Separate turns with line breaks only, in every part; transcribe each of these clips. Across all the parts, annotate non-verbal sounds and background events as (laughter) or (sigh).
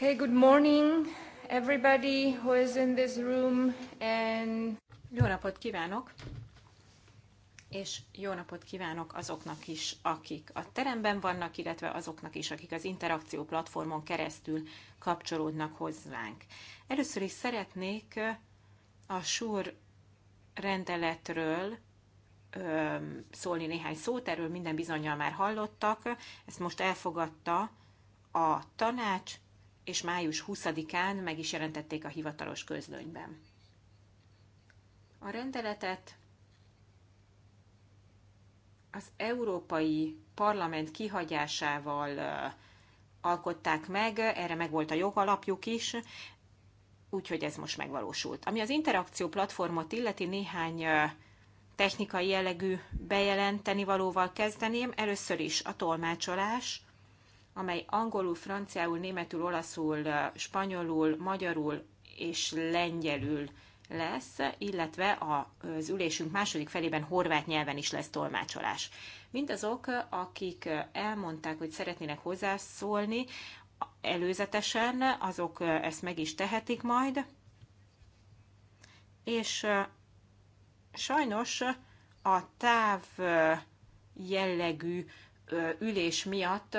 Okay, good morning everybody who is in this room and jó napot kívánok! És jó napot kívánok azoknak is, akik a teremben vannak, illetve azoknak is, akik az interakció platformon keresztül kapcsolódnak hozzánk. Először is szeretnék a SUR rendeletről szólni néhány szót, erről minden bizonyal már hallottak. Ezt most elfogadta a tanács, és május 20-án meg is jelentették a hivatalos közlönyben. A rendeletet az Európai Parlament kihagyásával alkották meg, erre meg volt a jogalapjuk is, úgyhogy ez most megvalósult. Ami az interakció platformot illeti, néhány technikai jellegű bejelenteni valóval kezdeném. Először is a tolmácsolás amely angolul, franciául, németül, olaszul, spanyolul, magyarul és lengyelül lesz, illetve az ülésünk második felében horvát nyelven is lesz tolmácsolás. Mindazok, akik elmondták, hogy szeretnének hozzászólni előzetesen, azok ezt meg is tehetik majd. És sajnos a táv jellegű ülés miatt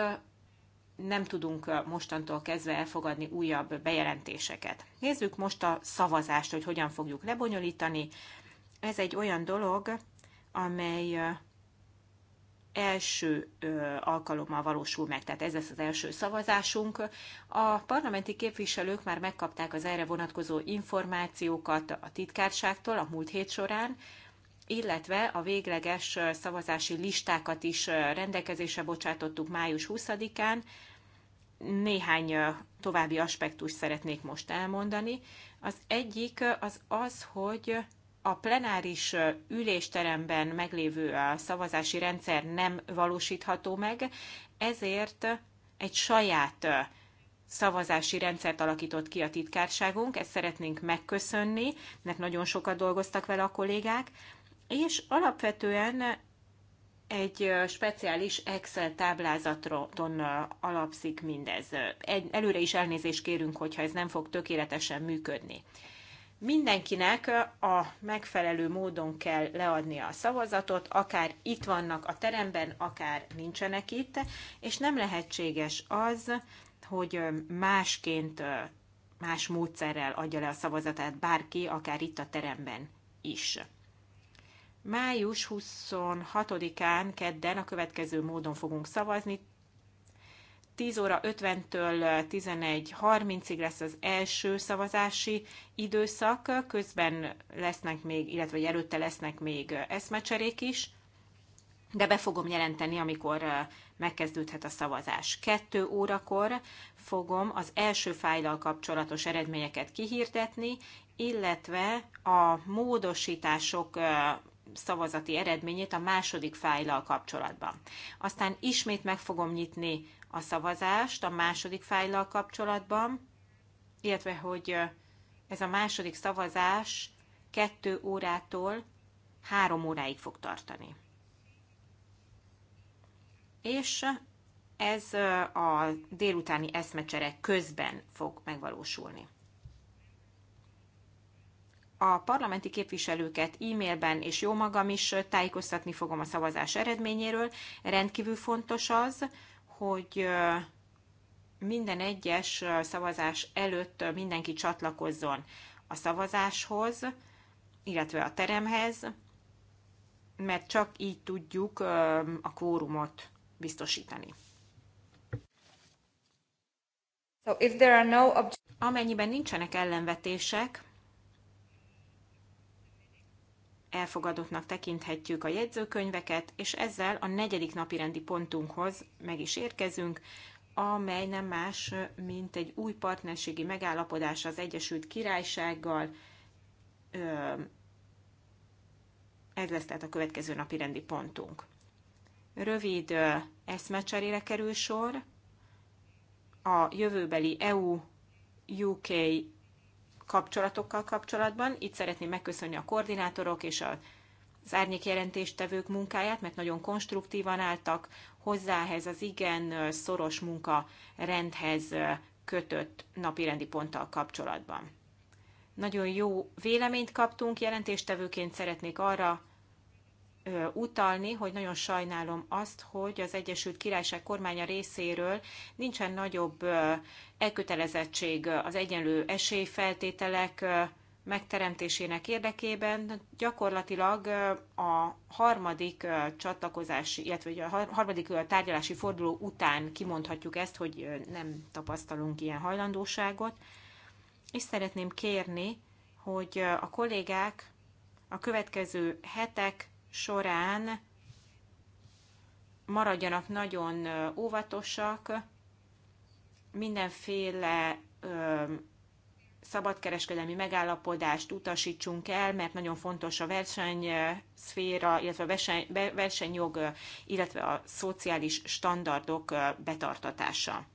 nem tudunk mostantól kezdve elfogadni újabb bejelentéseket. Nézzük most a szavazást, hogy hogyan fogjuk lebonyolítani. Ez egy olyan dolog, amely első alkalommal valósul meg, tehát ez lesz az első szavazásunk. A parlamenti képviselők már megkapták az erre vonatkozó információkat a titkárságtól a múlt hét során, illetve a végleges szavazási listákat is rendelkezésre bocsátottuk május 20-án, néhány további aspektust szeretnék most elmondani. Az egyik az az, hogy a plenáris ülésteremben meglévő szavazási rendszer nem valósítható meg, ezért egy saját szavazási rendszert alakított ki a titkárságunk, ezt szeretnénk megköszönni, mert nagyon sokat dolgoztak vele a kollégák, és alapvetően egy speciális Excel táblázaton alapszik mindez. Előre is elnézést kérünk, hogyha ez nem fog tökéletesen működni. Mindenkinek a megfelelő módon kell leadnia a szavazatot, akár itt vannak a teremben, akár nincsenek itt, és nem lehetséges az, hogy másként, más módszerrel adja le a szavazatát bárki, akár itt a teremben is. Május 26-án kedden a következő módon fogunk szavazni. 10 óra 50-től 11.30-ig lesz az első szavazási időszak, közben lesznek még, illetve előtte lesznek még eszmecserék is, de be fogom jelenteni, amikor eh, megkezdődhet a szavazás. Kettő órakor fogom az első fájlal kapcsolatos eredményeket kihirdetni, illetve a módosítások eh, szavazati eredményét a második fájlal kapcsolatban. Aztán ismét meg fogom nyitni a szavazást a második fájlal kapcsolatban, illetve hogy ez a második szavazás 2 órától 3 óráig fog tartani. És ez a délutáni eszmecsere közben fog megvalósulni a parlamenti képviselőket e-mailben és jó magam is tájékoztatni fogom a szavazás eredményéről. Rendkívül fontos az, hogy minden egyes szavazás előtt mindenki csatlakozzon a szavazáshoz, illetve a teremhez, mert csak így tudjuk a kórumot biztosítani. So if there are no Amennyiben nincsenek ellenvetések, elfogadottnak tekinthetjük a jegyzőkönyveket, és ezzel a negyedik napi rendi pontunkhoz meg is érkezünk, amely nem más, mint egy új partnerségi megállapodás az Egyesült Királysággal. Ez lesz tehát a következő napi rendi pontunk. Rövid eszmecserére kerül sor. A jövőbeli EU-UK kapcsolatokkal kapcsolatban. Itt szeretném megköszönni a koordinátorok és a az árnyék jelentéstevők munkáját, mert nagyon konstruktívan álltak hozzá ehhez az igen szoros munka rendhez kötött napirendi ponttal kapcsolatban. Nagyon jó véleményt kaptunk, jelentéstevőként szeretnék arra utalni, hogy nagyon sajnálom azt, hogy az Egyesült Királyság kormánya részéről nincsen nagyobb elkötelezettség az egyenlő esélyfeltételek megteremtésének érdekében gyakorlatilag a harmadik csatlakozási, illetve a harmadik tárgyalási forduló után kimondhatjuk ezt, hogy nem tapasztalunk ilyen hajlandóságot. És szeretném kérni, hogy a kollégák a következő hetek során maradjanak nagyon óvatosak, mindenféle szabadkereskedelmi megállapodást utasítsunk el, mert nagyon fontos a versenyszféra, illetve a verseny, versenyjog, illetve a szociális standardok betartatása.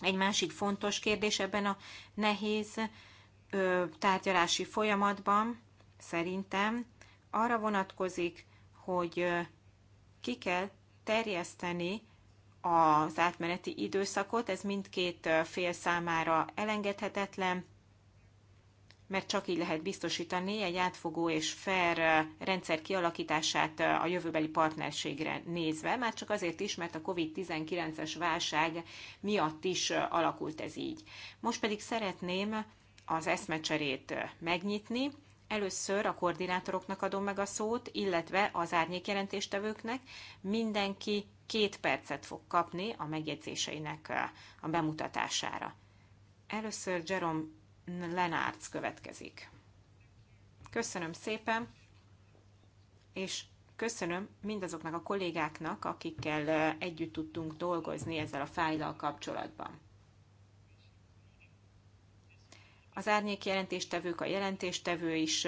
Egy másik fontos kérdés ebben a nehéz tárgyalási folyamatban szerintem arra vonatkozik, hogy ki kell terjeszteni az átmeneti időszakot, ez mindkét fél számára elengedhetetlen, mert csak így lehet biztosítani egy átfogó és fair rendszer kialakítását a jövőbeli partnerségre nézve, már csak azért is, mert a COVID-19-es válság miatt is alakult ez így. Most pedig szeretném az eszmecserét megnyitni. Először a koordinátoroknak adom meg a szót, illetve az árnyékjelentéstevőknek. Mindenki két percet fog kapni a megjegyzéseinek a bemutatására. Először Jerome Lenárc következik. Köszönöm szépen, és köszönöm mindazoknak a kollégáknak, akikkel együtt tudtunk dolgozni ezzel a fájdal kapcsolatban. az árnyék jelentéstevők, a jelentéstevő is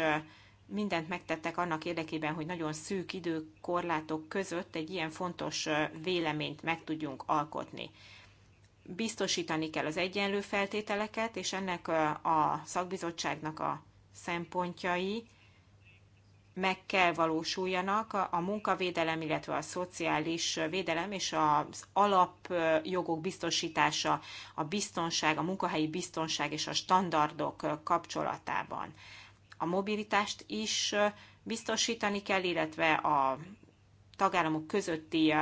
mindent megtettek annak érdekében, hogy nagyon szűk időkorlátok között egy ilyen fontos véleményt meg tudjunk alkotni. Biztosítani kell az egyenlő feltételeket, és ennek a szakbizottságnak a szempontjai meg kell valósuljanak a munkavédelem, illetve a szociális védelem és az alapjogok biztosítása, a biztonság, a munkahelyi biztonság és a standardok kapcsolatában. A mobilitást is biztosítani kell, illetve a tagállamok közötti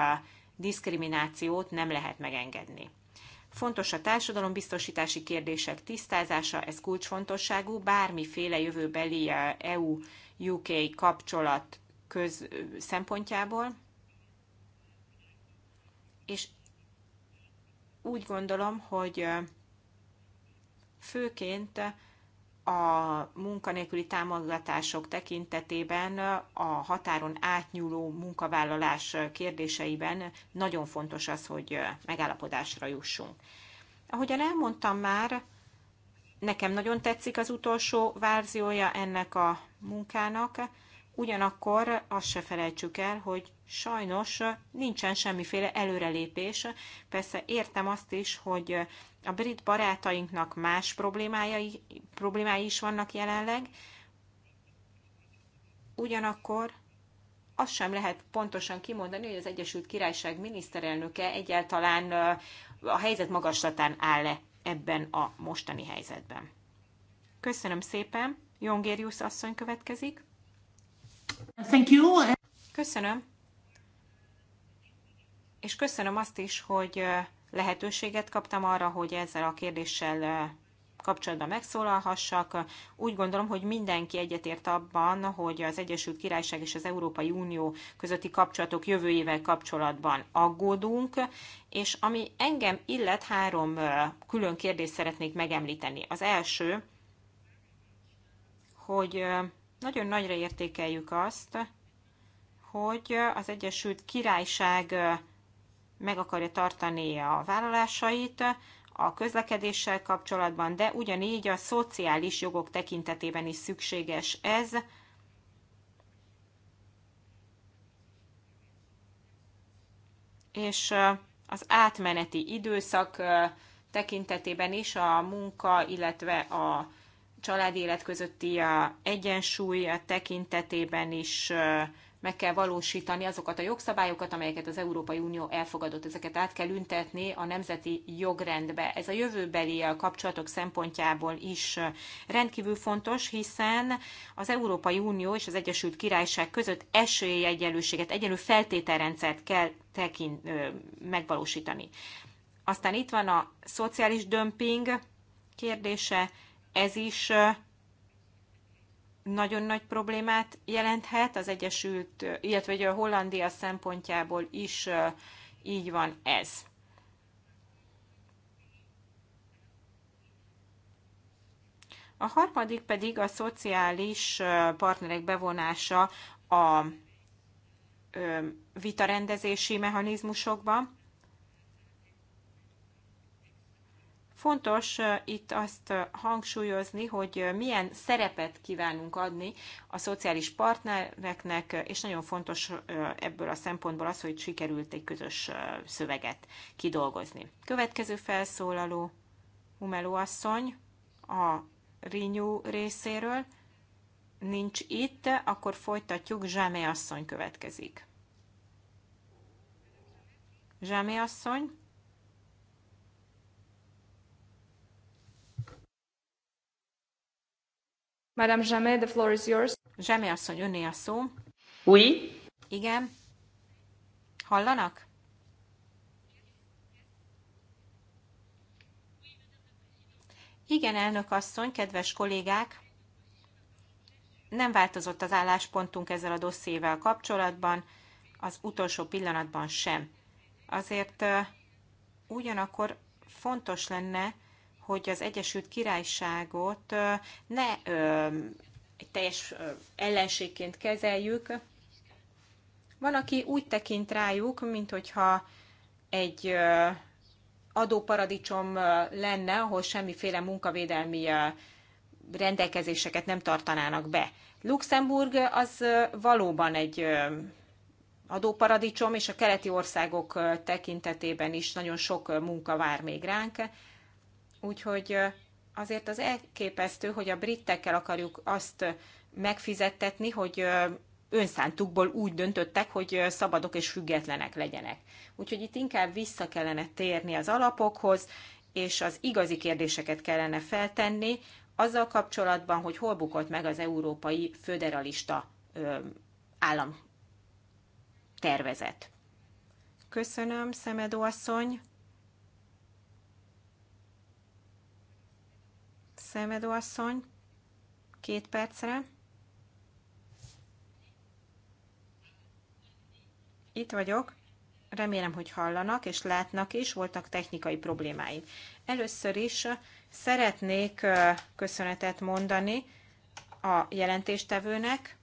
diszkriminációt nem lehet megengedni. Fontos a társadalombiztosítási kérdések tisztázása, ez kulcsfontosságú, bármiféle jövőbeli EU UK kapcsolat köz szempontjából, és úgy gondolom, hogy főként a munkanélküli támogatások tekintetében a határon átnyúló munkavállalás kérdéseiben nagyon fontos az, hogy megállapodásra jussunk. Ahogyan elmondtam már, Nekem nagyon tetszik az utolsó verziója ennek a munkának, ugyanakkor azt se felejtsük el, hogy sajnos nincsen semmiféle előrelépés. Persze értem azt is, hogy a brit barátainknak más problémái, problémái is vannak jelenleg, ugyanakkor azt sem lehet pontosan kimondani, hogy az Egyesült Királyság miniszterelnöke egyáltalán a helyzet magaslatán áll-e ebben a mostani helyzetben. Köszönöm szépen. Jongérius asszony következik. Thank you. Köszönöm. És köszönöm azt is, hogy lehetőséget kaptam arra, hogy ezzel a kérdéssel kapcsolatban megszólalhassak. Úgy gondolom, hogy mindenki egyetért abban, hogy az Egyesült Királyság és az Európai Unió közötti kapcsolatok jövőjével kapcsolatban aggódunk, és ami engem illet, három külön kérdést szeretnék megemlíteni. Az első, hogy nagyon nagyra értékeljük azt, hogy az Egyesült Királyság meg akarja tartani a vállalásait a közlekedéssel kapcsolatban, de ugyanígy a szociális jogok tekintetében is szükséges ez. És az átmeneti időszak tekintetében is a munka, illetve a családélet élet közötti egyensúly tekintetében is meg kell valósítani azokat a jogszabályokat, amelyeket az Európai Unió elfogadott. Ezeket át kell üntetni a nemzeti jogrendbe. Ez a jövőbeli kapcsolatok szempontjából is rendkívül fontos, hiszen az Európai Unió és az Egyesült Királyság között esélyegyenlőséget, egyenlő feltételrendszert kell tekint, megvalósítani. Aztán itt van a szociális dömping kérdése, ez is nagyon nagy problémát jelenthet az Egyesült, illetve a Hollandia szempontjából is így van ez. A harmadik pedig a szociális partnerek bevonása a vitarendezési mechanizmusokba. Fontos itt azt hangsúlyozni, hogy milyen szerepet kívánunk adni a szociális partnereknek, és nagyon fontos ebből a szempontból az, hogy sikerült egy közös szöveget kidolgozni. Következő felszólaló Humeló asszony a Rinyú részéről nincs itt, akkor folytatjuk, Zsámé asszony következik. Zsámé asszony. Madame Jamé, the floor is yours. Jamé asszony, önné a szó. Oui. Igen. Hallanak? Igen, elnök asszony, kedves kollégák! Nem változott az álláspontunk ezzel a dosszével kapcsolatban, az utolsó pillanatban sem. Azért ugyanakkor fontos lenne, hogy az Egyesült Királyságot ne egy teljes ellenségként kezeljük. Van, aki úgy tekint rájuk, mint hogyha egy adóparadicsom lenne, ahol semmiféle munkavédelmi rendelkezéseket nem tartanának be. Luxemburg az valóban egy adóparadicsom, és a keleti országok tekintetében is nagyon sok munka vár még ránk. Úgyhogy azért az elképesztő, hogy a britekkel akarjuk azt megfizettetni, hogy önszántukból úgy döntöttek, hogy szabadok és függetlenek legyenek. Úgyhogy itt inkább vissza kellene térni az alapokhoz, és az igazi kérdéseket kellene feltenni azzal kapcsolatban, hogy hol bukott meg az európai föderalista állam tervezet. Köszönöm, Szemedó asszony! szenvedő asszony, két percre. Itt vagyok. Remélem, hogy hallanak és látnak is, voltak technikai problémáim. Először is szeretnék köszönetet mondani a jelentéstevőnek,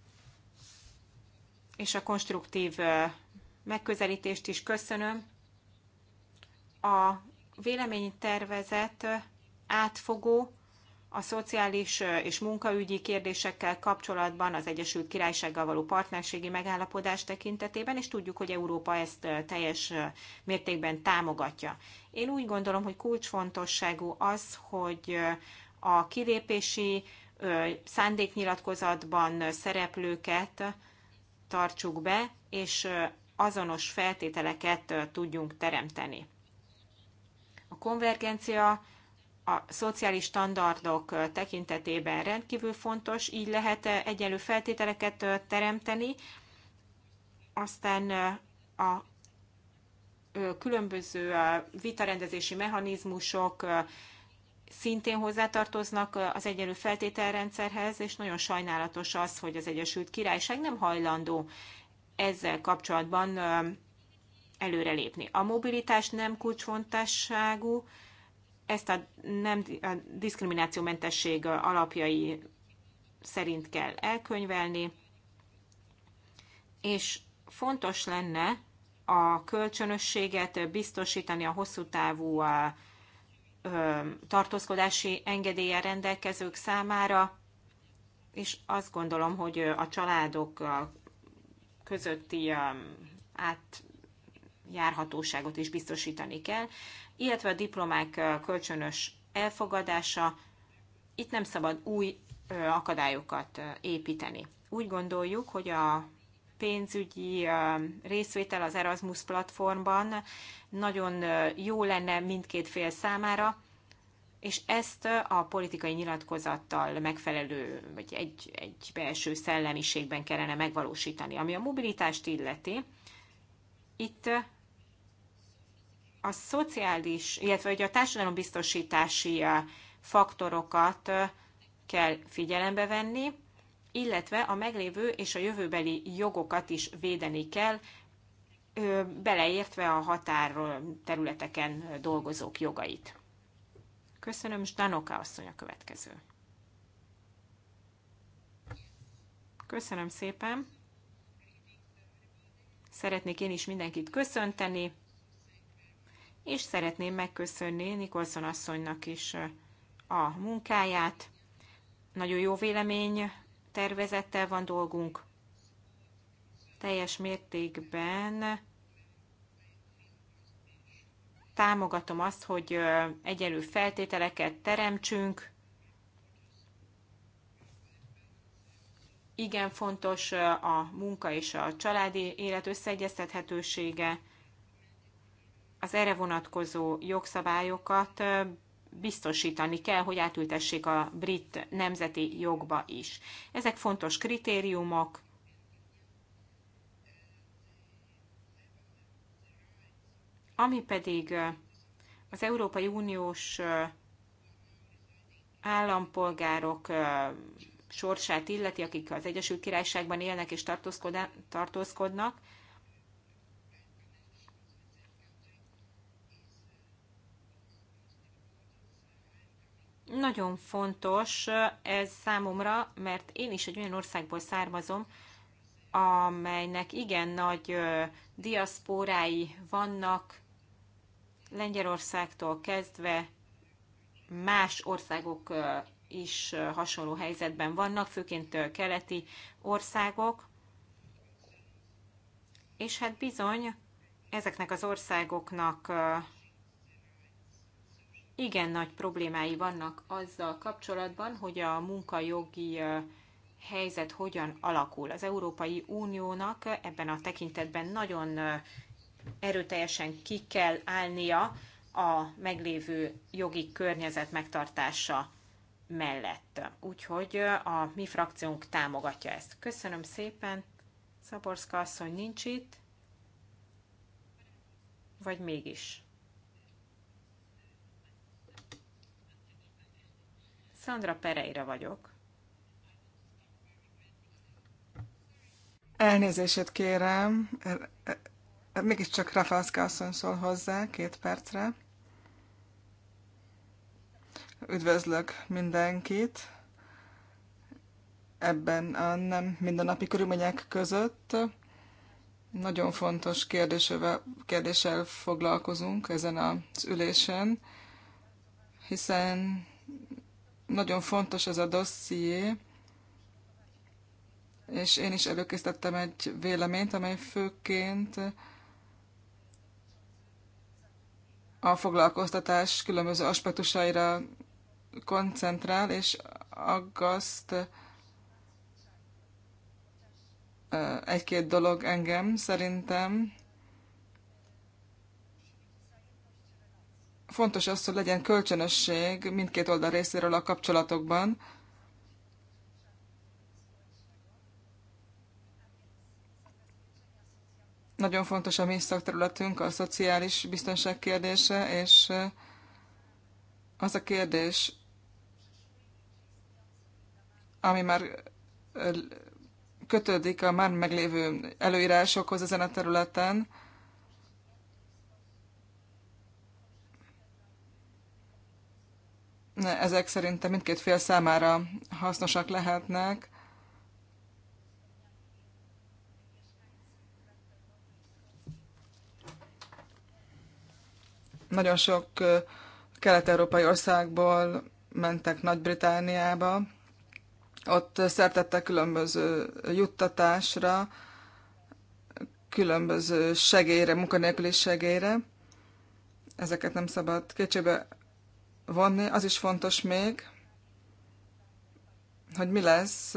és a konstruktív megközelítést is köszönöm. A véleménytervezet átfogó, a szociális és munkaügyi kérdésekkel kapcsolatban, az Egyesült Királysággal való partnerségi megállapodás tekintetében, és tudjuk, hogy Európa ezt teljes mértékben támogatja. Én úgy gondolom, hogy kulcsfontosságú az, hogy a kilépési szándéknyilatkozatban szereplőket tartsuk be, és azonos feltételeket tudjunk teremteni. A konvergencia a szociális standardok tekintetében rendkívül fontos, így lehet egyenlő feltételeket teremteni, aztán a különböző vitarendezési mechanizmusok szintén hozzátartoznak az egyenlő feltételrendszerhez, és nagyon sajnálatos az, hogy az Egyesült Királyság nem hajlandó ezzel kapcsolatban előrelépni. A mobilitás nem kulcsfontosságú, ezt a, nem, a diszkriminációmentesség alapjai szerint kell elkönyvelni, és fontos lenne a kölcsönösséget biztosítani a hosszú távú a, a tartózkodási engedélye rendelkezők számára, és azt gondolom, hogy a családok közötti átjárhatóságot is biztosítani kell illetve a diplomák kölcsönös elfogadása. Itt nem szabad új akadályokat építeni. Úgy gondoljuk, hogy a pénzügyi részvétel az Erasmus platformban nagyon jó lenne mindkét fél számára, és ezt a politikai nyilatkozattal megfelelő, vagy egy, egy belső szellemiségben kellene megvalósítani. Ami a mobilitást illeti, itt a szociális, illetve hogy a társadalombiztosítási faktorokat kell figyelembe venni, illetve a meglévő és a jövőbeli jogokat is védeni kell, beleértve a határ területeken dolgozók jogait. Köszönöm, Danoka asszony a következő. Köszönöm szépen. Szeretnék én is mindenkit köszönteni és szeretném megköszönni Nikolson asszonynak is a munkáját. Nagyon jó vélemény tervezettel van dolgunk. Teljes mértékben támogatom azt, hogy egyenlő feltételeket teremtsünk. Igen fontos a munka és a családi élet összeegyeztethetősége az erre vonatkozó jogszabályokat biztosítani kell, hogy átültessék a brit nemzeti jogba is. Ezek fontos kritériumok. Ami pedig az Európai Uniós állampolgárok sorsát illeti, akik az Egyesült Királyságban élnek és tartózkodnak, Nagyon fontos ez számomra, mert én is egy olyan országból származom, amelynek igen nagy diaszpórái vannak, Lengyelországtól kezdve más országok is hasonló helyzetben vannak, főként keleti országok. És hát bizony ezeknek az országoknak igen nagy problémái vannak azzal kapcsolatban, hogy a munkajogi helyzet hogyan alakul. Az Európai Uniónak ebben a tekintetben nagyon erőteljesen ki kell állnia a meglévő jogi környezet megtartása mellett. Úgyhogy a mi frakciónk támogatja ezt. Köszönöm szépen. Szaborszka asszony nincs itt. Vagy mégis? Sandra Pereira vagyok.
Elnézését kérem, er, er, er, mégiscsak Rafalszka asszony szól hozzá két percre. Üdvözlök mindenkit ebben a nem mindennapi körülmények között. Nagyon fontos kérdésével, kérdéssel foglalkozunk ezen az ülésen, hiszen nagyon fontos ez a dosszié, és én is előkészítettem egy véleményt, amely főként a foglalkoztatás különböző aspektusaira koncentrál, és aggaszt egy-két dolog engem szerintem. fontos az, hogy legyen kölcsönösség mindkét oldal részéről a kapcsolatokban. Nagyon fontos a mi szakterületünk, a szociális biztonság kérdése, és az a kérdés, ami már kötődik a már meglévő előírásokhoz ezen a területen, ezek szerintem mindkét fél számára hasznosak lehetnek. Nagyon sok kelet-európai országból mentek Nagy-Britániába, ott szertettek különböző juttatásra, különböző segélyre, munkanélküli segélyre. Ezeket nem szabad kétségbe vonni. Az is fontos még, hogy mi lesz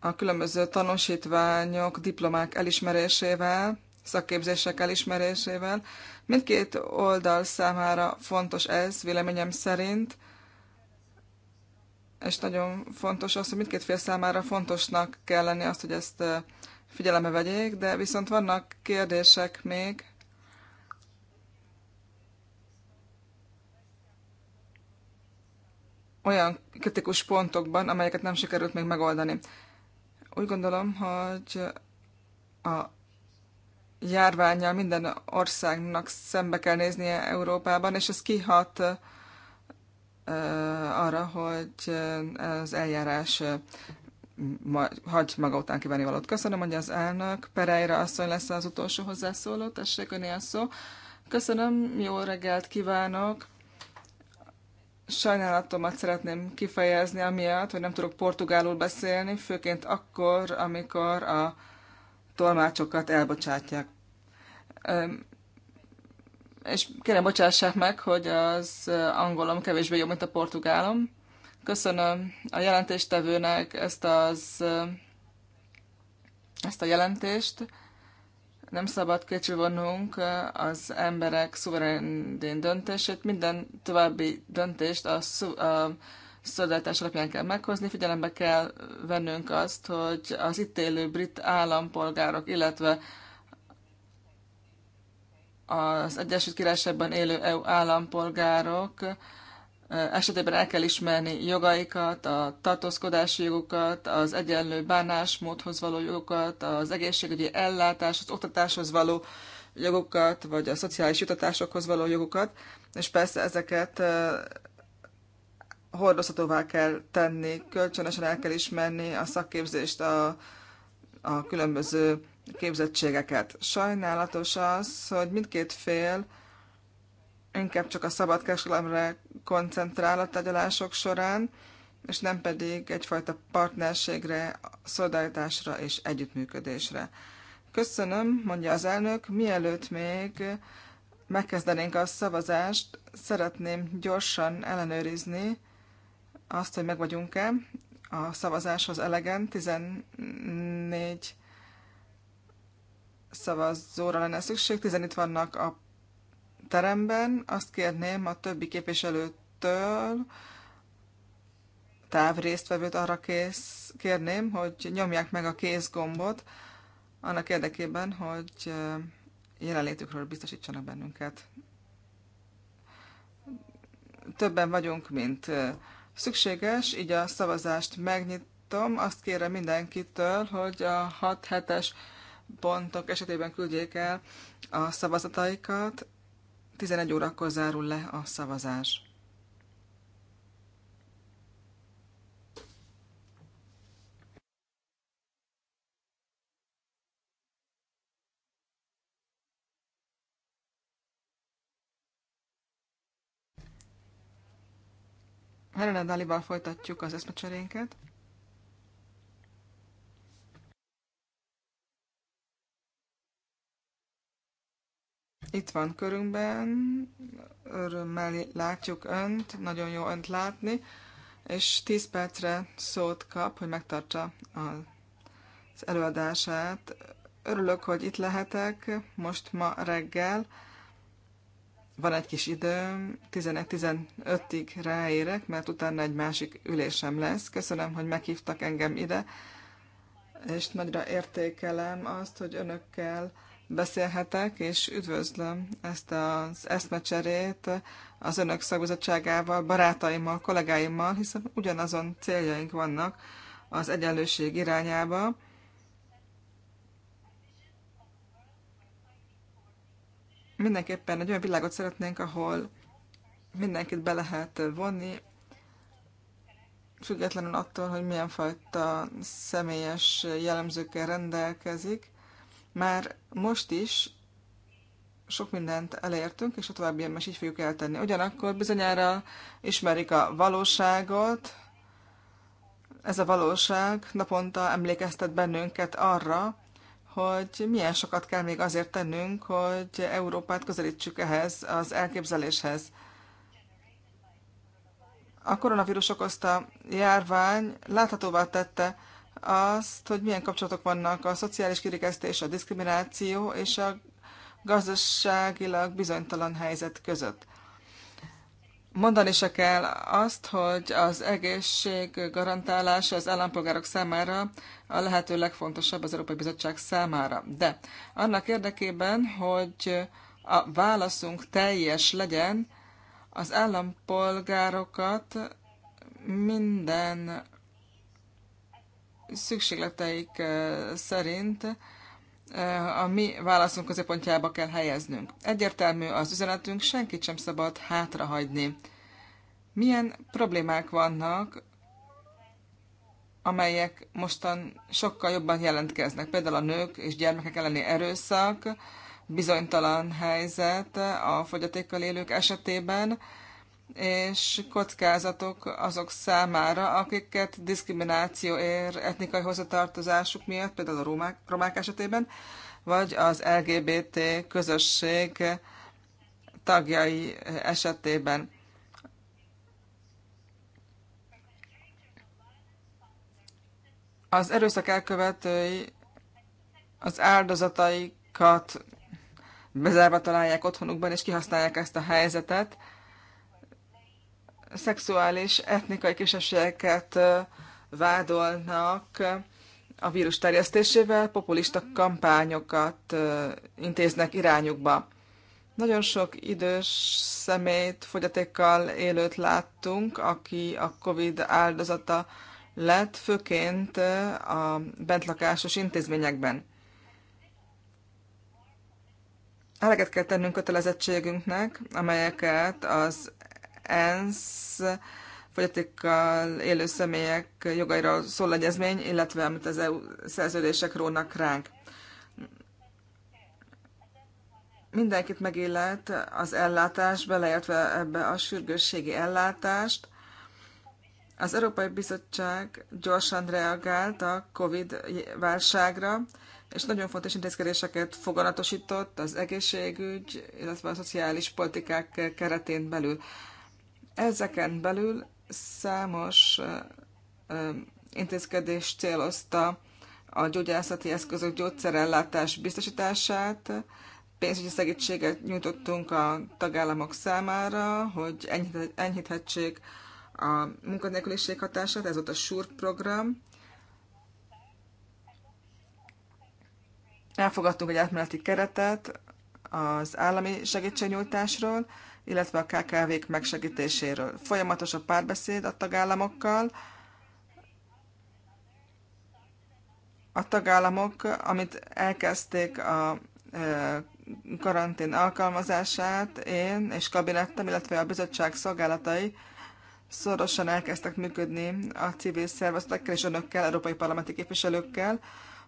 a különböző tanúsítványok, diplomák elismerésével, szakképzések elismerésével. Mindkét oldal számára fontos ez, véleményem szerint, és nagyon fontos az, hogy mindkét fél számára fontosnak kell lenni azt, hogy ezt figyelembe vegyék, de viszont vannak kérdések még, olyan kritikus pontokban, amelyeket nem sikerült még megoldani. Úgy gondolom, hogy a járványjal minden országnak szembe kell néznie Európában, és ez kihat arra, hogy az eljárás hagy maga után kívánni valót. Köszönöm, hogy az elnök Pereira asszony lesz az utolsó hozzászóló. Tessék, öné a szó. Köszönöm, jó reggelt kívánok! sajnálatomat szeretném kifejezni amiatt, hogy nem tudok portugálul beszélni, főként akkor, amikor a tolmácsokat elbocsátják. És kérem, bocsássák meg, hogy az angolom kevésbé jó, mint a portugálom. Köszönöm a jelentéstevőnek ezt az ezt a jelentést. Nem szabad kétségvonnunk az emberek szuverén döntését, minden további döntést a, szu- a szolidaritás alapján kell meghozni, figyelembe kell vennünk azt, hogy az itt élő brit állampolgárok, illetve az Egyesült Királyságban élő EU állampolgárok esetében el kell ismerni jogaikat, a tartózkodási jogokat, az egyenlő bánásmódhoz való jogokat, az egészségügyi ellátás, az oktatáshoz való jogokat, vagy a szociális jutatásokhoz való jogokat, és persze ezeket hordozhatóvá kell tenni, kölcsönösen el kell ismerni a szakképzést, a, a különböző képzettségeket. Sajnálatos az, hogy mindkét fél inkább csak a szabadkereskedelemre koncentrál a tárgyalások során, és nem pedig egyfajta partnerségre, szolidaritásra és együttműködésre. Köszönöm, mondja az elnök, mielőtt még megkezdenénk a szavazást, szeretném gyorsan ellenőrizni azt, hogy meg vagyunk-e a szavazáshoz elegen. 14 szavazóra lenne szükség, 15 vannak a teremben. Azt kérném a többi képviselőtől, távrésztvevőt arra kész, kérném, hogy nyomják meg a kézgombot, annak érdekében, hogy jelenlétükről biztosítsanak bennünket. Többen vagyunk, mint szükséges, így a szavazást megnyitom. Azt kérem mindenkitől, hogy a 6-7-es pontok esetében küldjék el a szavazataikat. 11 órakor zárul le a szavazás. Helena Dalival folytatjuk az eszmecserénket. itt van körünkben, örömmel látjuk önt, nagyon jó önt látni, és 10 percre szót kap, hogy megtartsa az előadását. Örülök, hogy itt lehetek, most ma reggel, van egy kis időm, 11-15-ig ráérek, mert utána egy másik ülésem lesz. Köszönöm, hogy meghívtak engem ide, és nagyra értékelem azt, hogy önökkel beszélhetek, és üdvözlöm ezt az eszmecserét az önök szakbizottságával, barátaimmal, kollégáimmal, hiszen ugyanazon céljaink vannak az egyenlőség irányába. Mindenképpen egy olyan világot szeretnénk, ahol mindenkit be lehet vonni, függetlenül attól, hogy milyen fajta személyes jellemzőkkel rendelkezik. Már most is sok mindent elértünk, és a továbbiakban is így fogjuk eltenni. Ugyanakkor bizonyára ismerik a valóságot, ez a valóság naponta emlékeztet bennünket arra, hogy milyen sokat kell még azért tennünk, hogy Európát közelítsük ehhez az elképzeléshez. A koronavírus okozta járvány láthatóvá tette azt, hogy milyen kapcsolatok vannak a szociális kirekesztés, a diszkrimináció és a gazdaságilag bizonytalan helyzet között. Mondani se kell azt, hogy az egészség garantálása az állampolgárok számára a lehető legfontosabb az Európai Bizottság számára. De annak érdekében, hogy a válaszunk teljes legyen, az állampolgárokat minden szükségleteik szerint a mi válaszunk középpontjába kell helyeznünk. Egyértelmű az üzenetünk, senkit sem szabad hátrahagyni. Milyen problémák vannak, amelyek mostan sokkal jobban jelentkeznek, például a nők és gyermekek elleni erőszak, bizonytalan helyzet a fogyatékkal élők esetében, és kockázatok azok számára, akiket diszkrimináció ér etnikai hozzatartozásuk miatt, például a romák, romák esetében, vagy az LGBT közösség tagjai esetében. Az erőszak elkövetői az áldozataikat bezárva találják otthonukban, és kihasználják ezt a helyzetet, szexuális, etnikai kisebbségeket vádolnak a vírus terjesztésével, populista kampányokat intéznek irányukba. Nagyon sok idős szemét, fogyatékkal élőt láttunk, aki a COVID áldozata lett, főként a bentlakásos intézményekben. Eleget kell tennünk kötelezettségünknek, amelyeket az ENSZ fogyatékkal élő személyek jogaira szól egyezmény, illetve amit az EU szerződések rónak ránk. Mindenkit megillet az ellátás, beleértve ebbe a sürgősségi ellátást. Az Európai Bizottság gyorsan reagált a COVID válságra, és nagyon fontos intézkedéseket foganatosított az egészségügy, illetve a szociális politikák keretén belül. Ezeken belül számos intézkedés célozta a gyógyászati eszközök gyógyszerellátás biztosítását, pénzügyi segítséget nyújtottunk a tagállamok számára, hogy enyhíthetsék a munkanélküliség hatását, ez volt a SUR program. Elfogadtunk egy átmeneti keretet az állami segítségnyújtásról, illetve a KKV-k megsegítéséről. Folyamatos a párbeszéd a tagállamokkal. A tagállamok, amit elkezdték a e, karantén alkalmazását, én és kabinettem, illetve a bizottság szolgálatai szorosan elkezdtek működni a civil szervezetekkel és önökkel, európai parlamenti képviselőkkel,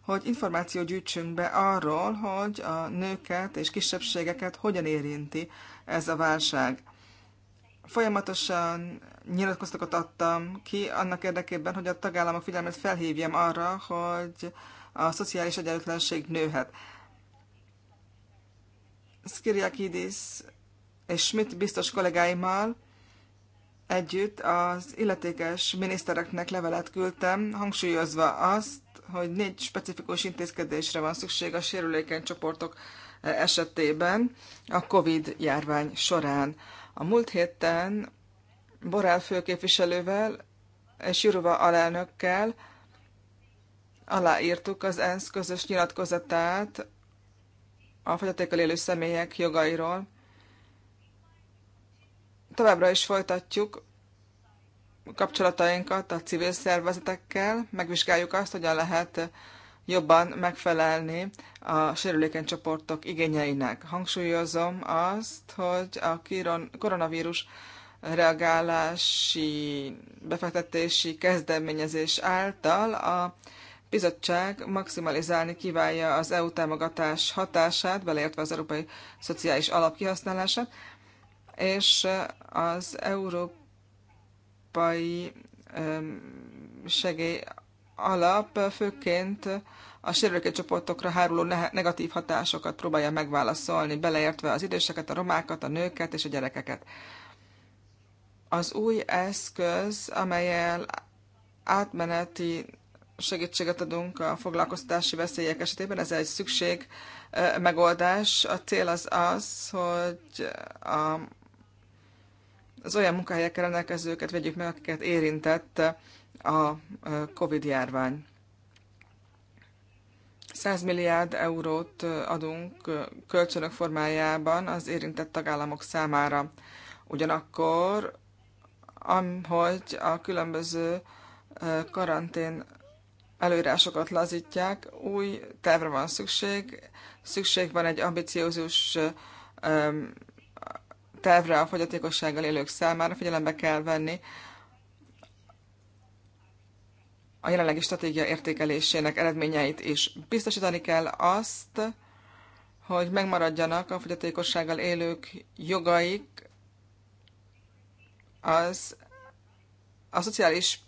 hogy információt gyűjtsünk be arról, hogy a nőket és kisebbségeket hogyan érinti ez a válság. Folyamatosan nyilatkoztatokat adtam ki annak érdekében, hogy a tagállamok figyelmét felhívjam arra, hogy a szociális egyenlőtlenség nőhet. Skiriakidis és Schmidt biztos kollégáimmal együtt az illetékes minisztereknek levelet küldtem, hangsúlyozva azt, hogy négy specifikus intézkedésre van szükség a sérülékeny csoportok eh, esetében a COVID járvány során. A múlt héten Borál főképviselővel és Jurova alelnökkel aláírtuk az ENSZ közös nyilatkozatát a fogyatékkal élő személyek jogairól. Továbbra is folytatjuk kapcsolatainkat a civil szervezetekkel, megvizsgáljuk azt, hogyan lehet jobban megfelelni a sérülékeny csoportok igényeinek. Hangsúlyozom azt, hogy a koronavírus reagálási befektetési kezdeményezés által a bizottság maximalizálni kívánja az EU támogatás hatását, beleértve az Európai Szociális Alap kihasználását, és az Európai európai segély alap főként a sérülékeny csoportokra háruló negatív hatásokat próbálja megválaszolni, beleértve az időseket, a romákat, a nőket és a gyerekeket. Az új eszköz, amelyel átmeneti segítséget adunk a foglalkoztatási veszélyek esetében, ez egy szükség megoldás. A cél az az, hogy a az olyan munkahelyekkel rendelkezőket vegyük meg, akiket érintett a COVID-járvány. 100 milliárd eurót adunk kölcsönök formájában az érintett tagállamok számára. Ugyanakkor, ahogy a különböző karantén előírásokat lazítják, új tervre van szükség, szükség van egy ambiciózus tervre a fogyatékossággal élők számára figyelembe kell venni a jelenlegi stratégia értékelésének eredményeit is. Biztosítani kell azt, hogy megmaradjanak a fogyatékossággal élők jogaik az a szociális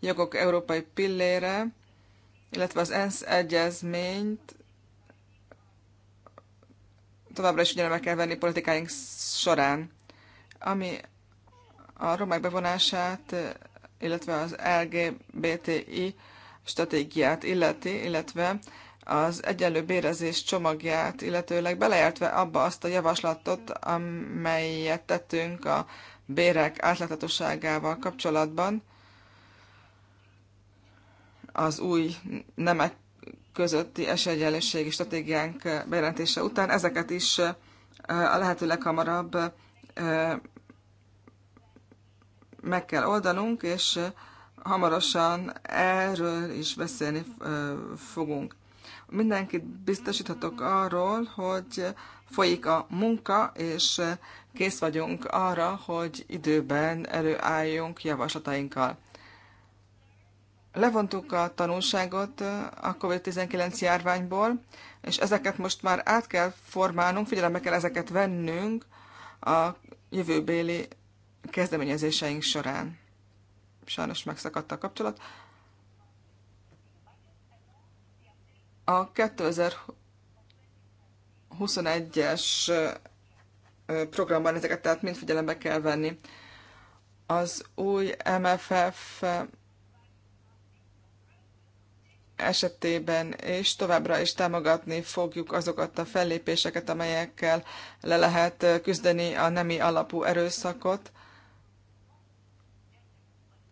jogok európai pillére, illetve az ENSZ egyezményt továbbra is figyelembe kell venni politikáink során. Ami a romák bevonását, illetve az LGBTI stratégiát illeti, illetve az egyenlő bérezés csomagját, illetőleg beleértve abba azt a javaslatot, amelyet tettünk a bérek átláthatóságával kapcsolatban, az új nemek közötti esélyegyenlőségi stratégiánk bejelentése után ezeket is a lehető leghamarabb meg kell oldanunk, és hamarosan erről is beszélni fogunk. Mindenkit biztosíthatok arról, hogy folyik a munka, és kész vagyunk arra, hogy időben előálljunk javaslatainkkal. Levontuk a tanulságot a COVID-19 járványból, és ezeket most már át kell formálnunk, figyelembe kell ezeket vennünk a jövőbéli kezdeményezéseink során. Sajnos megszakadt a kapcsolat. A 2021-es programban ezeket tehát mind figyelembe kell venni. Az új MFF esetében és továbbra is támogatni fogjuk azokat a fellépéseket, amelyekkel le lehet küzdeni a nemi alapú erőszakot.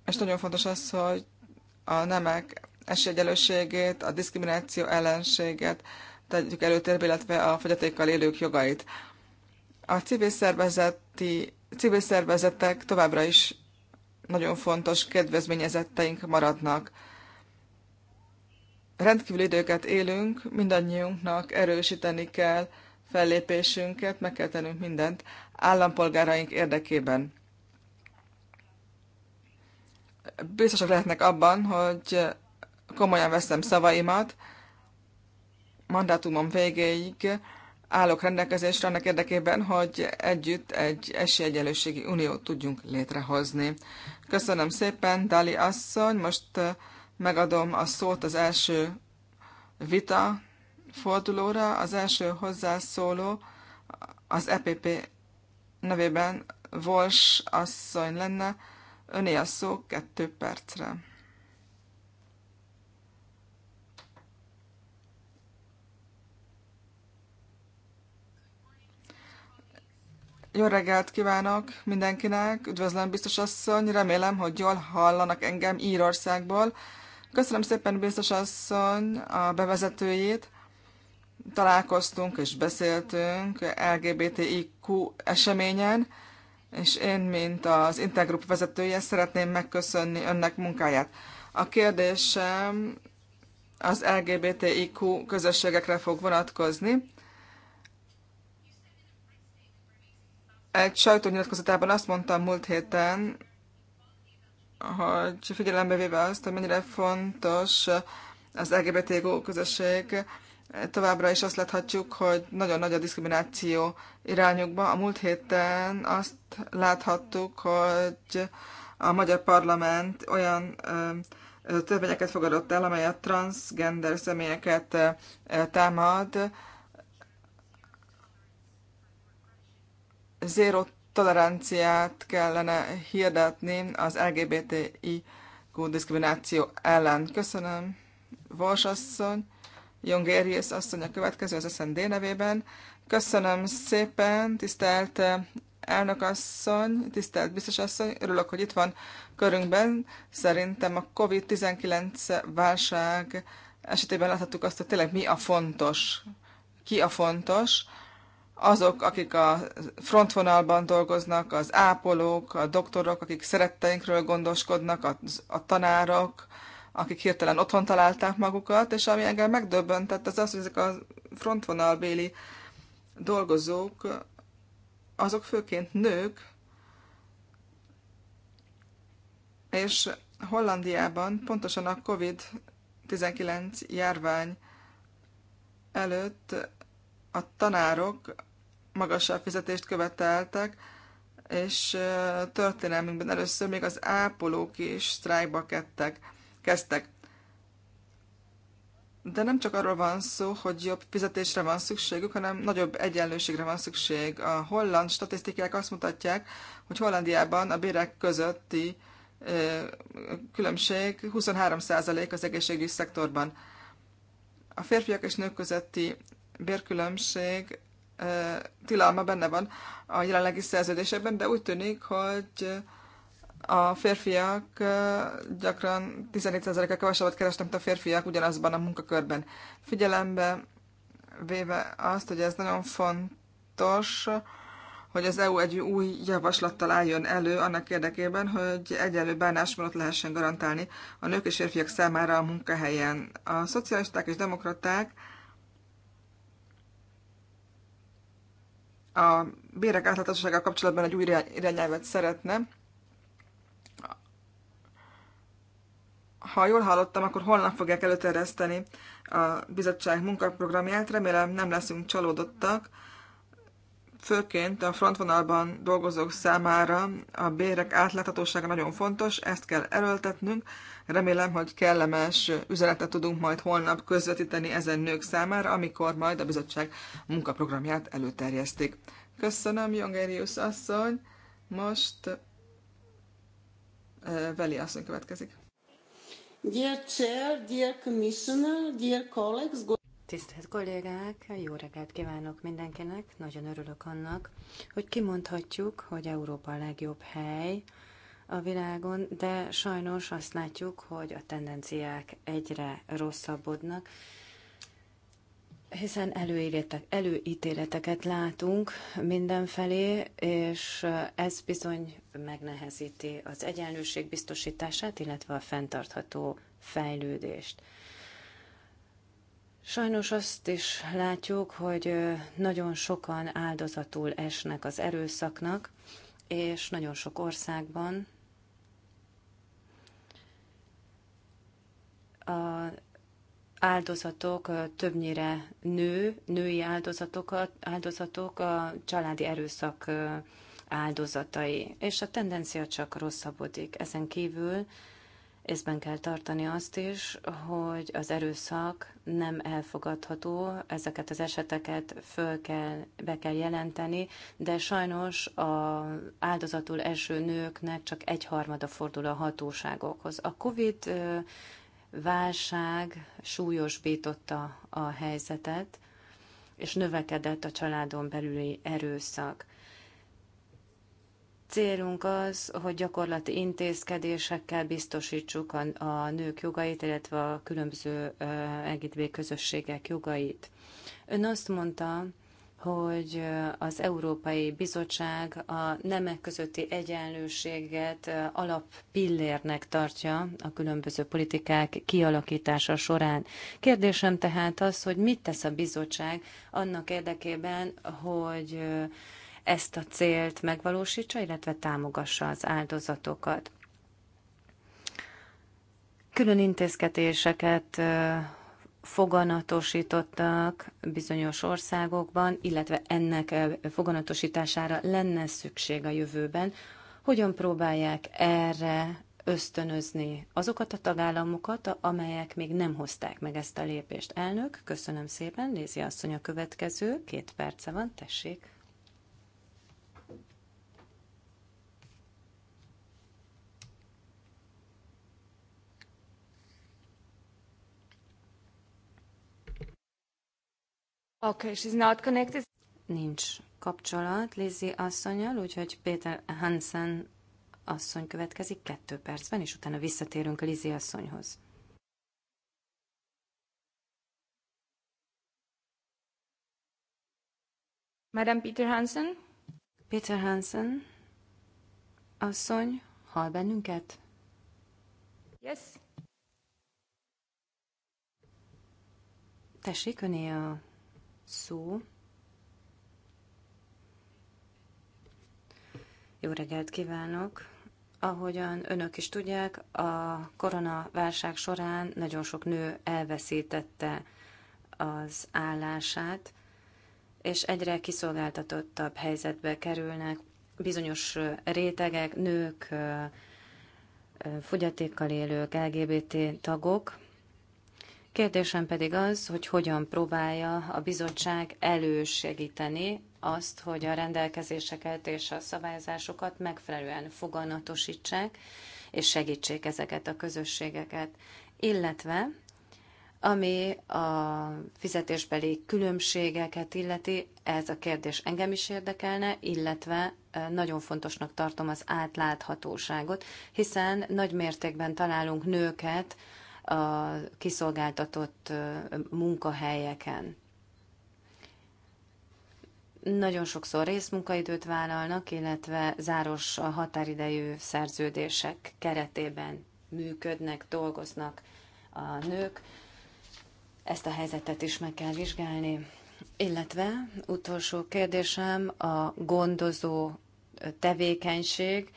És nagyon fontos az, hogy a nemek esélyegyelőségét, a diszkrimináció ellenséget tegyük előtérbe, illetve a fogyatékkal élők jogait. A civil, szervezeti, civil szervezetek továbbra is nagyon fontos kedvezményezetteink maradnak rendkívül időket élünk, mindannyiunknak erősíteni kell fellépésünket, meg kell tennünk mindent állampolgáraink érdekében. Biztosak lehetnek abban, hogy komolyan veszem szavaimat, mandátumom végéig állok rendelkezésre annak érdekében, hogy együtt egy esélyegyenlőségi uniót tudjunk létrehozni. Köszönöm szépen, Dali asszony, most megadom a szót az első vita fordulóra. Az első hozzászóló az EPP nevében Vols asszony lenne. Öné a szó kettő percre. Jó reggelt kívánok mindenkinek, üdvözlöm biztos asszony, remélem, hogy jól hallanak engem Írországból. Köszönöm szépen, biztos asszony, a bevezetőjét. Találkoztunk és beszéltünk LGBTIQ eseményen, és én, mint az Intergroup vezetője, szeretném megköszönni önnek munkáját. A kérdésem az LGBTIQ közösségekre fog vonatkozni. Egy sajtónyilatkozatában azt mondtam múlt héten, hogy figyelembe véve azt, hogy mennyire fontos az lgbt közösség, továbbra is azt láthatjuk, hogy nagyon nagy a diszkrimináció irányukba. A múlt héten azt láthattuk, hogy a magyar parlament olyan törvényeket fogadott el, amely a transgender személyeket támad. zero toleranciát kellene hirdetni az LGBTI diszkrimináció ellen. Köszönöm, Vos asszony, Jongérius asszony a következő az SND nevében. Köszönöm szépen, tisztelt eh, elnök asszony, tisztelt biztos asszony, örülök, hogy itt van körünkben. Szerintem a COVID-19 válság esetében láthattuk azt, hogy tényleg mi a fontos, ki a fontos, azok, akik a frontvonalban dolgoznak, az ápolók, a doktorok, akik szeretteinkről gondoskodnak, a, a tanárok, akik hirtelen otthon találták magukat, és ami engem megdöbbentett, az az, hogy ezek a frontvonalbéli dolgozók, azok főként nők, és Hollandiában pontosan a COVID-19 járvány előtt a tanárok magasabb fizetést követeltek, és történelmünkben először még az ápolók is sztrájkba kettek, kezdtek. De nem csak arról van szó, hogy jobb fizetésre van szükségük, hanem nagyobb egyenlőségre van szükség. A holland statisztikák azt mutatják, hogy Hollandiában a bérek közötti különbség 23% az egészségügyi szektorban. A férfiak és nők közötti bérkülönbség tilalma benne van a jelenlegi szerződésekben, de úgy tűnik, hogy a férfiak gyakran 14%-kal kevesebbet keresnek, mint a férfiak ugyanazban a munkakörben. Figyelembe véve azt, hogy ez nagyon fontos, hogy az EU egy új javaslattal álljon elő annak érdekében, hogy egyenlő bánásmódot lehessen garantálni a nők és férfiak számára a munkahelyen. A szocialisták és demokraták a bérek átláthatósággal kapcsolatban egy új irányelvet szeretne. Ha jól hallottam, akkor holnap fogják előterjeszteni a bizottság munkaprogramját. Remélem nem leszünk csalódottak. Főként a frontvonalban dolgozók számára a bérek átláthatósága nagyon fontos, ezt kell erőltetnünk. Remélem, hogy kellemes üzenetet tudunk majd holnap közvetíteni ezen nők számára, amikor majd a bizottság munkaprogramját előterjesztik. Köszönöm, Jongerius asszony. Most eh, Veli asszony következik. Dear Chair, dear Commissioner, dear colleagues, go- Tisztelt kollégák,
jó reggelt kívánok mindenkinek, nagyon örülök annak, hogy kimondhatjuk, hogy Európa a legjobb hely a világon, de sajnos azt látjuk, hogy a tendenciák egyre rosszabbodnak, hiszen előítéletek, előítéleteket látunk mindenfelé, és ez bizony megnehezíti az egyenlőség biztosítását, illetve a fenntartható fejlődést. Sajnos azt is látjuk, hogy nagyon sokan áldozatul esnek az erőszaknak, és nagyon sok országban a áldozatok többnyire nő, női áldozatok, áldozatok a családi erőszak áldozatai, és a tendencia csak rosszabbodik. Ezen kívül észben kell tartani azt is, hogy az erőszak nem elfogadható, ezeket az eseteket föl kell, be kell jelenteni, de sajnos a áldozatul eső nőknek csak egyharmada fordul a hatóságokhoz. A COVID válság súlyosbította a helyzetet, és növekedett a családon belüli erőszak. Célunk az, hogy gyakorlati intézkedésekkel biztosítsuk a, a nők jogait, illetve a különböző uh, LGTB közösségek jogait. Ön azt mondta, hogy az Európai Bizottság a nemek közötti egyenlőséget alappillérnek tartja a különböző politikák kialakítása során. Kérdésem tehát az, hogy mit tesz a bizottság annak érdekében, hogy ezt a célt megvalósítsa, illetve támogassa az áldozatokat. Külön intézkedéseket foganatosítottak bizonyos országokban, illetve ennek eh, foganatosítására lenne szükség a jövőben. Hogyan próbálják erre ösztönözni azokat a tagállamokat, amelyek még nem hozták meg ezt a lépést. Elnök, köszönöm szépen, Lézi asszony a következő, két perce van, tessék. Okay, she's not connected. Nincs kapcsolat Lizzie asszonyal, úgyhogy Péter Hansen asszony következik kettő percben, és utána visszatérünk a Lizzie asszonyhoz. Madame Peter Hansen? Peter Hansen? Asszony, hall bennünket? Yes. Tessék, öné a szó. Jó reggelt kívánok! Ahogyan önök is tudják, a koronaválság során nagyon sok nő elveszítette az állását, és egyre kiszolgáltatottabb helyzetbe kerülnek bizonyos rétegek, nők, fogyatékkal élők, LGBT tagok, Kérdésem pedig az, hogy hogyan próbálja a bizottság elősegíteni azt, hogy a rendelkezéseket és a szabályozásokat megfelelően foganatosítsák, és segítsék ezeket a közösségeket. Illetve, ami a fizetésbeli különbségeket illeti, ez a kérdés engem is érdekelne, illetve nagyon fontosnak tartom az átláthatóságot, hiszen nagy mértékben találunk nőket, a kiszolgáltatott munkahelyeken. Nagyon sokszor részmunkaidőt vállalnak, illetve záros határidejű szerződések keretében működnek, dolgoznak a nők. Ezt a helyzetet is meg kell vizsgálni. Illetve utolsó kérdésem a gondozó tevékenység,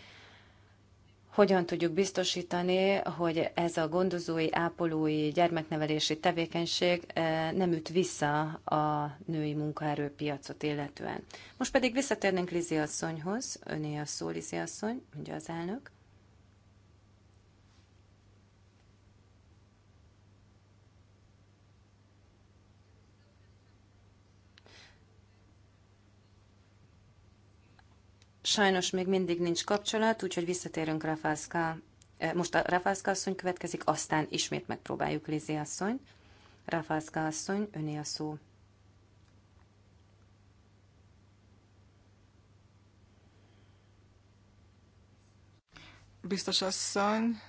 hogyan tudjuk biztosítani, hogy ez a gondozói, ápolói, gyermeknevelési tevékenység eh, nem üt vissza a női munkaerőpiacot illetően. Most pedig visszatérnénk Lizi asszonyhoz, öné a szó Lizi asszony, mondja az elnök. Sajnos még mindig nincs kapcsolat, úgyhogy visszatérünk Rafalszka. Eh, most a Rafalszka asszony következik, aztán ismét megpróbáljuk Lizi asszony. Rafalszka asszony, öné a szó.
Biztos asszony,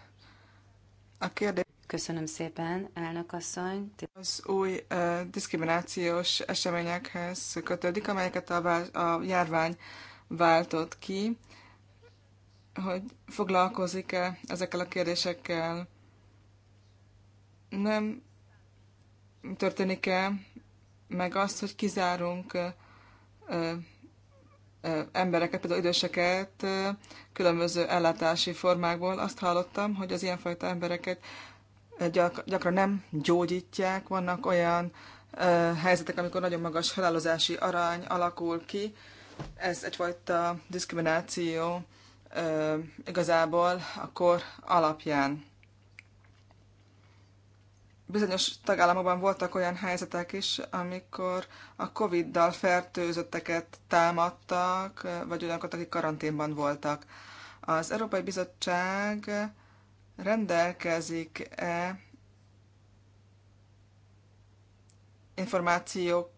a kérdés... Köszönöm szépen, elnök asszony. Az új uh, diszkriminációs eseményekhez kötődik, amelyeket a, a járvány uh, váltott ki, hogy foglalkozik-e ezekkel a kérdésekkel. Nem történik-e meg azt, hogy kizárunk ö, ö, embereket, például időseket ö, különböző ellátási formákból. Azt hallottam, hogy az ilyenfajta embereket gyak, gyakran nem gyógyítják. Vannak olyan helyzetek, amikor nagyon magas halálozási arány alakul ki, ez egyfajta diszkrimináció igazából a kor alapján. Bizonyos tagállamokban voltak olyan helyzetek is, amikor a Covid-dal fertőzötteket támadtak, vagy olyanokat, akik karanténban voltak. Az Európai Bizottság rendelkezik-e információk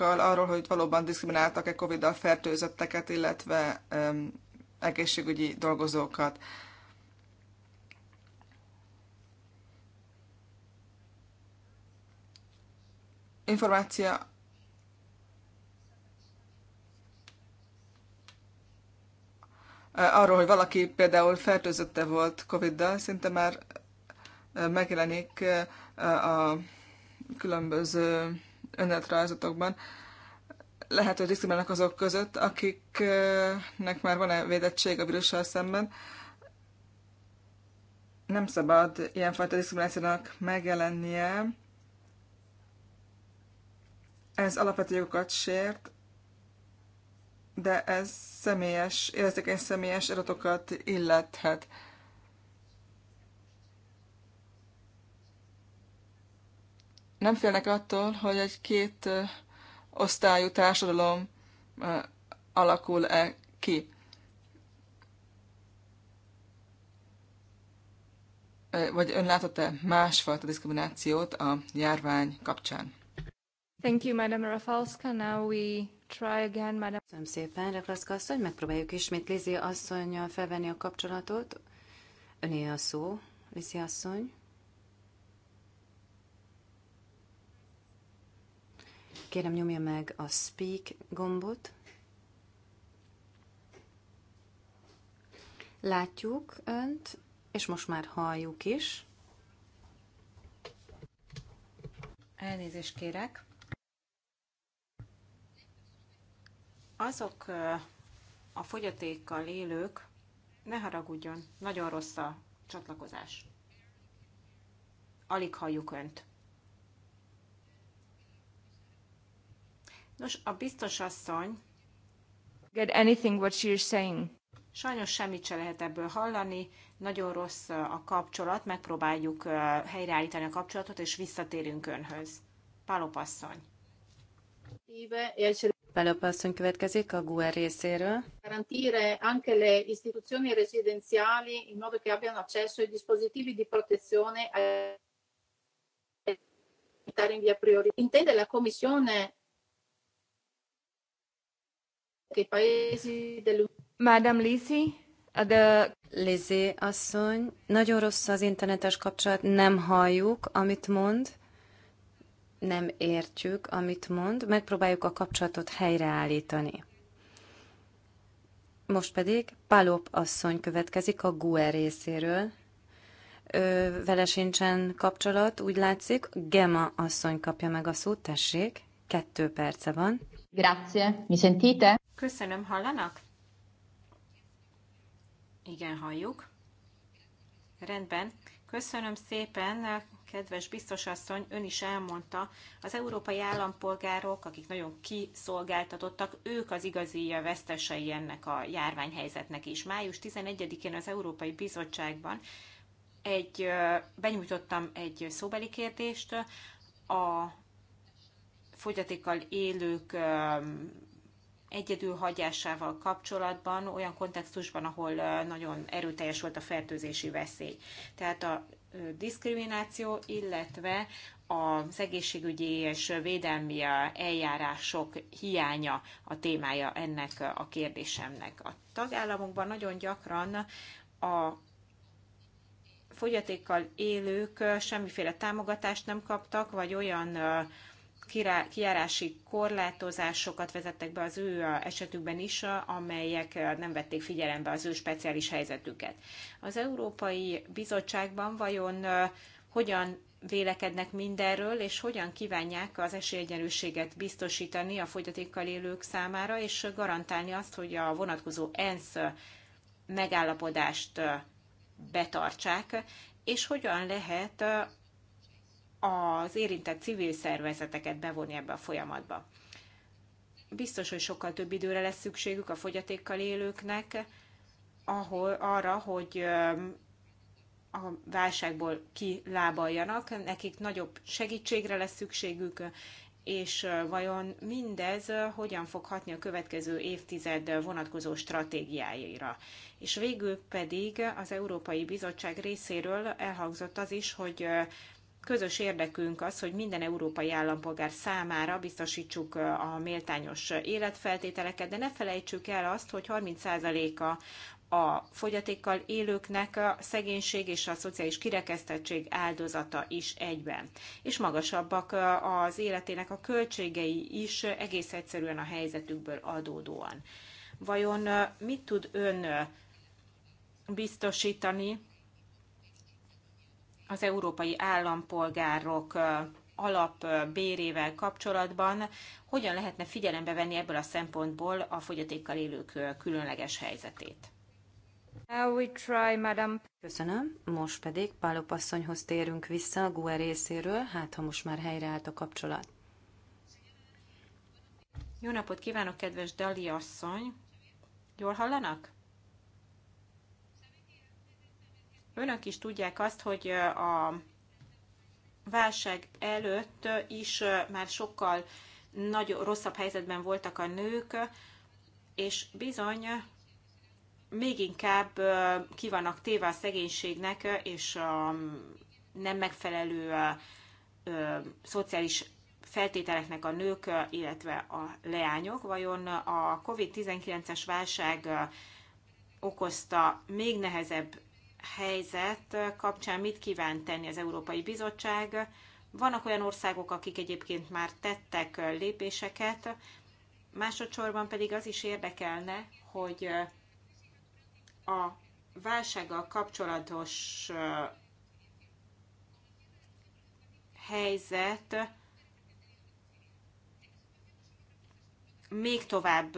adatokkal arról, hogy valóban diszkrimináltak-e Covid-dal fertőzötteket, illetve um, egészségügyi dolgozókat. Információ arról, hogy valaki például fertőzötte volt Covid-dal, szinte már megjelenik a különböző önéletrajzotokban lehet, hogy diszkriminálnak azok között, akiknek már van-e védettség a vírussal szemben. Nem szabad ilyenfajta diszkriminációnak megjelennie. Ez alapvető jogokat sért, de ez személyes, érzékeny személyes adatokat illethet. nem félnek attól, hogy egy két osztályú társadalom alakul-e ki. Vagy ön látott-e másfajta diszkriminációt a járvány kapcsán?
Thank you, Madame Rafalska. Now we try again, Madame. Köszönöm szépen, Rafalska asszony. Megpróbáljuk ismét Lizzie asszonynal felvenni a kapcsolatot. Öné a szó, Lizzie asszony. Kérem nyomja meg a speak gombot. Látjuk önt, és most már halljuk is. Elnézést kérek.
Azok a fogyatékkal élők, ne haragudjon, nagyon rossz a csatlakozás. Alig halljuk önt. Nos, a biztos asszony get anything what is saying. Sajnos semmit se lehet ebből hallani, nagyon rossz a kapcsolat, megpróbáljuk helyreállítani a kapcsolatot, és visszatérünk önhöz. Palopasszony.
Palopasszony következik a GUE részéről.
Garantire anche le istituzioni residenziali in modo che abbiano accesso ai dispositivi di protezione in via Intende la Commissione dei paesi
Madam Lisi, de... Lizzie asszony, nagyon rossz az internetes kapcsolat, nem halljuk, amit mond, nem értjük, amit mond, megpróbáljuk a kapcsolatot helyreállítani. Most pedig Palop asszony következik a GUE részéről. Ö, vele sincsen kapcsolat, úgy látszik. Gemma asszony kapja meg a szót, tessék. Kettő perce van.
Grazie. Mi sentite? Köszönöm, hallanak? Igen, halljuk. Rendben. Köszönöm szépen, kedves biztosasszony, ön is elmondta, az európai állampolgárok, akik nagyon kiszolgáltatottak, ők az igazi vesztesei ennek a járványhelyzetnek is. Május 11-én az Európai Bizottságban egy, benyújtottam egy szóbeli kérdést a fogyatékkal élők hagyásával kapcsolatban olyan kontextusban, ahol nagyon erőteljes volt a fertőzési veszély. Tehát a diszkrimináció, illetve az egészségügyi és védelmi eljárások hiánya a témája ennek a kérdésemnek. A tagállamokban nagyon gyakran a fogyatékkal élők semmiféle támogatást nem kaptak, vagy olyan kiárási korlátozásokat vezettek be az ő esetükben is, amelyek nem vették figyelembe az ő speciális helyzetüket. Az Európai Bizottságban vajon hogyan vélekednek mindenről, és hogyan kívánják az esélyegyenlőséget biztosítani a fogyatékkal élők számára, és garantálni azt, hogy a vonatkozó ENSZ megállapodást betartsák, és hogyan lehet az érintett civil szervezeteket bevonni ebbe a folyamatba. Biztos, hogy sokkal több időre lesz szükségük a fogyatékkal élőknek ahol, arra, hogy a válságból kilábaljanak, nekik nagyobb segítségre lesz szükségük, és vajon mindez hogyan fog hatni a következő évtized vonatkozó stratégiáira. És végül pedig az Európai Bizottság részéről elhangzott az is, hogy közös érdekünk az, hogy minden európai állampolgár számára biztosítsuk a méltányos életfeltételeket, de ne felejtsük el azt, hogy 30%-a a fogyatékkal élőknek a szegénység és a szociális kirekesztettség áldozata is egyben. És magasabbak az életének a költségei is egész egyszerűen a helyzetükből adódóan. Vajon mit tud ön biztosítani az európai állampolgárok alapbérével kapcsolatban hogyan lehetne figyelembe venni ebből a szempontból a fogyatékkal élők különleges helyzetét.
we try, madam. Köszönöm. Most pedig Pálop asszonyhoz térünk vissza a GUE részéről, hát ha most már helyreállt a kapcsolat.
Jó napot kívánok, kedves Dali asszony! Jól hallanak? Önök is tudják azt, hogy a válság előtt is már sokkal nagyon rosszabb helyzetben voltak a nők, és bizony még inkább ki vannak téve a szegénységnek és a nem megfelelő szociális feltételeknek a nők, illetve a leányok. Vajon a COVID-19-es válság okozta még nehezebb helyzet kapcsán mit kíván tenni az Európai Bizottság? Vannak olyan országok, akik egyébként már tettek lépéseket, másodszorban pedig az is érdekelne, hogy a válsággal kapcsolatos helyzet még tovább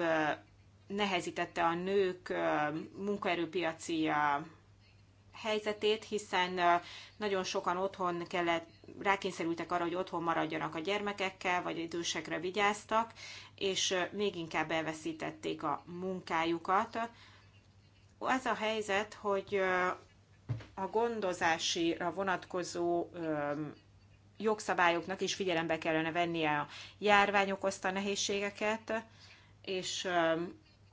nehezítette a nők munkaerőpiaci helyzetét, hiszen nagyon sokan otthon kellett, rákényszerültek arra, hogy otthon maradjanak a gyermekekkel, vagy idősekre vigyáztak, és még inkább elveszítették a munkájukat. Az a helyzet, hogy a gondozásira vonatkozó jogszabályoknak is figyelembe kellene vennie a járvány okozta nehézségeket, és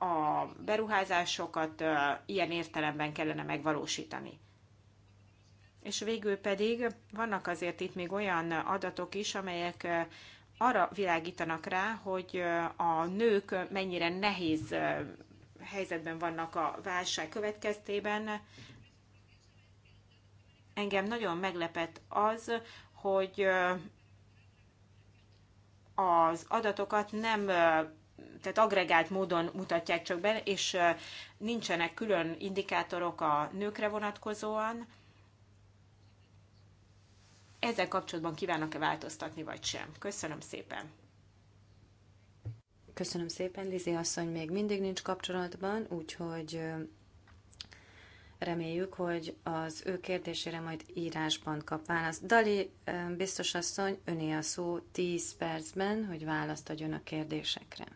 a beruházásokat ilyen értelemben kellene megvalósítani. És végül pedig vannak azért itt még olyan adatok is, amelyek arra világítanak rá, hogy a nők mennyire nehéz helyzetben vannak a válság következtében. Engem nagyon meglepett az, hogy az adatokat nem tehát agregált módon mutatják csak be, és nincsenek külön indikátorok a nőkre vonatkozóan. Ezzel kapcsolatban kívánok e változtatni, vagy sem? Köszönöm szépen!
Köszönöm szépen, Lizi asszony még mindig nincs kapcsolatban, úgyhogy reméljük, hogy az ő kérdésére majd írásban kap választ. Dali, biztos asszony, öné a szó 10 percben, hogy választ adjon a kérdésekre.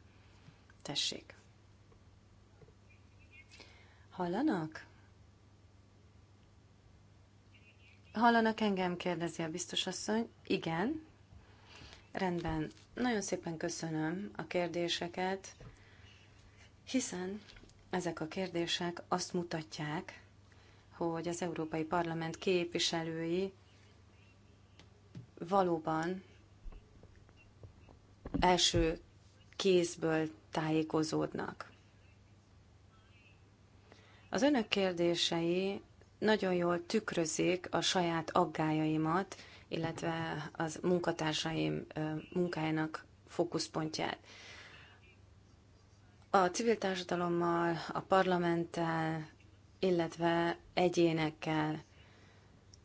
Tessék. Hallanak? Hallanak engem, kérdezi a biztos asszony. Igen. Rendben. Nagyon szépen köszönöm a kérdéseket, hiszen ezek a kérdések azt mutatják, hogy az Európai Parlament képviselői valóban első kézből tájékozódnak. Az önök kérdései nagyon jól tükrözik a saját aggájaimat, illetve az munkatársaim munkájának fókuszpontját. A civil társadalommal, a parlamenttel, illetve egyénekkel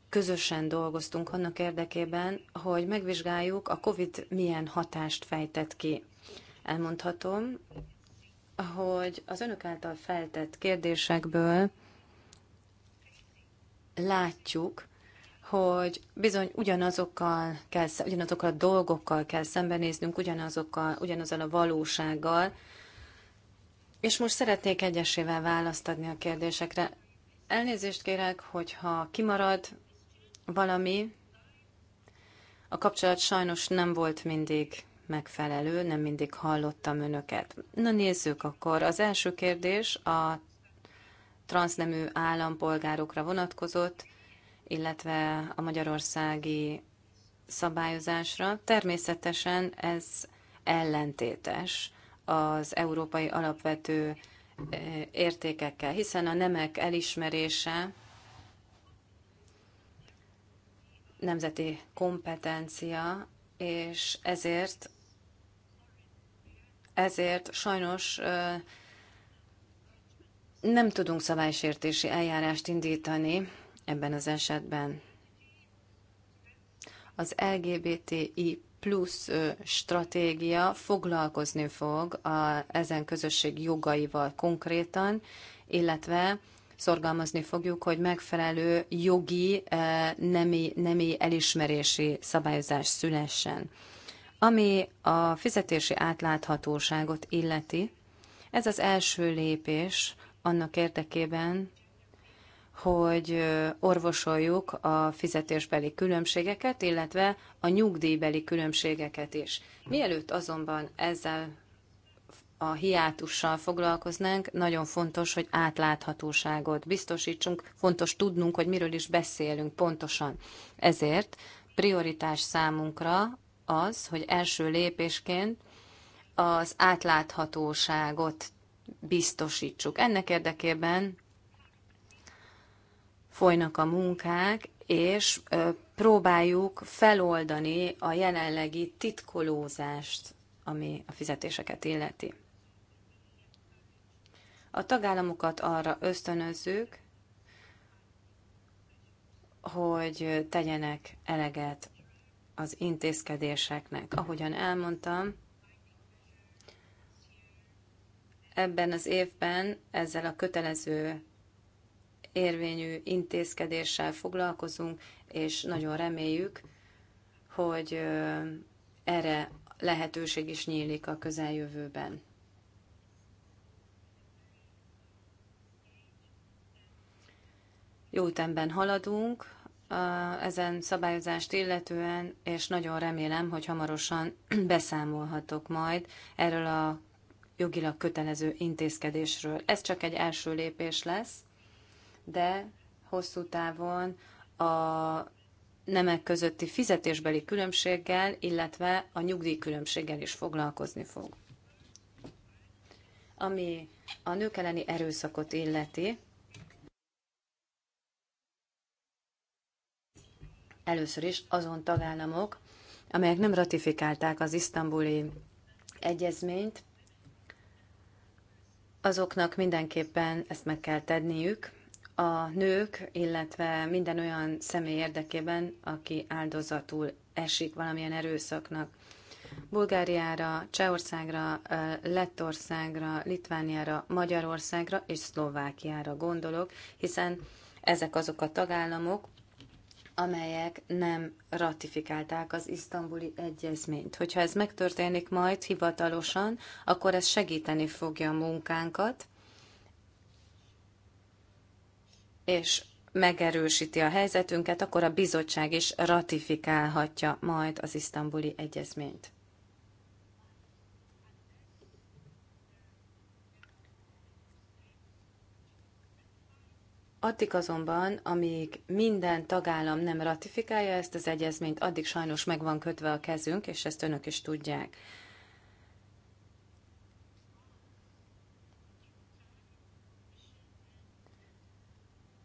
közösen dolgoztunk annak érdekében, hogy megvizsgáljuk, a COVID milyen hatást fejtett ki elmondhatom, hogy az önök által feltett kérdésekből látjuk, hogy bizony ugyanazokkal kell, ugyanazokkal a dolgokkal kell szembenéznünk, ugyanazokkal, ugyanazzal a valósággal. És most szeretnék egyesével választ adni a kérdésekre. Elnézést kérek, hogyha kimarad valami, a kapcsolat sajnos nem volt mindig megfelelő, nem mindig hallottam önöket. Na nézzük akkor. Az első kérdés a transznemű állampolgárokra vonatkozott, illetve a magyarországi szabályozásra. Természetesen ez ellentétes az európai alapvető e, értékekkel, hiszen a nemek elismerése nemzeti kompetencia, és ezért ezért sajnos nem tudunk szabálysértési eljárást indítani ebben az esetben. Az LGBTI plusz stratégia foglalkozni fog a, ezen közösség jogaival konkrétan, illetve szorgalmazni fogjuk, hogy megfelelő jogi nemi, nemi elismerési szabályozás szülessen. Ami a fizetési átláthatóságot illeti, ez az első lépés annak érdekében, hogy orvosoljuk a fizetésbeli különbségeket, illetve a nyugdíjbeli különbségeket is. Mielőtt azonban ezzel a hiátussal foglalkoznánk, nagyon fontos, hogy átláthatóságot biztosítsunk, fontos tudnunk, hogy miről is beszélünk pontosan. Ezért prioritás számunkra az, hogy első lépésként az átláthatóságot biztosítsuk. Ennek érdekében folynak a munkák, és próbáljuk feloldani a jelenlegi titkolózást, ami a fizetéseket illeti. A tagállamokat arra ösztönözzük, hogy tegyenek eleget az intézkedéseknek. Ahogyan elmondtam, ebben az évben ezzel a kötelező érvényű intézkedéssel foglalkozunk, és nagyon reméljük, hogy erre lehetőség is nyílik a közeljövőben. Jó ütemben haladunk, ezen szabályozást illetően, és nagyon remélem, hogy hamarosan (clears throat) beszámolhatok majd erről a jogilag kötelező intézkedésről. Ez csak egy első lépés lesz, de hosszú távon a nemek közötti fizetésbeli különbséggel, illetve a nyugdíjkülönbséggel is foglalkozni fog. Ami a nők elleni erőszakot illeti, Először is azon tagállamok, amelyek nem ratifikálták az isztambuli egyezményt, azoknak mindenképpen ezt meg kell tenniük a nők, illetve minden olyan személy érdekében, aki áldozatul esik valamilyen erőszaknak. Bulgáriára, Csehországra, Lettországra, Litvániára, Magyarországra és Szlovákiára gondolok, hiszen ezek azok a tagállamok, amelyek nem ratifikálták az isztambuli egyezményt. Hogyha ez megtörténik majd hivatalosan, akkor ez segíteni fogja a munkánkat, és megerősíti a helyzetünket, akkor a bizottság is ratifikálhatja majd az isztambuli egyezményt. Addig azonban, amíg minden tagállam nem ratifikálja ezt az egyezményt, addig sajnos meg van kötve a kezünk, és ezt önök is tudják.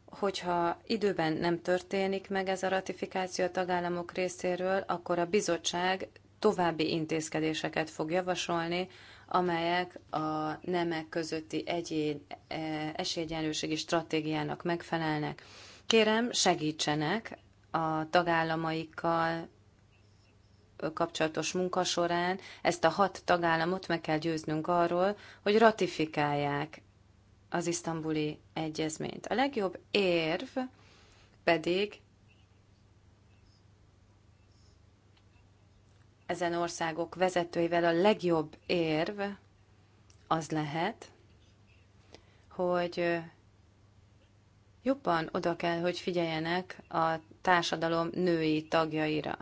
Hogyha időben nem történik meg ez a ratifikáció a tagállamok részéről, akkor a bizottság további intézkedéseket fog javasolni, amelyek a nemek közötti egyéb e, esélyegyenlőségi stratégiának megfelelnek. Kérem, segítsenek a tagállamaikkal kapcsolatos munka során ezt a hat tagállamot meg kell győznünk arról, hogy ratifikálják az isztambuli egyezményt. A legjobb érv pedig ezen országok vezetőivel a legjobb érv az lehet, hogy jobban oda kell, hogy figyeljenek a társadalom női tagjaira.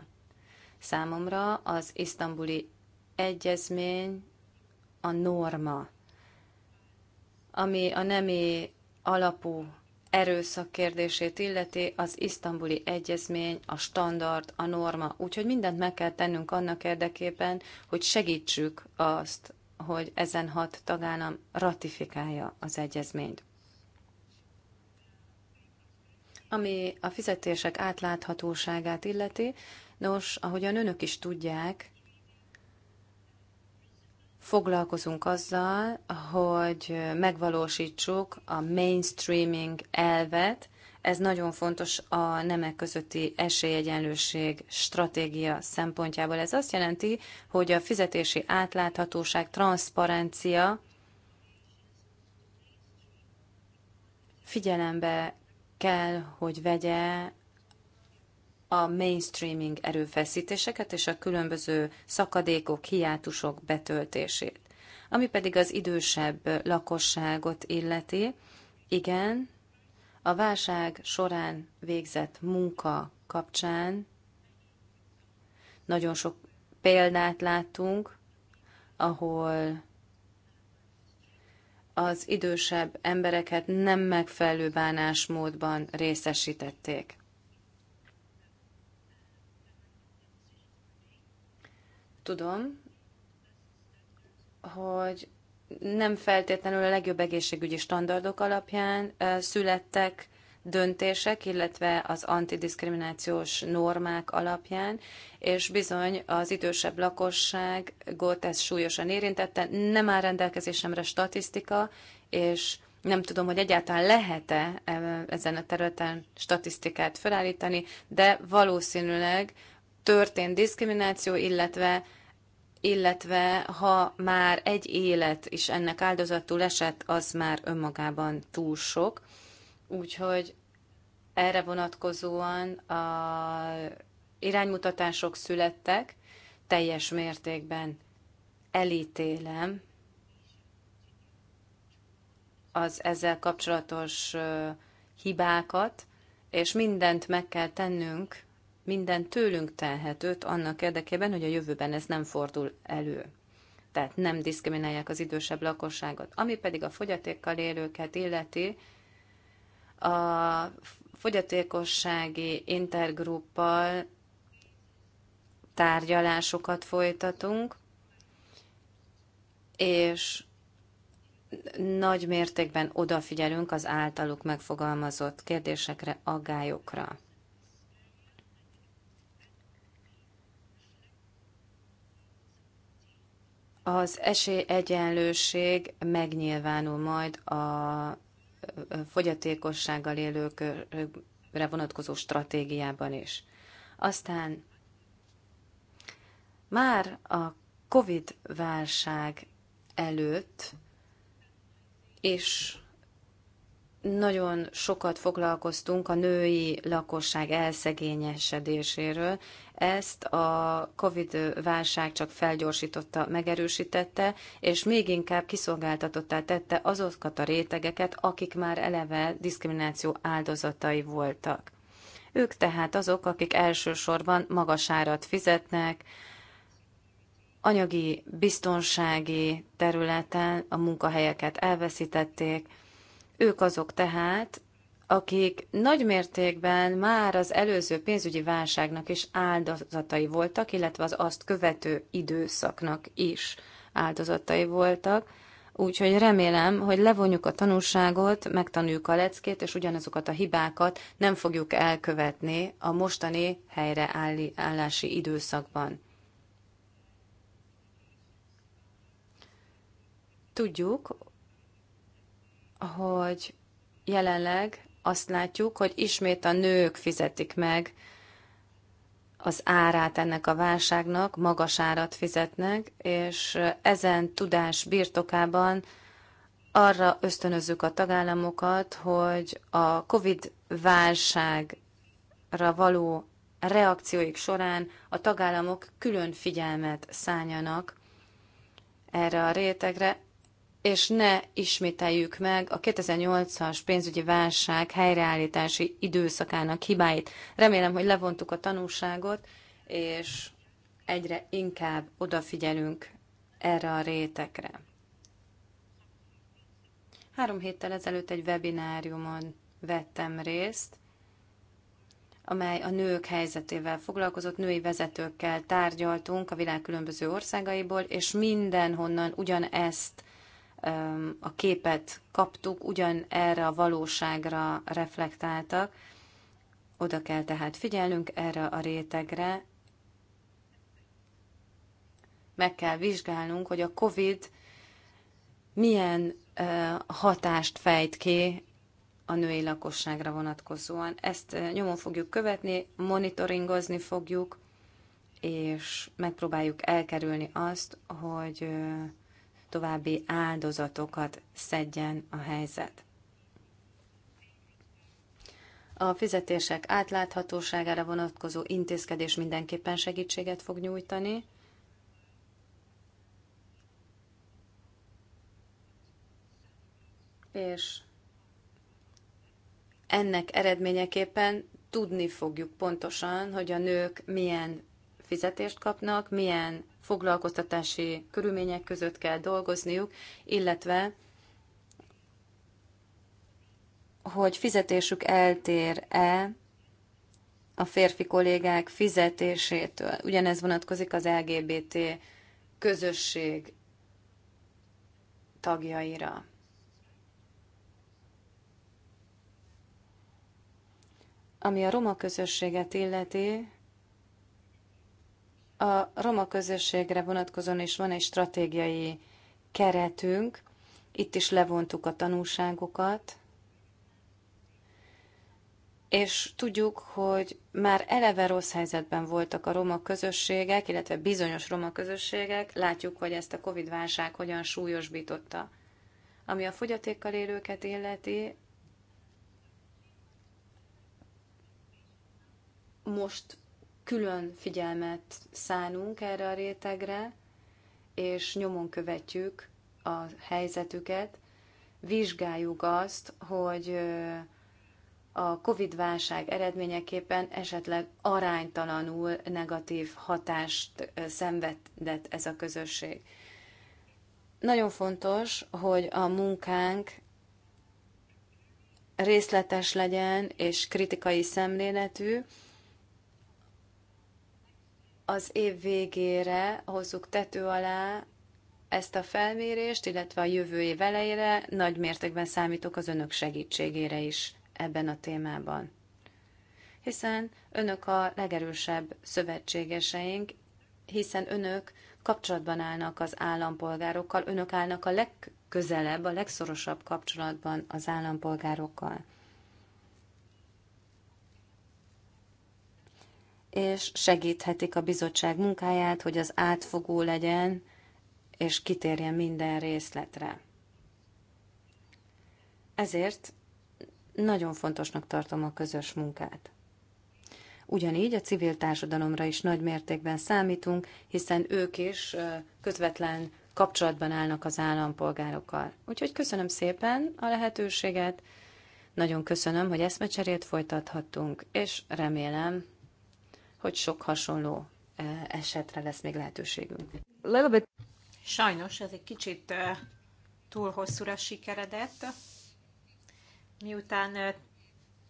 Számomra az isztambuli egyezmény a norma, ami a nemi alapú erőszak kérdését illeti, az isztambuli egyezmény, a standard, a norma. Úgyhogy mindent meg kell tennünk annak érdekében, hogy segítsük azt, hogy ezen hat tagállam ratifikálja az egyezményt. Ami a fizetések átláthatóságát illeti, nos, ahogyan önök is tudják, foglalkozunk azzal, hogy megvalósítsuk a mainstreaming elvet. Ez nagyon fontos a nemek közötti esélyegyenlőség stratégia szempontjából. Ez azt jelenti, hogy a fizetési átláthatóság, transzparencia figyelembe kell, hogy vegye a mainstreaming erőfeszítéseket és a különböző szakadékok, hiátusok betöltését. Ami pedig az idősebb lakosságot illeti, igen, a válság során végzett munka kapcsán nagyon sok példát láttunk, ahol az idősebb embereket nem megfelelő bánásmódban részesítették. Tudom, hogy nem feltétlenül a legjobb egészségügyi standardok alapján születtek döntések, illetve az antidiskriminációs normák alapján, és bizony az idősebb lakosságot ez súlyosan érintette. Nem áll rendelkezésemre statisztika, és nem tudom, hogy egyáltalán lehet-e ezen a területen statisztikát felállítani, de valószínűleg történt diszkrimináció, illetve illetve ha már egy élet is ennek áldozatul esett, az már önmagában túl sok. Úgyhogy erre vonatkozóan a iránymutatások születtek, teljes mértékben elítélem az ezzel kapcsolatos hibákat, és mindent meg kell tennünk minden tőlünk telhetőt annak érdekében, hogy a jövőben ez nem fordul elő. Tehát nem diszkriminálják az idősebb lakosságot. Ami pedig a fogyatékkal élőket illeti, a fogyatékossági intergruppal tárgyalásokat folytatunk, és nagy mértékben odafigyelünk az általuk megfogalmazott kérdésekre, aggályokra. az esélyegyenlőség megnyilvánul majd a fogyatékossággal élőkre vonatkozó stratégiában is. Aztán már a COVID válság előtt is nagyon sokat foglalkoztunk a női lakosság elszegényesedéséről. Ezt a COVID válság csak felgyorsította, megerősítette, és még inkább kiszolgáltatottá tette azokat a rétegeket, akik már eleve diszkrimináció áldozatai voltak. Ők tehát azok, akik elsősorban magas árat fizetnek, anyagi, biztonsági területen a munkahelyeket elveszítették, ők azok tehát, akik nagy mértékben már az előző pénzügyi válságnak is áldozatai voltak, illetve az azt követő időszaknak is áldozatai voltak. Úgyhogy remélem, hogy levonjuk a tanulságot, megtanuljuk a leckét, és ugyanazokat a hibákat nem fogjuk elkövetni a mostani helyreállási időszakban. Tudjuk, hogy jelenleg azt látjuk, hogy ismét a nők fizetik meg az árát ennek a válságnak, magas árat fizetnek, és ezen tudás birtokában arra ösztönözzük a tagállamokat, hogy a COVID válságra való reakcióik során a tagállamok külön figyelmet szánjanak erre a rétegre, és ne ismételjük meg a 2008-as pénzügyi válság helyreállítási időszakának hibáit. Remélem, hogy levontuk a tanulságot, és egyre inkább odafigyelünk erre a rétekre. Három héttel ezelőtt egy webináriumon vettem részt, amely a nők helyzetével foglalkozott, női vezetőkkel tárgyaltunk a világ különböző országaiból, és mindenhonnan ugyanezt a képet kaptuk, ugyan erre a valóságra reflektáltak. Oda kell tehát figyelnünk erre a rétegre. Meg kell vizsgálnunk, hogy a COVID milyen hatást fejt ki a női lakosságra vonatkozóan. Ezt nyomon fogjuk követni, monitoringozni fogjuk, és megpróbáljuk elkerülni azt, hogy további áldozatokat szedjen a helyzet. A fizetések átláthatóságára vonatkozó intézkedés mindenképpen segítséget fog nyújtani. És ennek eredményeképpen tudni fogjuk pontosan, hogy a nők milyen fizetést kapnak, milyen foglalkoztatási körülmények között kell dolgozniuk, illetve hogy fizetésük eltér-e a férfi kollégák fizetésétől. Ugyanez vonatkozik az LGBT közösség tagjaira. Ami a roma közösséget illeti, a roma közösségre vonatkozóan is van egy stratégiai keretünk, itt is levontuk a tanulságokat, és tudjuk, hogy már eleve rossz helyzetben voltak a roma közösségek, illetve bizonyos roma közösségek. Látjuk, hogy ezt a Covid-válság hogyan súlyosbította. Ami a fogyatékkal élőket illeti, most külön figyelmet szánunk erre a rétegre, és nyomon követjük a helyzetüket, vizsgáljuk azt, hogy a COVID-válság eredményeképpen esetleg aránytalanul negatív hatást szenvedett ez a közösség. Nagyon fontos, hogy a munkánk részletes legyen és kritikai szemléletű, az év végére hozzuk tető alá ezt a felmérést, illetve a jövő év elejére nagy mértékben számítok az önök segítségére is ebben a témában. Hiszen önök a legerősebb szövetségeseink, hiszen önök kapcsolatban állnak az állampolgárokkal, önök állnak a legközelebb, a legszorosabb kapcsolatban az állampolgárokkal. és segíthetik a bizottság munkáját, hogy az átfogó legyen, és kitérjen minden részletre. Ezért nagyon fontosnak tartom a közös munkát. Ugyanígy a civil társadalomra is nagy mértékben számítunk, hiszen ők is közvetlen kapcsolatban állnak az állampolgárokkal. Úgyhogy köszönöm szépen a lehetőséget, nagyon köszönöm, hogy eszmecserét folytathattunk, és remélem, hogy sok hasonló eh, esetre lesz még lehetőségünk.
Sajnos ez egy kicsit eh, túl hosszúra sikeredett. Miután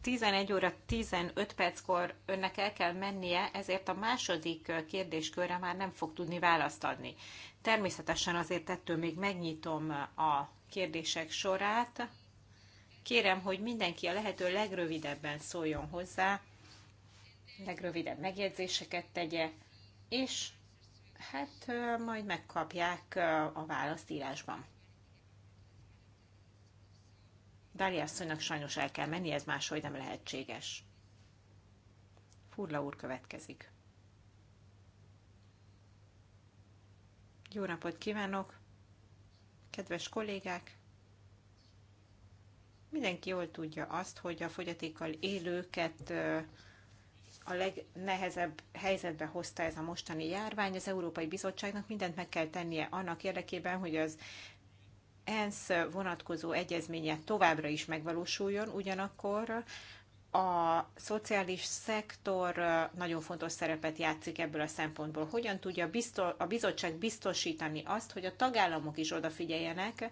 11 eh, óra 15 perckor önnek el kell mennie, ezért a második kérdéskörre már nem fog tudni választ adni. Természetesen azért ettől még megnyitom a kérdések sorát. Kérem, hogy mindenki a lehető legrövidebben szóljon hozzá, legrövidebb megjegyzéseket tegye, és hát majd megkapják a választ írásban. Dália asszonynak sajnos el kell menni, ez máshogy nem lehetséges. Furla úr következik. Jó napot kívánok, kedves kollégák! Mindenki jól tudja azt, hogy a fogyatékkal élőket a legnehezebb helyzetbe hozta ez a mostani járvány. Az Európai Bizottságnak mindent meg kell tennie annak érdekében, hogy az ENSZ vonatkozó egyezménye továbbra is megvalósuljon, ugyanakkor a szociális szektor nagyon fontos szerepet játszik ebből a szempontból. Hogyan tudja a bizottság biztosítani azt, hogy a tagállamok is odafigyeljenek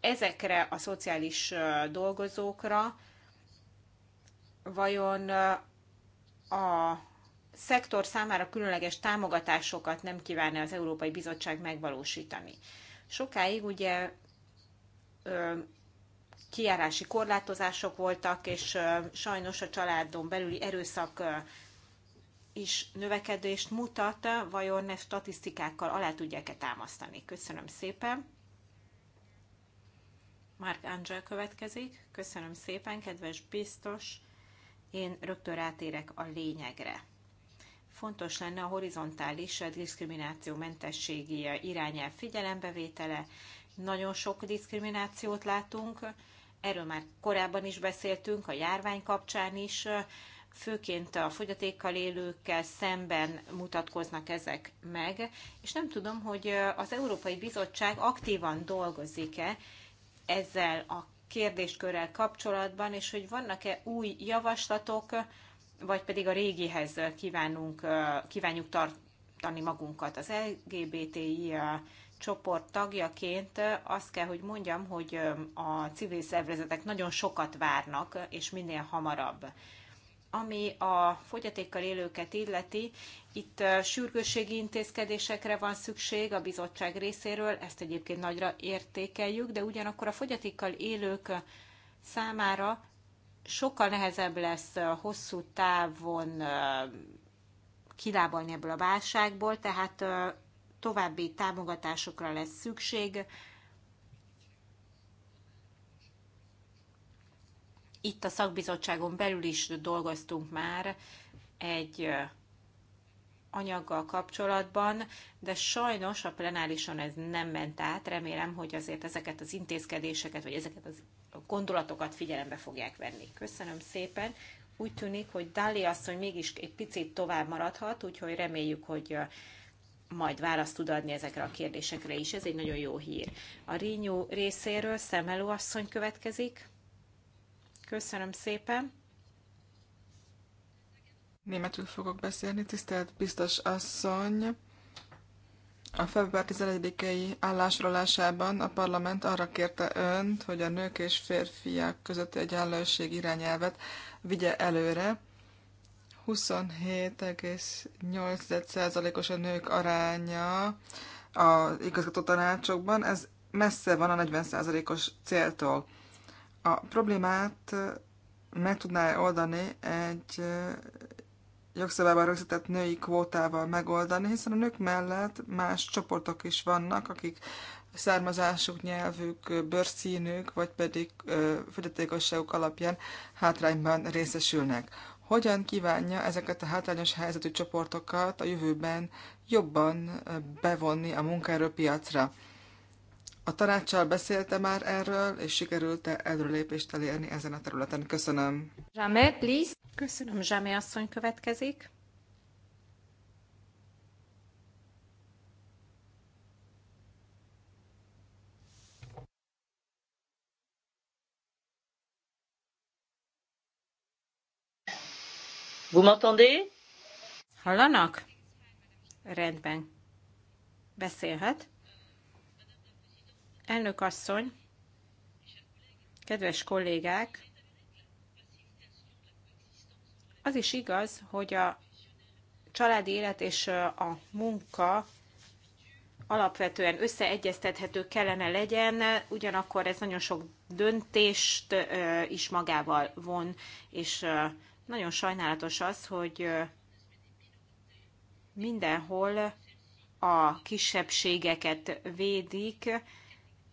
ezekre a szociális dolgozókra, vajon a szektor számára különleges támogatásokat nem kívánna az Európai Bizottság megvalósítani. Sokáig ugye ö, kiárási korlátozások voltak, és ö, sajnos a családon belüli erőszak ö, is növekedést mutat, vajon ne statisztikákkal alá tudják-e támasztani. Köszönöm szépen. Mark Angel következik. Köszönöm szépen, kedves biztos én rögtön rátérek a lényegre. Fontos lenne a horizontális mentességi irányel figyelembevétele. Nagyon sok diszkriminációt látunk, erről már korábban is beszéltünk, a járvány kapcsán is, főként a fogyatékkal élőkkel szemben mutatkoznak ezek meg, és nem tudom, hogy az Európai Bizottság aktívan dolgozik-e ezzel a kérdéskörrel kapcsolatban, és hogy vannak-e új javaslatok, vagy pedig a régihez kívánunk, kívánjuk tartani magunkat. Az LGBTI csoport tagjaként azt kell, hogy mondjam, hogy a civil szervezetek nagyon sokat várnak, és minél hamarabb ami a fogyatékkal élőket illeti, itt sürgősségi intézkedésekre van szükség a bizottság részéről, ezt egyébként nagyra értékeljük, de ugyanakkor a fogyatékkal élők számára sokkal nehezebb lesz hosszú távon kilábalni ebből a válságból, tehát további támogatásokra lesz szükség, itt a szakbizottságon belül is dolgoztunk már egy anyaggal kapcsolatban, de sajnos a plenárison ez nem ment át. Remélem, hogy azért ezeket az intézkedéseket, vagy ezeket az gondolatokat figyelembe fogják venni. Köszönöm szépen. Úgy tűnik, hogy Dali asszony mégis egy picit tovább maradhat, úgyhogy reméljük, hogy majd választ tud adni ezekre a kérdésekre is. Ez egy nagyon jó hír. A rínyú részéről Szemelő asszony következik. Köszönöm szépen.
Németül fogok beszélni, tisztelt biztos asszony. A február 11-i állásrólásában a parlament arra kérte önt, hogy a nők és férfiak közötti egyenlőség irányelvet vigye előre. 27,8%-os a nők aránya az igazgató tanácsokban, ez messze van a 40%-os céltól a problémát meg tudná oldani egy jogszabályban rögzített női kvótával megoldani, hiszen a nők mellett más csoportok is vannak, akik származásuk, nyelvük, bőrszínük, vagy pedig fogyatékosságuk alapján hátrányban részesülnek. Hogyan kívánja ezeket a hátrányos helyzetű csoportokat a jövőben jobban bevonni a munkaerőpiacra? A tanácssal beszélte már erről, és sikerült-e lépést elérni ezen a területen? Köszönöm.
Zsamé, please. Köszönöm, Zsamé asszony következik.
Vous m'entendez?
Hallanak? Rendben. Beszélhet. Elnök asszony, kedves kollégák, az is igaz, hogy a családi élet és a munka alapvetően összeegyeztethető kellene legyen, ugyanakkor ez nagyon sok döntést is magával von, és nagyon sajnálatos az, hogy mindenhol a kisebbségeket védik,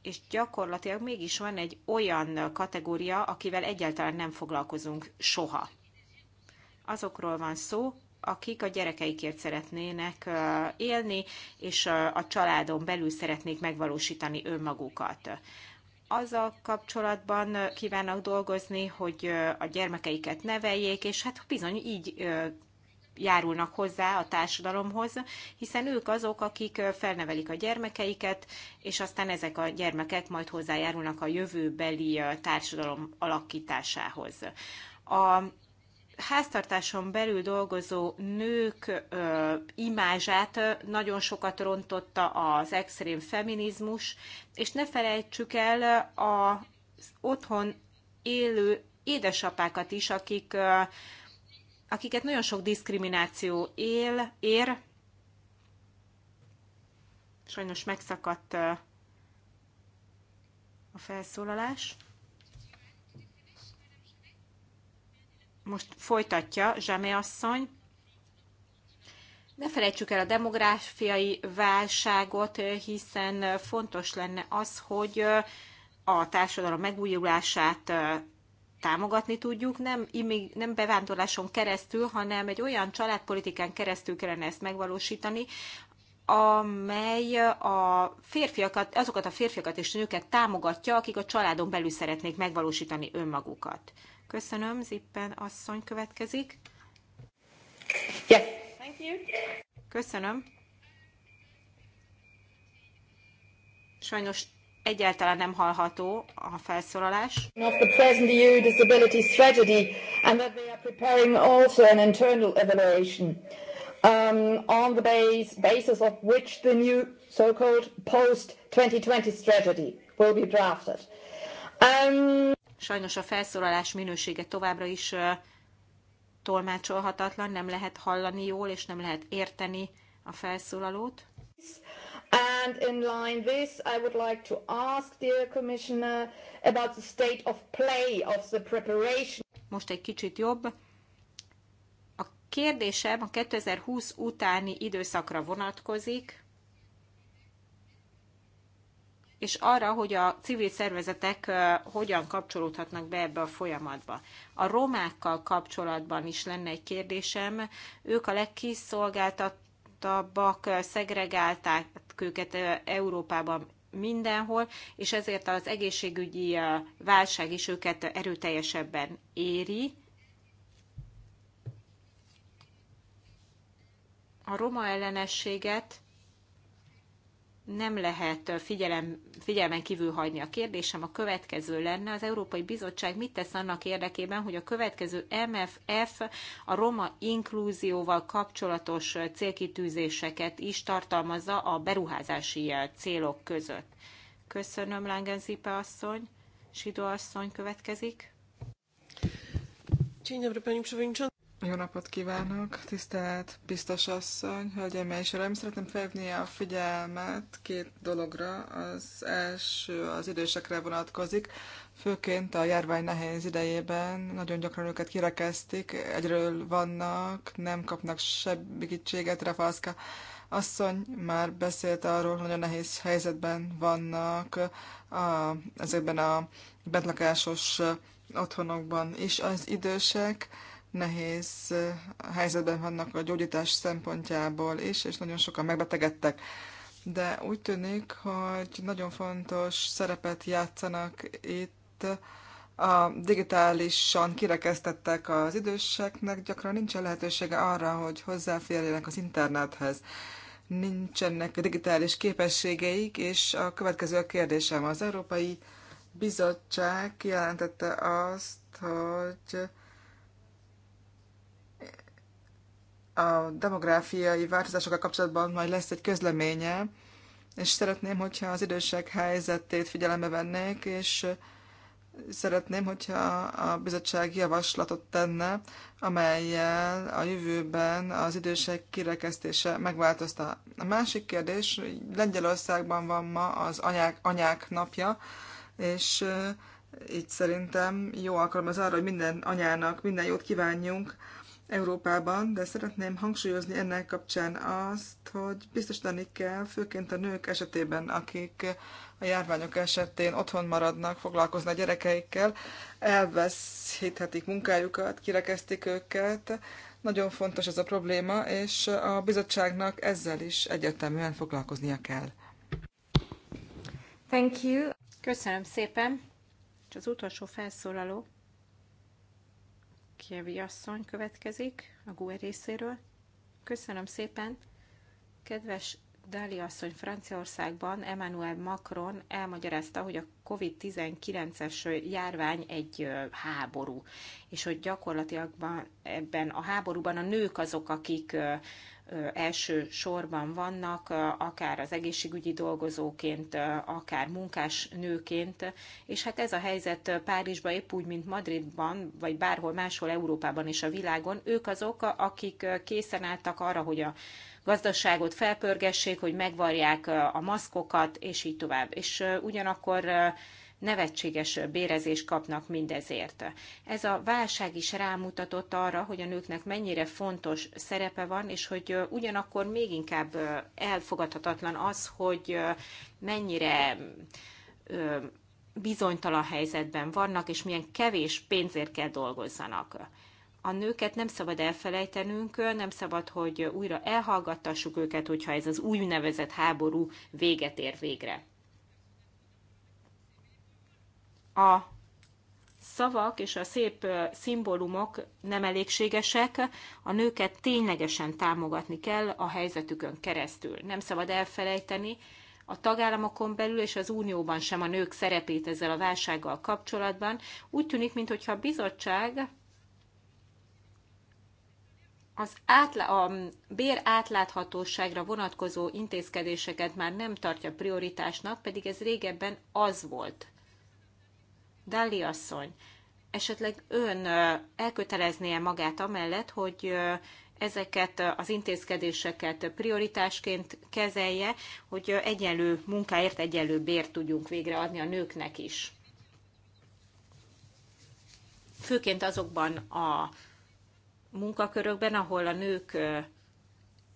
és gyakorlatilag mégis van egy olyan kategória, akivel egyáltalán nem foglalkozunk soha. Azokról van szó, akik a gyerekeikért szeretnének élni, és a családon belül szeretnék megvalósítani önmagukat. Azzal kapcsolatban kívánnak dolgozni, hogy a gyermekeiket neveljék, és hát bizony így járulnak hozzá a társadalomhoz, hiszen ők azok, akik felnevelik a gyermekeiket, és aztán ezek a gyermekek majd hozzájárulnak a jövőbeli társadalom alakításához. A háztartáson belül dolgozó nők ö, imázsát nagyon sokat rontotta az extrém feminizmus, és ne felejtsük el az otthon élő édesapákat is, akik ö, akiket nagyon sok diszkrimináció él, ér. Sajnos megszakadt a felszólalás. Most folytatja Zsámé asszony. Ne felejtsük el a demográfiai válságot, hiszen fontos lenne az, hogy a társadalom megújulását támogatni tudjuk, nem, nem bevándorláson keresztül, hanem egy olyan családpolitikán keresztül kellene ezt megvalósítani, amely a férfiakat, azokat a férfiakat és nőket támogatja, akik a családon belül szeretnék megvalósítani önmagukat. Köszönöm, Zippen asszony következik.
Yes. Thank you.
Köszönöm. Sajnos Egyáltalán nem hallható a felszólalás. Of the present EU disability strategy and that they are preparing also an internal evaluation um, on the base, basis of which the new so-called post-2020 strategy will be drafted. Um, Sajnos a felszólalás minősége továbbra is uh, tolmácsolhatatlan, nem lehet hallani jól, és nem lehet érteni a felszólalót. And in line with, I would like to ask, dear Commissioner, about the state of play of the preparation. Most egy kicsit jobb. A kérdésem a 2020 utáni időszakra vonatkozik, és arra, hogy a civil szervezetek hogyan kapcsolódhatnak be ebbe a folyamatba. A romákkal kapcsolatban is lenne egy kérdésem. Ők a legkiszolgáltat rosszabbak, szegregálták őket Európában mindenhol, és ezért az egészségügyi válság is őket erőteljesebben éri. A roma ellenességet nem lehet figyelem, figyelmen kívül hagyni. A kérdésem a következő lenne, az Európai Bizottság mit tesz annak érdekében, hogy a következő MFF a roma inkluzióval kapcsolatos célkitűzéseket is tartalmazza a beruházási célok között. Köszönöm, Langenzipe asszony. Sido asszony következik.
Dzień dobry, pani przewodnicząca. Jó napot kívánok, tisztelt biztos asszony, hölgyeim és uraim! Szeretném felhívni a figyelmet két dologra. Az első az idősekre vonatkozik, főként a járvány nehéz idejében nagyon gyakran őket kirekesztik, egyről vannak, nem kapnak segítséget, Rafalszka asszony már beszélt arról, hogy nagyon nehéz helyzetben vannak a, ezekben a bentlakásos otthonokban is az idősek, nehéz eh, helyzetben vannak a gyógyítás szempontjából is, és nagyon sokan megbetegedtek. De úgy tűnik, hogy nagyon fontos szerepet játszanak itt a digitálisan kirekeztettek az időseknek, gyakran nincsen lehetősége arra, hogy hozzáférjenek az internethez. Nincsenek digitális képességeik, és a következő a kérdésem. Az Európai Bizottság jelentette azt, hogy a demográfiai változásokkal kapcsolatban majd lesz egy közleménye, és szeretném, hogyha az idősek helyzetét figyelembe vennék, és szeretném, hogyha a bizottság javaslatot tenne, amelyel a jövőben az idősek kirekesztése megváltozta. A másik kérdés, Lengyelországban van ma az anyák, anyák napja, és eh, így szerintem jó alkalom az arra, hogy minden anyának minden jót kívánjunk Európában, de szeretném hangsúlyozni ennek kapcsán azt, hogy biztosítani kell, főként a nők esetében, akik a járványok esetén otthon maradnak, foglalkoznak gyerekeikkel, elveszíthetik munkájukat, kirekeztik őket. Nagyon fontos ez a probléma, és a bizottságnak ezzel is egyértelműen foglalkoznia kell.
Thank you. Köszönöm szépen. És az utolsó felszólaló Kievi asszony következik a GUE részéről. Köszönöm szépen! Kedves Dali asszony Franciaországban Emmanuel Macron elmagyarázta, hogy a COVID-19-es járvány egy háború, és hogy gyakorlatilag ebben a háborúban a nők azok, akik első sorban vannak, akár az egészségügyi dolgozóként, akár munkás nőként, és hát ez a helyzet Párizsban épp úgy, mint Madridban, vagy bárhol máshol Európában és a világon, ők azok, akik készen álltak arra, hogy a gazdaságot felpörgessék, hogy megvarják a maszkokat, és így tovább. És ugyanakkor nevetséges bérezést kapnak mindezért. Ez a válság is rámutatott arra, hogy a nőknek mennyire fontos szerepe van, és hogy ugyanakkor még inkább elfogadhatatlan az, hogy mennyire bizonytalan helyzetben vannak, és milyen kevés pénzért kell dolgozzanak. A nőket nem szabad elfelejtenünk, nem szabad, hogy újra elhallgattassuk őket, hogyha ez az úgynevezett háború véget ér végre a szavak és a szép szimbólumok nem elégségesek, a nőket ténylegesen támogatni kell a helyzetükön keresztül. Nem szabad elfelejteni a tagállamokon belül és az unióban sem a nők szerepét ezzel a válsággal kapcsolatban. Úgy tűnik, mintha a bizottság az átla- a bér átláthatóságra vonatkozó intézkedéseket már nem tartja prioritásnak, pedig ez régebben az volt Dali asszony, esetleg ön elköteleznie magát amellett, hogy ezeket az intézkedéseket prioritásként kezelje, hogy egyenlő munkáért egyenlő bért tudjunk végreadni a nőknek is. Főként azokban a munkakörökben, ahol a nők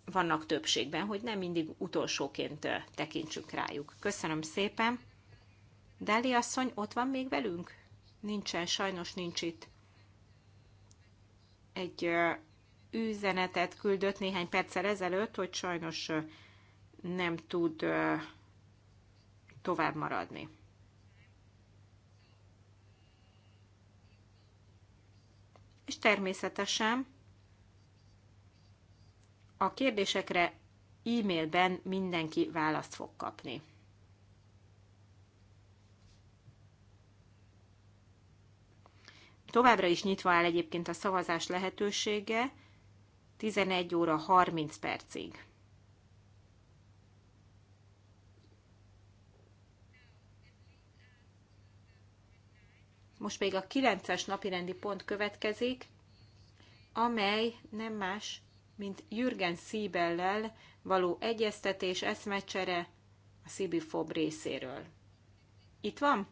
vannak többségben, hogy nem mindig utolsóként tekintsünk rájuk. Köszönöm szépen! Deli asszony ott van még velünk? Nincsen, sajnos nincs itt. Egy üzenetet küldött néhány perccel ezelőtt, hogy sajnos nem tud tovább maradni. És természetesen a kérdésekre e-mailben mindenki választ fog kapni. Továbbra is nyitva áll egyébként a szavazás lehetősége 11 óra 30 percig. Most még a 9-es napirendi pont következik, amely nem más, mint Jürgen Siebellel való egyeztetés, eszmecsere a Sibifob részéről. Itt van?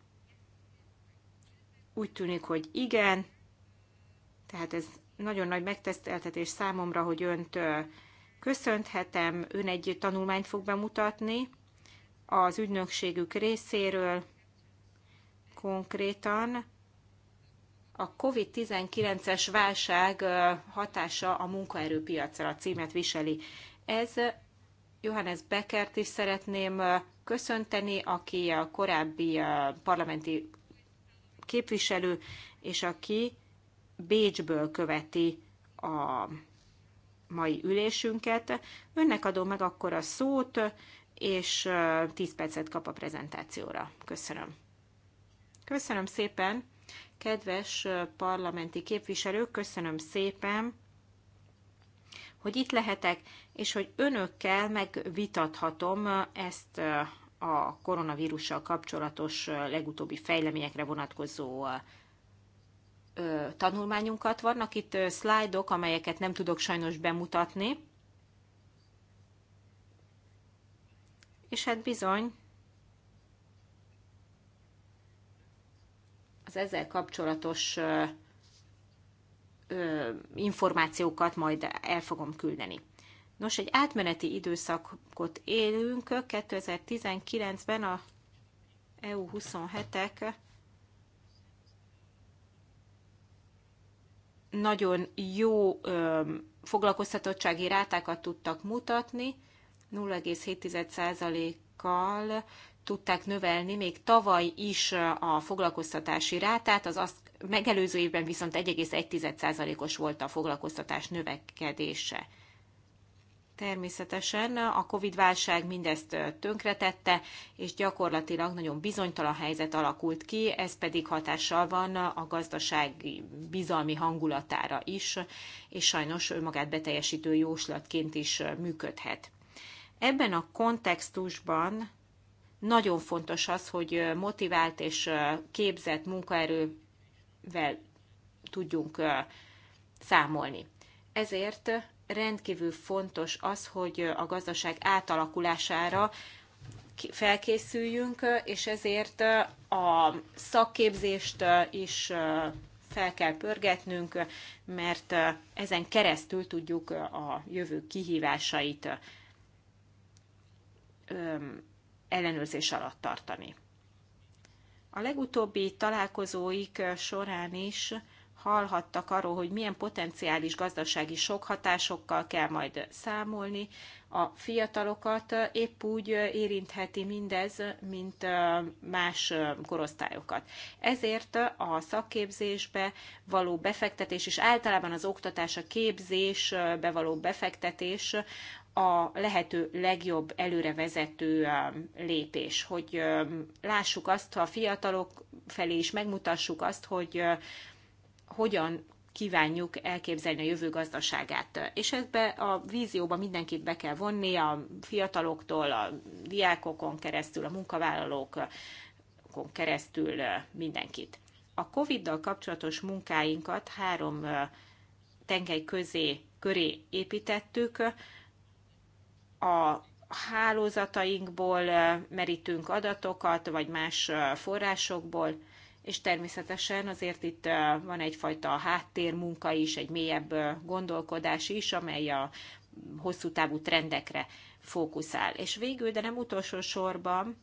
Úgy tűnik, hogy igen, tehát ez nagyon nagy megteszteltetés számomra, hogy önt köszönthetem. Ön egy tanulmányt fog bemutatni az ügynökségük részéről, konkrétan a COVID-19-es válság hatása a munkaerőpiacra címet viseli. Ez Johannes Beckert is szeretném köszönteni, aki a korábbi parlamenti képviselő, és aki Bécsből követi a mai ülésünket. Önnek adom meg akkor a szót, és 10 percet kap a prezentációra. Köszönöm. Köszönöm szépen, kedves parlamenti képviselők, köszönöm szépen, hogy itt lehetek, és hogy önökkel megvitathatom ezt a koronavírussal kapcsolatos legutóbbi fejleményekre vonatkozó tanulmányunkat. Vannak itt szlájdok, amelyeket nem tudok sajnos bemutatni. És hát bizony, az ezzel kapcsolatos információkat majd el fogom küldeni. Nos, egy átmeneti időszakot élünk. 2019-ben a EU27-ek nagyon jó foglalkoztatottsági rátákat tudtak mutatni, 0,7%-kal tudták növelni még tavaly is a foglalkoztatási rátát, az azt megelőző évben viszont 1,1%-os volt a foglalkoztatás növekedése. Természetesen a Covid-válság mindezt tönkretette, és gyakorlatilag nagyon bizonytalan helyzet alakult ki, ez pedig hatással van a gazdaság bizalmi hangulatára is, és sajnos önmagát beteljesítő jóslatként is működhet. Ebben a kontextusban nagyon fontos az, hogy motivált és képzett munkaerővel tudjunk számolni. Ezért rendkívül fontos az, hogy a gazdaság átalakulására felkészüljünk, és ezért a szakképzést is fel kell pörgetnünk, mert ezen keresztül tudjuk a jövő kihívásait ellenőrzés alatt tartani. A legutóbbi találkozóik során is hallhattak arról, hogy milyen potenciális gazdasági sok hatásokkal kell majd számolni. A fiatalokat épp úgy érintheti mindez, mint más korosztályokat. Ezért a szakképzésbe való befektetés, és általában az oktatás, a képzésbe való befektetés a lehető legjobb előrevezető lépés, hogy lássuk azt, ha a fiatalok felé is megmutassuk azt, hogy hogyan kívánjuk elképzelni a jövő gazdaságát. És ebbe a vízióba mindenkit be kell vonni, a fiataloktól, a diákokon keresztül, a munkavállalókon keresztül mindenkit. A COVID-dal kapcsolatos munkáinkat három tengely közé, köré építettük. A hálózatainkból merítünk adatokat, vagy más forrásokból, és természetesen azért itt van egyfajta háttérmunka is, egy mélyebb gondolkodás is, amely a hosszú távú trendekre fókuszál. És végül, de nem utolsó sorban,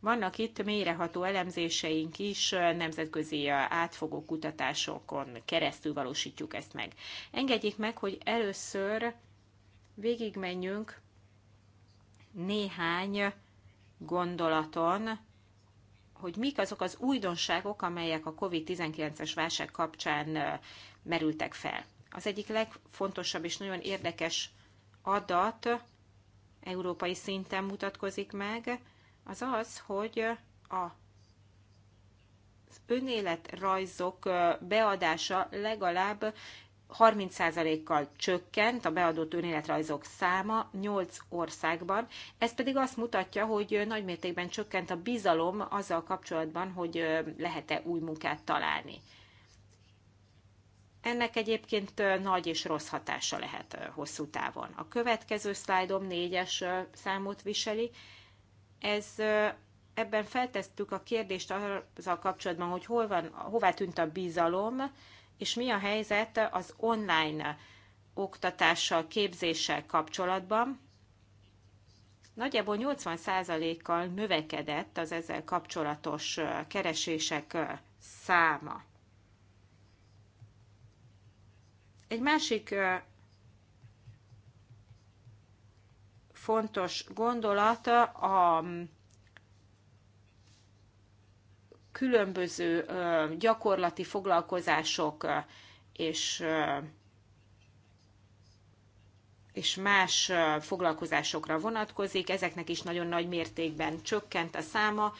vannak itt mélyreható elemzéseink is, nemzetközi átfogó kutatásokon keresztül valósítjuk ezt meg. Engedjék meg, hogy először végigmenjünk néhány gondolaton, hogy mik azok az újdonságok, amelyek a COVID-19-es válság kapcsán merültek fel. Az egyik legfontosabb és nagyon érdekes adat európai szinten mutatkozik meg, az az, hogy a önéletrajzok beadása legalább 30%-kal csökkent a beadott önéletrajzok száma 8 országban. Ez pedig azt mutatja, hogy nagymértékben csökkent a bizalom azzal kapcsolatban, hogy lehet-e új munkát találni. Ennek egyébként nagy és rossz hatása lehet hosszú távon. A következő szlájdom négyes számot viseli. Ez ebben feltesztük a kérdést azzal kapcsolatban, hogy hol van, hová tűnt a bizalom, és mi a helyzet az online oktatással, képzéssel kapcsolatban. Nagyjából 80%-kal növekedett az ezzel kapcsolatos keresések száma. Egy másik fontos gondolata a különböző gyakorlati foglalkozások és és más foglalkozásokra vonatkozik, ezeknek is nagyon nagy mértékben csökkent a száma,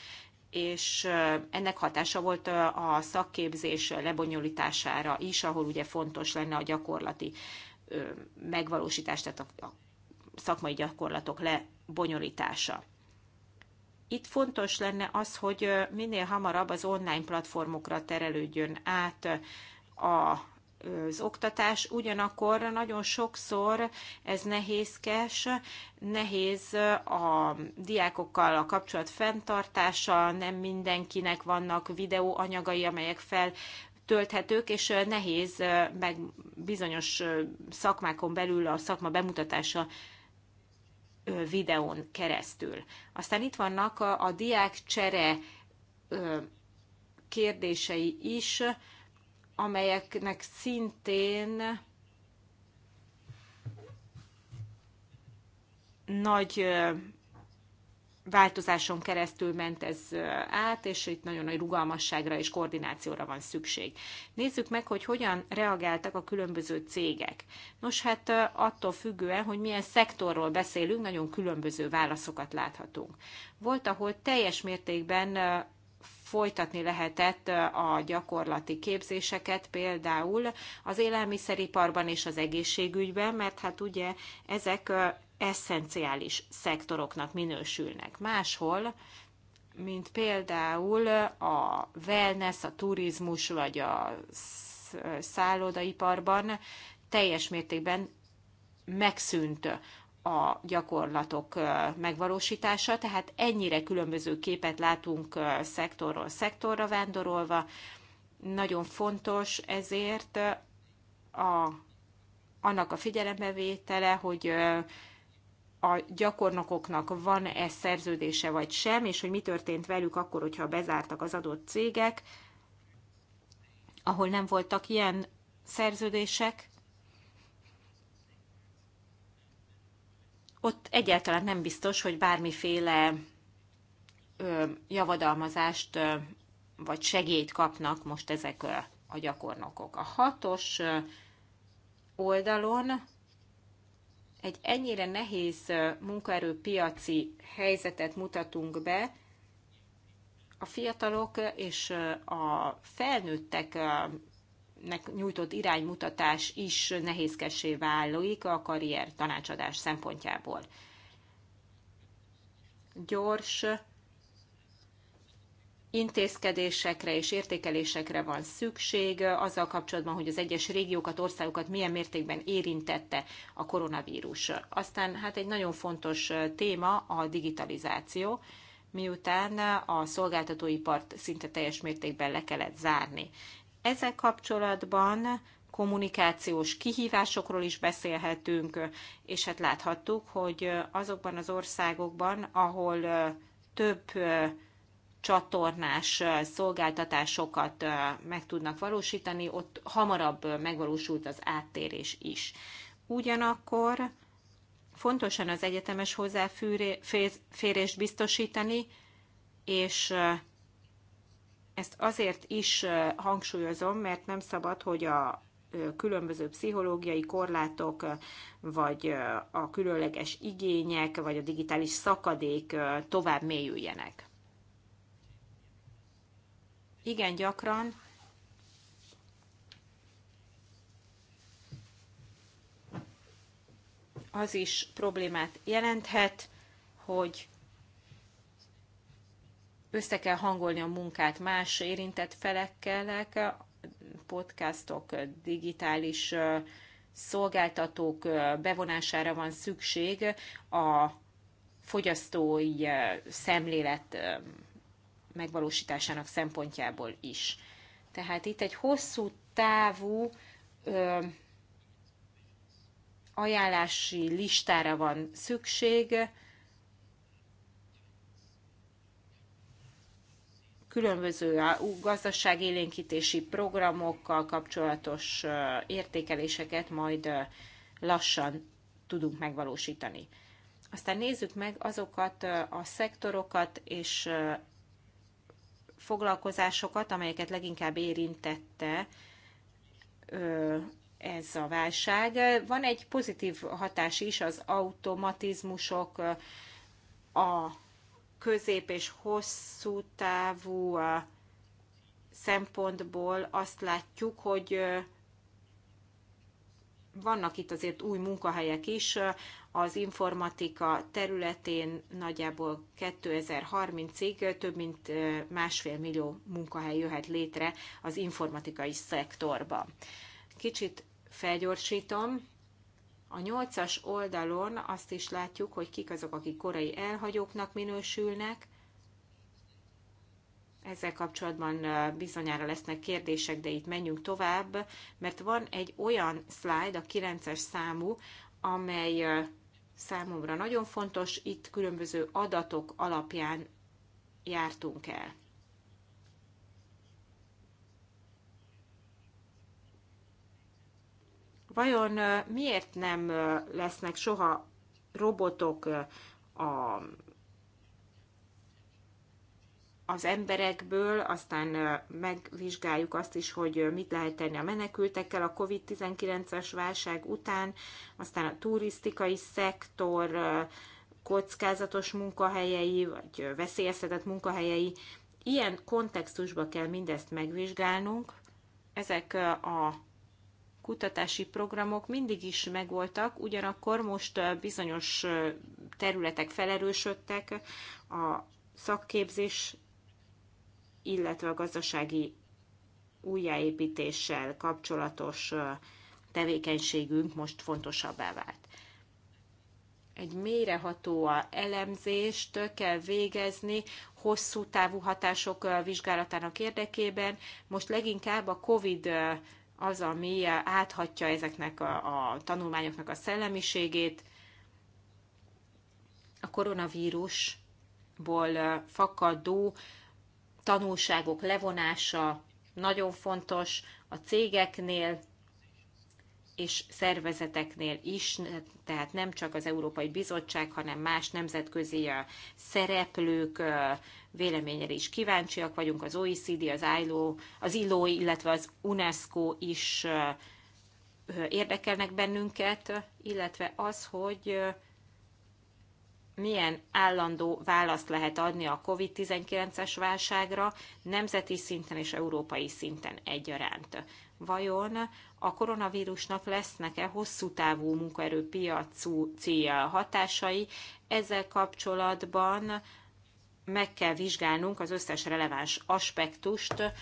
és ennek hatása volt a szakképzés lebonyolítására is, ahol ugye fontos lenne a gyakorlati megvalósítás, tehát a szakmai gyakorlatok lebonyolítása. Itt fontos lenne az, hogy minél hamarabb az online platformokra terelődjön át a az oktatás, ugyanakkor nagyon sokszor ez nehézkes, nehéz a diákokkal a kapcsolat fenntartása, nem mindenkinek vannak videóanyagai, amelyek feltölthetők, és nehéz meg bizonyos szakmákon belül a szakma bemutatása videón keresztül. Aztán itt vannak a, a diák csere kérdései is, amelyeknek szintén nagy változáson keresztül ment ez át, és itt nagyon nagy rugalmasságra és koordinációra van szükség. Nézzük meg, hogy hogyan reagáltak a különböző cégek. Nos, hát attól függően, hogy milyen szektorról beszélünk, nagyon különböző válaszokat láthatunk. Volt, ahol teljes mértékben folytatni lehetett a gyakorlati képzéseket, például az élelmiszeriparban és az egészségügyben, mert hát ugye ezek eszenciális szektoroknak minősülnek. Máshol, mint például a wellness, a turizmus vagy a szállodaiparban teljes mértékben megszűnt a gyakorlatok megvalósítása, tehát ennyire különböző képet látunk szektorról szektorra vándorolva. Nagyon fontos ezért a, annak a figyelembevétele, hogy a gyakornokoknak van-e szerződése vagy sem, és hogy mi történt velük akkor, hogyha bezártak az adott cégek, ahol nem voltak ilyen szerződések, ott egyáltalán nem biztos, hogy bármiféle ö, javadalmazást ö, vagy segélyt kapnak most ezek ö, a gyakornokok. A hatos ö, oldalon egy ennyire nehéz munkaerőpiaci helyzetet mutatunk be, a fiatalok és a felnőtteknek nyújtott iránymutatás is nehézkesé válik a karrier tanácsadás szempontjából. Gyors intézkedésekre és értékelésekre van szükség azzal kapcsolatban, hogy az egyes régiókat, országokat milyen mértékben érintette a koronavírus. Aztán hát egy nagyon fontos téma a digitalizáció, miután a szolgáltatóipart szinte teljes mértékben le kellett zárni. Ezzel kapcsolatban kommunikációs kihívásokról is beszélhetünk, és hát láthattuk, hogy azokban az országokban, ahol több csatornás szolgáltatásokat meg tudnak valósítani, ott hamarabb megvalósult az áttérés is. Ugyanakkor fontosan az egyetemes hozzáférést biztosítani, és ezt azért is hangsúlyozom, mert nem szabad, hogy a különböző pszichológiai korlátok, vagy a különleges igények, vagy a digitális szakadék tovább mélyüljenek igen gyakran az is problémát jelenthet, hogy össze kell hangolni a munkát más érintett felekkel, podcastok, digitális szolgáltatók bevonására van szükség a fogyasztói szemlélet megvalósításának szempontjából is. Tehát itt egy hosszú távú ö, ajánlási listára van szükség, különböző gazdaságélénkítési programokkal kapcsolatos értékeléseket majd lassan tudunk megvalósítani. Aztán nézzük meg azokat a szektorokat és foglalkozásokat, amelyeket leginkább érintette ez a válság. Van egy pozitív hatás is az automatizmusok, a közép és hosszú távú szempontból azt látjuk, hogy vannak itt azért új munkahelyek is az informatika területén nagyjából 2030-ig több mint másfél millió munkahely jöhet létre az informatikai szektorba. Kicsit felgyorsítom. A nyolcas oldalon azt is látjuk, hogy kik azok, akik korai elhagyóknak minősülnek, ezzel kapcsolatban bizonyára lesznek kérdések, de itt menjünk tovább, mert van egy olyan slide, a 9-es számú, amely számomra nagyon fontos, itt különböző adatok alapján jártunk el. Vajon miért nem lesznek soha robotok a az emberekből, aztán megvizsgáljuk azt is, hogy mit lehet tenni a menekültekkel a COVID-19-es válság után, aztán a turisztikai szektor kockázatos munkahelyei, vagy veszélyeztetett munkahelyei. Ilyen kontextusba kell mindezt megvizsgálnunk. Ezek a kutatási programok mindig is megvoltak, ugyanakkor most bizonyos területek felerősödtek, a szakképzés illetve a gazdasági újjáépítéssel kapcsolatos tevékenységünk most fontosabbá vált. Egy mélyreható elemzést kell végezni hosszú távú hatások vizsgálatának érdekében. Most leginkább a COVID az, ami áthatja ezeknek a, a tanulmányoknak a szellemiségét. A koronavírusból fakadó tanulságok levonása nagyon fontos a cégeknél és szervezeteknél is, tehát nem csak az Európai Bizottság, hanem más nemzetközi szereplők véleményére is kíváncsiak vagyunk, az OECD, az ILO, az ILO, illetve az UNESCO is érdekelnek bennünket, illetve az, hogy milyen állandó választ lehet adni a COVID-19-es válságra nemzeti szinten és európai szinten egyaránt. Vajon a koronavírusnak lesznek-e hosszú távú munkaerőpiaci hatásai? Ezzel kapcsolatban meg kell vizsgálnunk az összes releváns aspektust,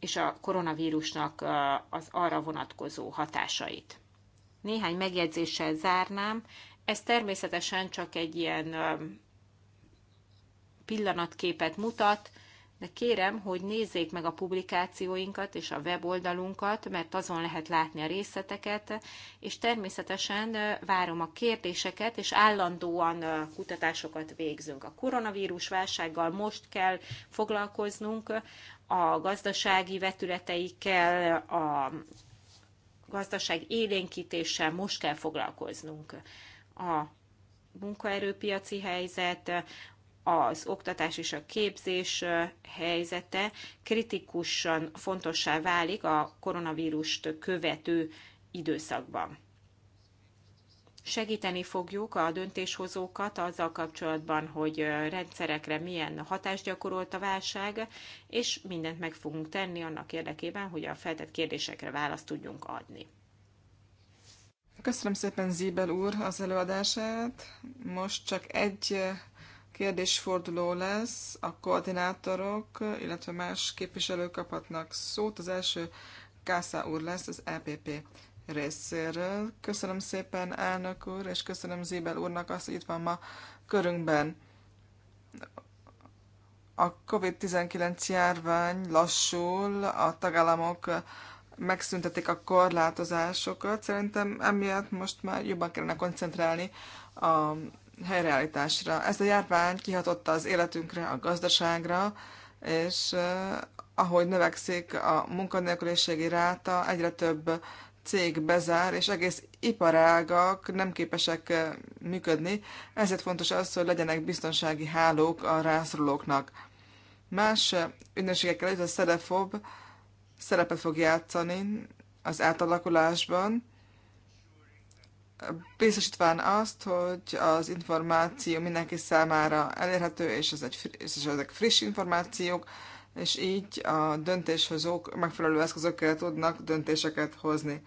és a koronavírusnak az arra vonatkozó hatásait. Néhány megjegyzéssel zárnám, ez természetesen csak egy ilyen pillanatképet mutat, de kérem, hogy nézzék meg a publikációinkat és a weboldalunkat, mert azon lehet látni a részleteket, és természetesen várom a kérdéseket, és állandóan kutatásokat végzünk. A koronavírus válsággal most kell foglalkoznunk, a gazdasági vetületeikkel, a gazdaság élénkítéssel most kell foglalkoznunk a munkaerőpiaci helyzet, az oktatás és a képzés helyzete kritikusan fontossá válik a koronavírust követő időszakban. Segíteni fogjuk a döntéshozókat azzal kapcsolatban, hogy rendszerekre milyen hatást gyakorolt a válság, és mindent meg fogunk tenni annak érdekében, hogy a feltett kérdésekre választ tudjunk adni.
Köszönöm szépen Zíbel úr az előadását. Most csak egy kérdésforduló lesz, a koordinátorok, illetve más képviselők kaphatnak szót. Az első Kászá úr lesz az EPP részéről. Köszönöm szépen elnök úr, és köszönöm Zíbel úrnak azt, hogy itt van ma körünkben. A COVID-19 járvány lassul, a tagállamok megszüntetik a korlátozásokat. Szerintem emiatt most már jobban kellene koncentrálni a helyreállításra. Ez a járvány kihatotta az életünkre, a gazdaságra, és eh, ahogy növekszik a munkanélküliségi ráta, egyre több cég bezár, és egész iparágak nem képesek eh, működni, ezért fontos az, hogy legyenek biztonsági hálók a rászorulóknak. Más eh, ügynökségekkel, ez a Szedefob, szerepet fog játszani az átalakulásban, biztosítván azt, hogy az információ mindenki számára elérhető, és, ez egy, és ezek friss információk, és így a döntéshozók megfelelő eszközökkel tudnak döntéseket hozni.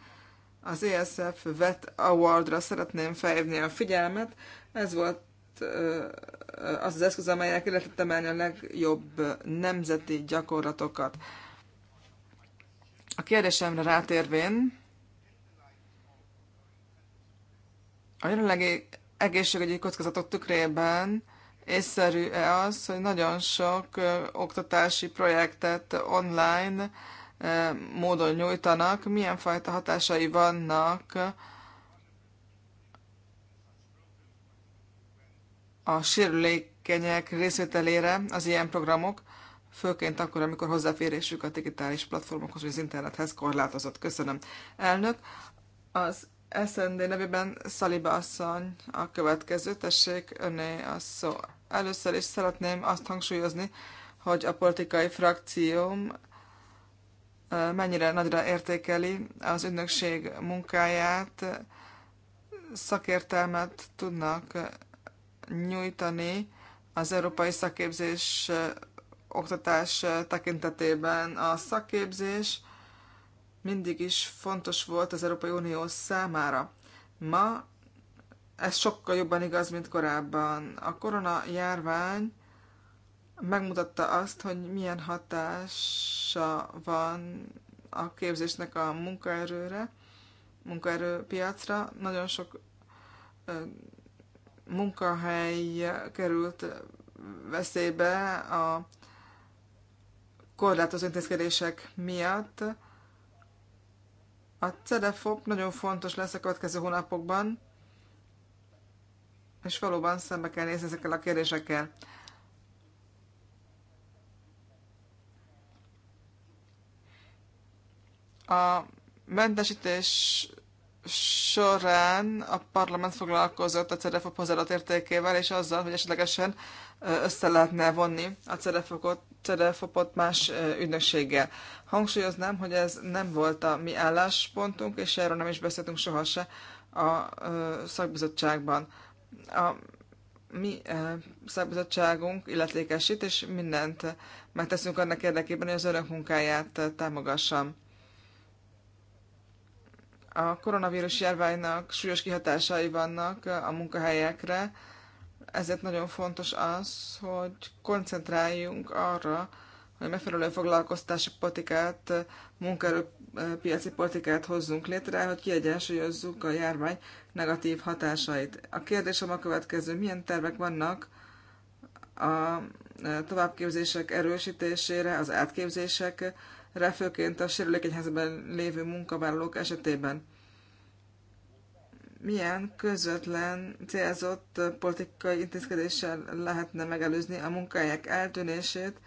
Az ESF VET Awardra szeretném felhívni a figyelmet. Ez volt az az eszköz, amelyek lehetett emelni a legjobb nemzeti gyakorlatokat. A kérdésemre rátérvén, a jelenlegi egészségügyi kockázatok tükrében észszerű-e az, hogy nagyon sok oktatási projektet online módon nyújtanak, milyen fajta hatásai vannak a sérülékenyek részvételére az ilyen programok, főként akkor, amikor hozzáférésük a digitális platformokhoz vagy az internethez korlátozott. Köszönöm. Elnök, az SND nevében Szaliba asszony a következő. Tessék, öné a szó. Először is szeretném azt hangsúlyozni, hogy a politikai frakcióm mennyire nagyra értékeli az ügynökség munkáját, szakértelmet tudnak nyújtani az európai szakképzés oktatás tekintetében. A szakképzés mindig is fontos volt az Európai Unió számára. Ma ez sokkal jobban igaz, mint korábban. A korona járvány megmutatta azt, hogy milyen hatása van a képzésnek a munkaerőre, munkaerőpiacra. Nagyon sok munkahely került veszélybe a korlátoz intézkedések miatt. A CEDEFOP nagyon fontos lesz a következő hónapokban, és valóban szembe kell nézni ezekkel a kérdésekkel. A mentesítés során a parlament foglalkozott a CEDEFOP hozzáadott értékével, és azzal, hogy esetlegesen össze lehetne vonni a cerefokot, cerefopot más ügynökséggel. Hangsúlyoznám, hogy ez nem volt a mi álláspontunk, és erről nem is beszéltünk sohasem a szakbizottságban. A mi szakbizottságunk illetékesít, és mindent megteszünk annak érdekében, hogy az önök munkáját támogassam. A koronavírus járványnak súlyos kihatásai vannak a munkahelyekre, ezért nagyon fontos az, hogy koncentráljunk arra, hogy megfelelő foglalkoztási politikát, munkaerőpiaci politikát hozzunk létre, hogy kiegyensúlyozzuk a járvány negatív hatásait. A kérdésem a következő, milyen tervek vannak a továbbképzések erősítésére, az átképzésekre, főként a sérülékeny lévő munkavállalók esetében? milyen közvetlen, célzott politikai intézkedéssel lehetne megelőzni a munkahelyek eltűnését,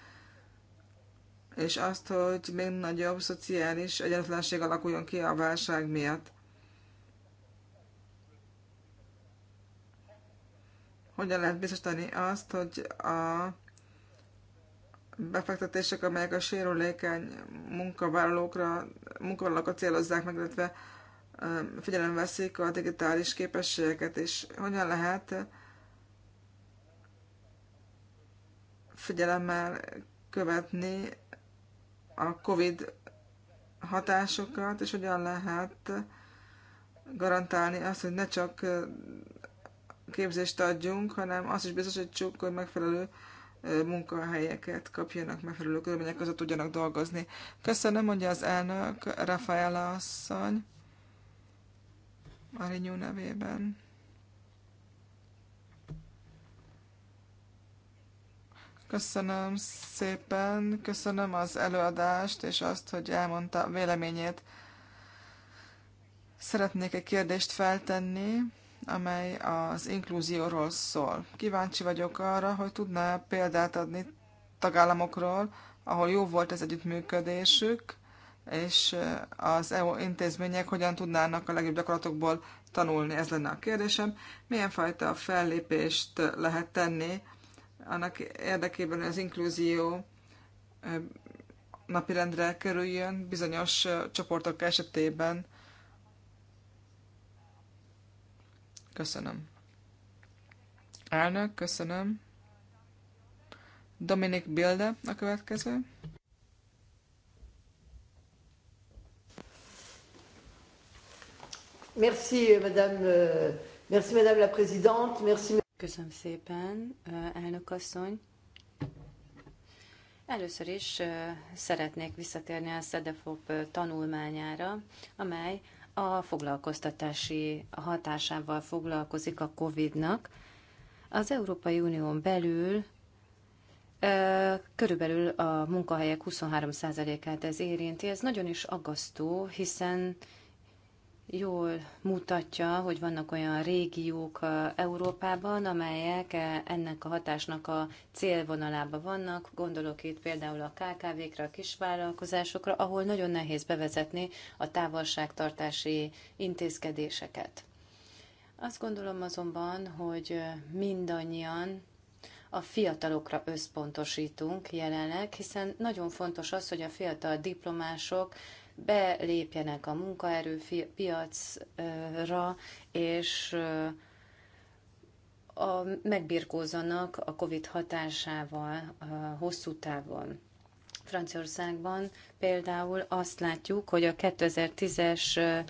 és azt, hogy még nagyobb szociális egyetlenség alakuljon ki a válság miatt. Hogyan lehet biztosítani azt, hogy a befektetések, amelyek a sérülékeny munkavállalókra, munkavállalókat célozzák meg, illetve figyelembe veszik a digitális képességeket, és hogyan lehet figyelemmel követni a COVID hatásokat, és hogyan lehet garantálni azt, hogy ne csak képzést adjunk, hanem azt is biztosítsuk, hogy megfelelő munkahelyeket kapjanak, megfelelő körülmények között tudjanak dolgozni. Köszönöm, mondja az elnök, Rafaela asszony a nevében. Köszönöm szépen, köszönöm az előadást és azt, hogy elmondta véleményét. Szeretnék egy kérdést feltenni, amely az inkluzióról szól. Kíváncsi vagyok arra, hogy tudná példát adni tagállamokról, ahol jó volt az együttműködésük, és az EU intézmények hogyan tudnának a legjobb gyakorlatokból tanulni, ez lenne a kérdésem. Milyen fajta fellépést lehet tenni annak érdekében, hogy az inkluzió napirendre kerüljön bizonyos csoportok esetében? Köszönöm. Elnök, köszönöm. Dominik Bilde a következő.
Merci, madame, euh, merci, madame la présidente, merci. Köszönöm szépen, euh, elnök asszony. Először is euh, szeretnék visszatérni a SZEDEFOP tanulmányára, amely a foglalkoztatási hatásával foglalkozik a COVID-nak. Az Európai Unión belül körülbelül a munkahelyek 23%-át ez érinti. Ez nagyon is aggasztó, hiszen jól mutatja, hogy vannak olyan régiók Európában, amelyek e, ennek a hatásnak a célvonalában vannak. Gondolok itt például a KKV-kra, a kisvállalkozásokra, ahol nagyon nehéz bevezetni a távolságtartási intézkedéseket. Azt gondolom azonban, hogy mindannyian a fiatalokra összpontosítunk jelenleg, hiszen nagyon fontos az, hogy a fiatal diplomások belépjenek a munkaerőpiacra, és a, megbirkózzanak a COVID hatásával a hosszú távon. Franciaországban például azt látjuk, hogy a 2010-es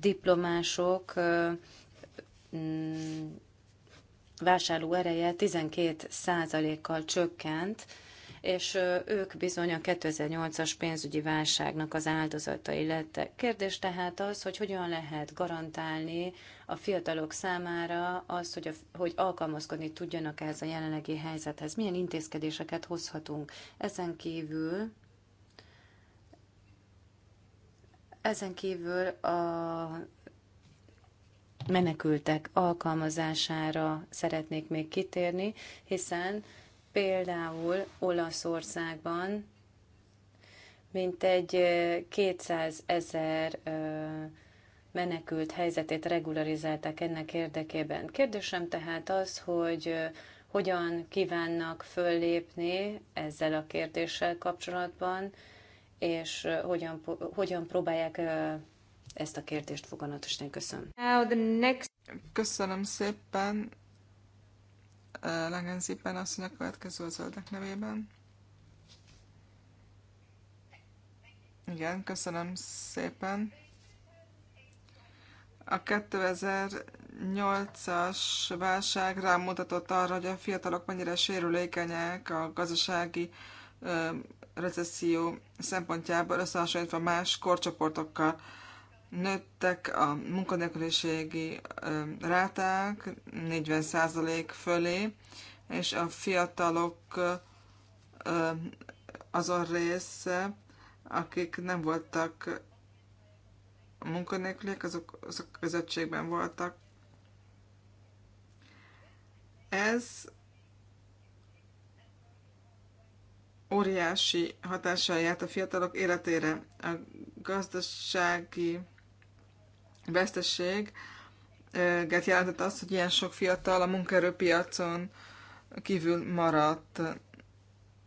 diplomások ereje 12 kal csökkent, és ők bizony a 2008-as pénzügyi válságnak az áldozatai lettek. Kérdés tehát az, hogy hogyan lehet garantálni a fiatalok számára az, hogy, a, hogy alkalmazkodni tudjanak ez a jelenlegi helyzethez. Milyen intézkedéseket hozhatunk? Ezen kívül ezen kívül a menekültek alkalmazására szeretnék még kitérni, hiszen Például Olaszországban mintegy 200 ezer menekült helyzetét regularizálták ennek érdekében. Kérdésem tehát az, hogy hogyan kívánnak föllépni ezzel a kérdéssel kapcsolatban, és hogyan, hogyan próbálják ezt a kérdést foganatosan. Köszönöm.
Köszönöm szépen. Langenziben asszony a következő a zöldek nevében. Igen, köszönöm szépen. A 2008-as válság rámutatott arra, hogy a fiatalok mennyire sérülékenyek a gazdasági recesszió szempontjából összehasonlítva más korcsoportokkal nőttek a munkanélküliségi ráták 40% fölé, és a fiatalok azon része, akik nem voltak munkanélküliek, azok, azok közösségben voltak. Ez óriási hatással járt a fiatalok életére. A gazdasági veszteség jelentett az, hogy ilyen sok fiatal a munkaerőpiacon kívül maradt.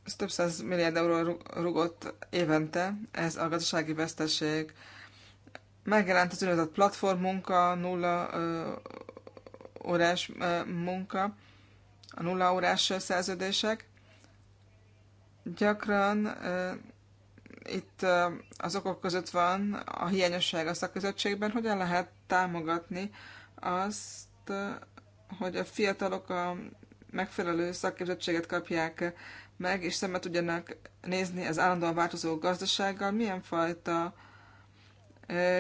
Ez több száz milliárd euró rugott évente, ez a gazdasági veszteség. Megjelent az úgynevezett platform munka, nulla ö, órás ö, munka, a nulla órás szerződések. Gyakran ö, itt az okok között van a hiányosság a szakközöttségben, hogyan lehet támogatni azt, hogy a fiatalok a megfelelő szakképzettséget kapják meg, és szembe tudjanak nézni az állandóan változó gazdasággal, milyen fajta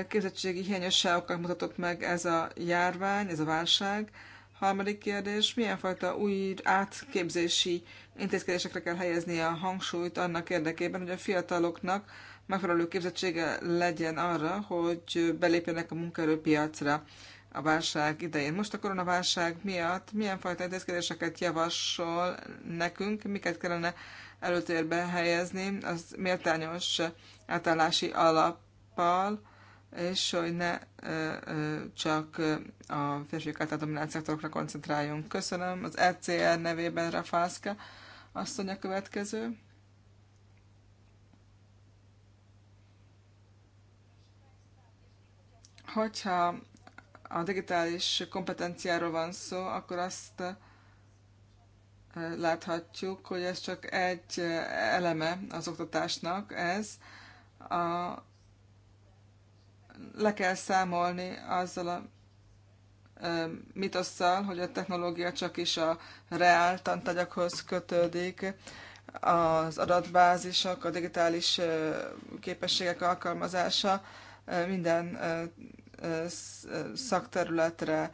képzettségi hiányosságokat mutatott meg ez a járvány, ez a válság, Harmadik kérdés, milyen fajta új átképzési intézkedésekre kell helyezni a hangsúlyt annak érdekében, hogy a fiataloknak megfelelő képzettsége legyen arra, hogy belépjenek a munkaerőpiacra a válság idején. Most a koronaválság miatt milyen fajta intézkedéseket javasol nekünk, miket kellene előtérbe helyezni az méltányos átállási alappal, és hogy ne ö, ö, csak a férfiak által dominált szektorokra koncentráljunk. Köszönöm. Az ECR nevében Rafászka asszony a következő. Hogyha a digitális kompetenciáról van szó, akkor azt láthatjuk, hogy ez csak egy eleme az oktatásnak, ez a le kell számolni azzal a mitosszal, hogy a technológia csak is a reál tantagyakhoz kötődik, az adatbázisok, a digitális képességek alkalmazása minden szakterületre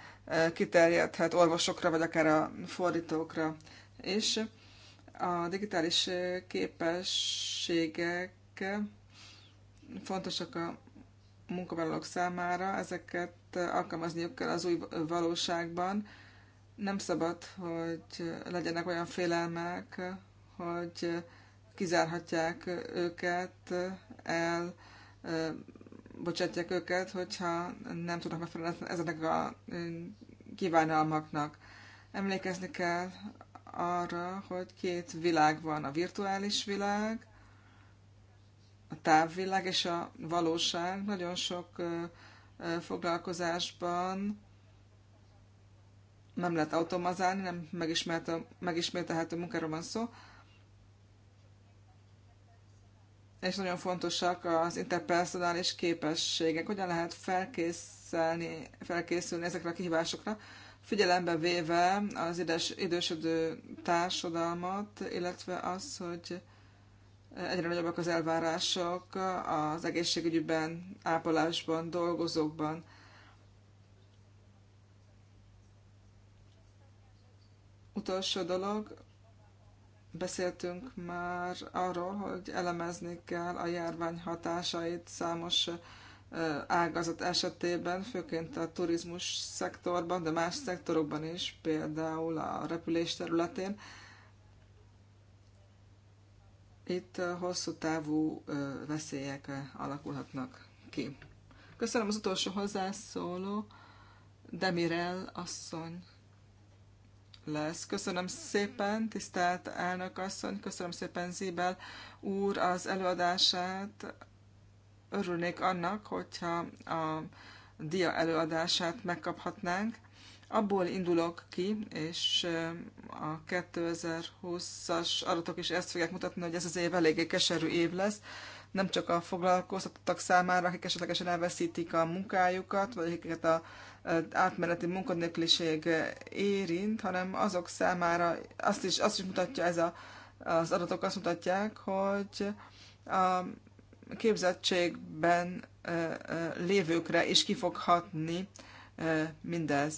kiterjedhet, orvosokra vagy akár a fordítókra. És a digitális képességek fontosak a munkavállalók számára, ezeket alkalmazniuk kell az új valóságban. Nem szabad, hogy legyenek olyan félelmek, hogy kizárhatják őket, el bocsátják őket, hogyha nem tudnak megfelelni ezeknek a kívánalmaknak. Emlékezni kell arra, hogy két világ van, a virtuális világ, a távvilág és a valóság nagyon sok foglalkozásban nem lehet automazálni, nem megismételhető munkáról van szó. És nagyon fontosak az interpersonális képességek. Hogyan lehet felkészülni, felkészülni ezekre a kihívásokra, figyelembe véve az idős idősödő társadalmat, illetve az, hogy egyre nagyobbak az elvárások az egészségügyben, ápolásban, dolgozókban. Utolsó dolog, beszéltünk már arról, hogy elemezni kell a járvány hatásait számos ágazat esetében, főként a turizmus szektorban, de más szektorokban is, például a repülés területén itt hosszú távú veszélyek alakulhatnak ki. Köszönöm az utolsó hozzászóló, Demirel asszony lesz. Köszönöm szépen, tisztelt elnök asszony, köszönöm szépen Zibel úr az előadását. Örülnék annak, hogyha a dia előadását megkaphatnánk abból indulok ki, és a 2020-as adatok is ezt fogják mutatni, hogy ez az év eléggé keserű év lesz, nem csak a foglalkoztatottak számára, akik esetlegesen elveszítik a munkájukat, vagy akiket a átmeneti munkanélküliség érint, hanem azok számára azt is, azt is mutatja ez a, az adatok azt mutatják, hogy a képzettségben lévőkre is kifoghatni mindez.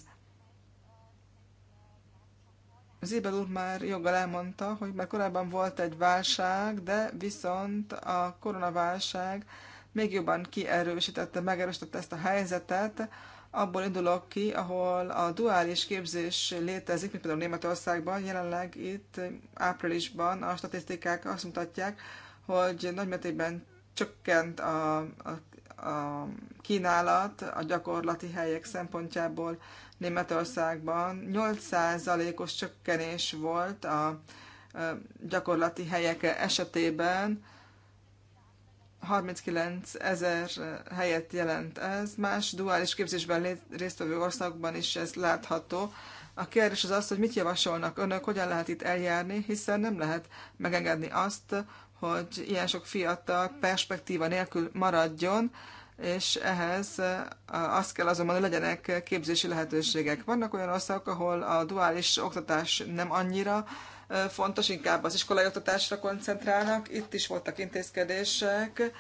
Zébel úr már joggal elmondta, hogy már korábban volt egy válság, de viszont a koronaválság még jobban kierősítette, megerősítette ezt a helyzetet. Abból indulok ki, ahol a duális képzés létezik, mint például Németországban. Jelenleg itt áprilisban a statisztikák azt mutatják, hogy nagymértékben csökkent a, a a kínálat a gyakorlati helyek szempontjából Németországban 8%-os csökkenés volt a gyakorlati helyek esetében, 39 ezer helyet jelent ez. Más duális képzésben résztvevő országban is ez látható. A kérdés az az, hogy mit javasolnak önök, hogyan lehet itt eljárni, hiszen nem lehet megengedni azt, hogy ilyen sok fiatal perspektíva nélkül maradjon, és ehhez azt kell azonban, hogy legyenek képzési lehetőségek. Vannak olyan országok, ahol a duális oktatás nem annyira fontos, inkább az iskolai oktatásra koncentrálnak. Itt is voltak intézkedések,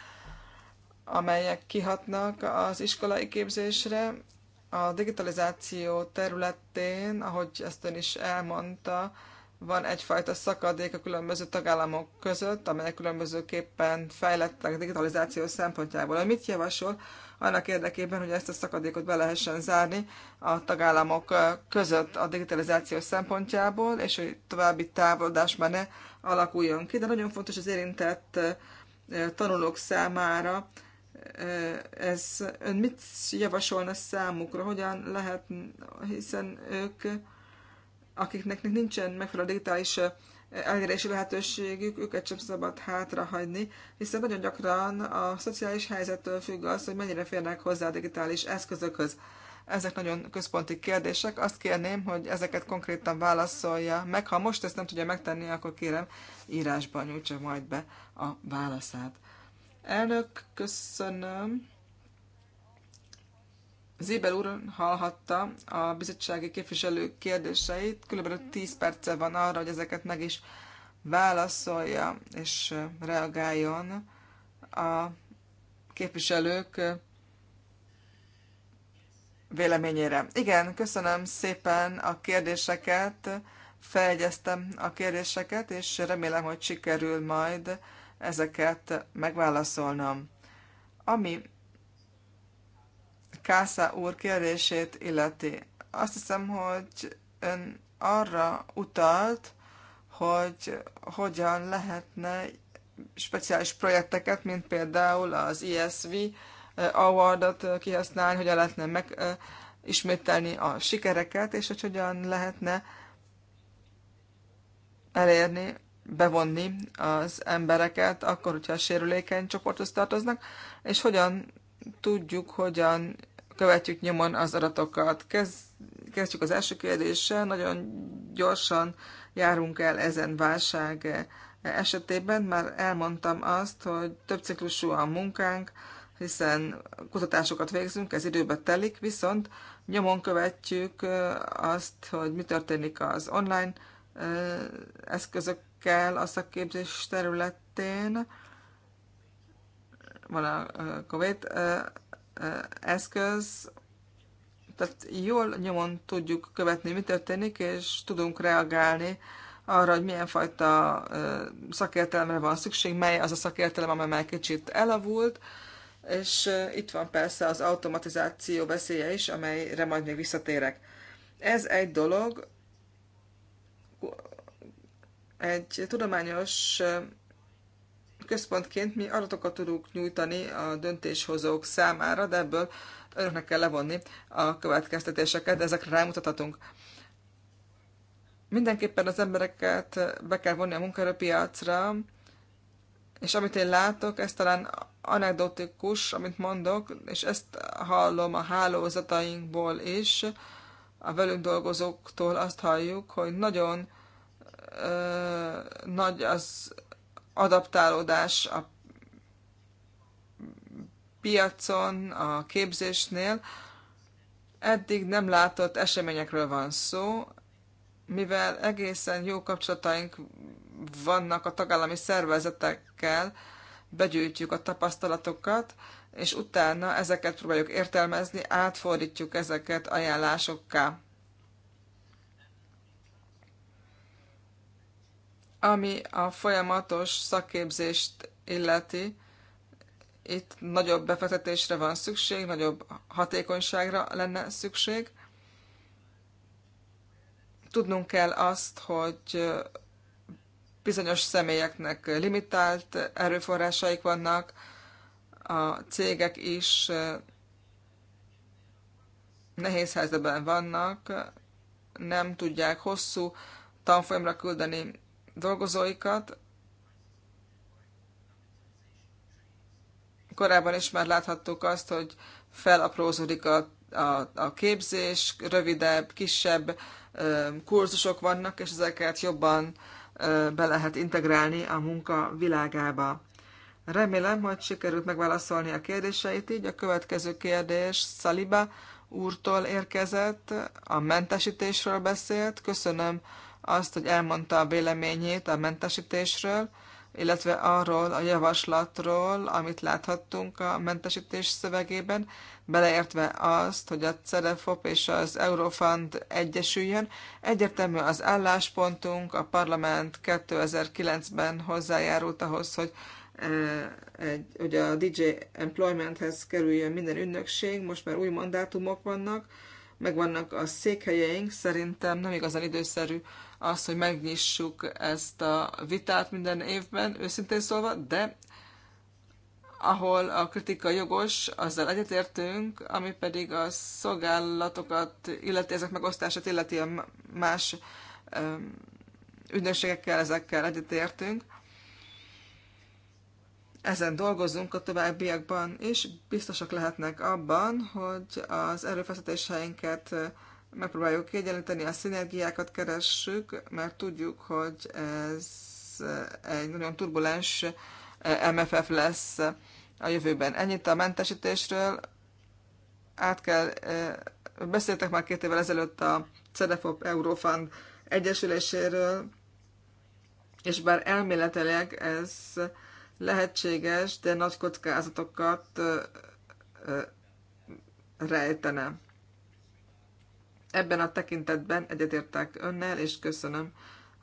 amelyek kihatnak az iskolai képzésre. A digitalizáció területén, ahogy ezt ön is elmondta, van egyfajta szakadék a különböző tagállamok között, amelyek különbözőképpen fejlettek a digitalizáció szempontjából. Mit javasol annak érdekében, hogy ezt a szakadékot be lehessen zárni a tagállamok között a digitalizáció szempontjából, és hogy további távolodás már ne alakuljon ki, de nagyon fontos az érintett tanulók számára, ez ön mit javasolna számukra, hogyan lehet, hiszen ők akiknek nincsen megfelelő digitális elérési lehetőségük, őket sem szabad hátrahagyni, hiszen nagyon gyakran a szociális helyzettől függ az, hogy mennyire férnek hozzá a digitális eszközökhöz. Ezek nagyon központi kérdések. Azt kérném, hogy ezeket konkrétan válaszolja meg. Ha most ezt nem tudja megtenni, akkor kérem, írásban nyújtsa majd be a válaszát. Elnök, köszönöm. Zébel úr hallhatta a bizottsági képviselők kérdéseit, kb. 10 perce van arra, hogy ezeket meg is válaszolja és reagáljon a képviselők véleményére. Igen, köszönöm szépen a kérdéseket, feljegyeztem a kérdéseket, és remélem, hogy sikerül majd ezeket megválaszolnom. Ami Kásza úr kérdését illeti. Azt hiszem, hogy ön arra utalt, hogy hogyan lehetne speciális projekteket, mint például az ISV awardot kihasználni, hogyan lehetne megismételni a sikereket, és hogy hogyan lehetne elérni, bevonni az embereket, akkor, hogyha a sérülékeny csoporthoz tartoznak, és hogyan tudjuk, hogyan követjük nyomon az adatokat. Kezdjük az első kérdéssel, nagyon gyorsan járunk el ezen válság esetében. Már elmondtam azt, hogy több ciklusú a munkánk, hiszen kutatásokat végzünk, ez időbe telik, viszont nyomon követjük azt, hogy mi történik az online eszközökkel a szakképzés területén. Van a COVID eszköz, tehát jól nyomon tudjuk követni, mi történik, és tudunk reagálni arra, hogy milyen fajta szakértelemre van szükség, mely az a szakértelem, amely már kicsit elavult, és itt van persze az automatizáció veszélye is, amelyre majd még visszatérek. Ez egy dolog, egy tudományos központként mi adatokat tudunk nyújtani a döntéshozók számára, de ebből önöknek kell levonni a következtetéseket, de ezekre rámutathatunk. Mindenképpen az embereket be kell vonni a munkaerőpiacra, és amit én látok, ez talán anekdotikus, amit mondok, és ezt hallom a hálózatainkból is, a velünk dolgozóktól azt halljuk, hogy nagyon ö, nagy az adaptálódás a piacon, a képzésnél. Eddig nem látott eseményekről van szó, mivel egészen jó kapcsolataink vannak a tagállami szervezetekkel, begyűjtjük a tapasztalatokat, és utána ezeket próbáljuk értelmezni, átfordítjuk ezeket ajánlásokká. Ami a folyamatos szakképzést illeti, itt nagyobb befektetésre van szükség, nagyobb hatékonyságra lenne szükség. Tudnunk kell azt, hogy bizonyos személyeknek limitált erőforrásaik vannak, a cégek is nehéz helyzetben vannak, nem tudják hosszú tanfolyamra küldeni dolgozóikat. Korábban is már láthattuk azt, hogy felaprózódik a, a, a képzés, rövidebb, kisebb ö, kurzusok vannak, és ezeket jobban ö, be lehet integrálni a munka világába. Remélem, hogy sikerült megválaszolni a kérdéseit, így a következő kérdés Szaliba úrtól érkezett, a mentesítésről beszélt. Köszönöm azt, hogy elmondta a véleményét a mentesítésről, illetve arról a javaslatról, amit láthattunk a mentesítés szövegében, beleértve azt, hogy a CEREFOP és az Eurofund egyesüljön. Egyértelmű az álláspontunk, a parlament 2009-ben hozzájárult ahhoz, hogy eh, egy, hogy a DJ Employmenthez kerüljön minden ünnökség, most már új mandátumok vannak, meg vannak a székhelyeink, szerintem nem igazán időszerű az, hogy megnyissuk ezt a vitát minden évben, őszintén szólva, de ahol a kritika jogos, azzal egyetértünk, ami pedig a szolgálatokat illeti, ezek megosztását illeti a más ügynökségekkel, ezekkel egyetértünk. Ezen dolgozunk a továbbiakban, és biztosak lehetnek abban, hogy az erőfeszítéseinket megpróbáljuk kiegyenlíteni, a szinergiákat keressük, mert tudjuk, hogy ez eh, egy nagyon turbulens eh, MFF lesz a jövőben. Ennyit a mentesítésről. Át kell, eh, beszéltek már két évvel ezelőtt a CEDEFOP Eurofund egyesüléséről, és bár elméletileg ez lehetséges, de nagy kockázatokat rejtene. Ebben a tekintetben egyetértek önnel, és köszönöm,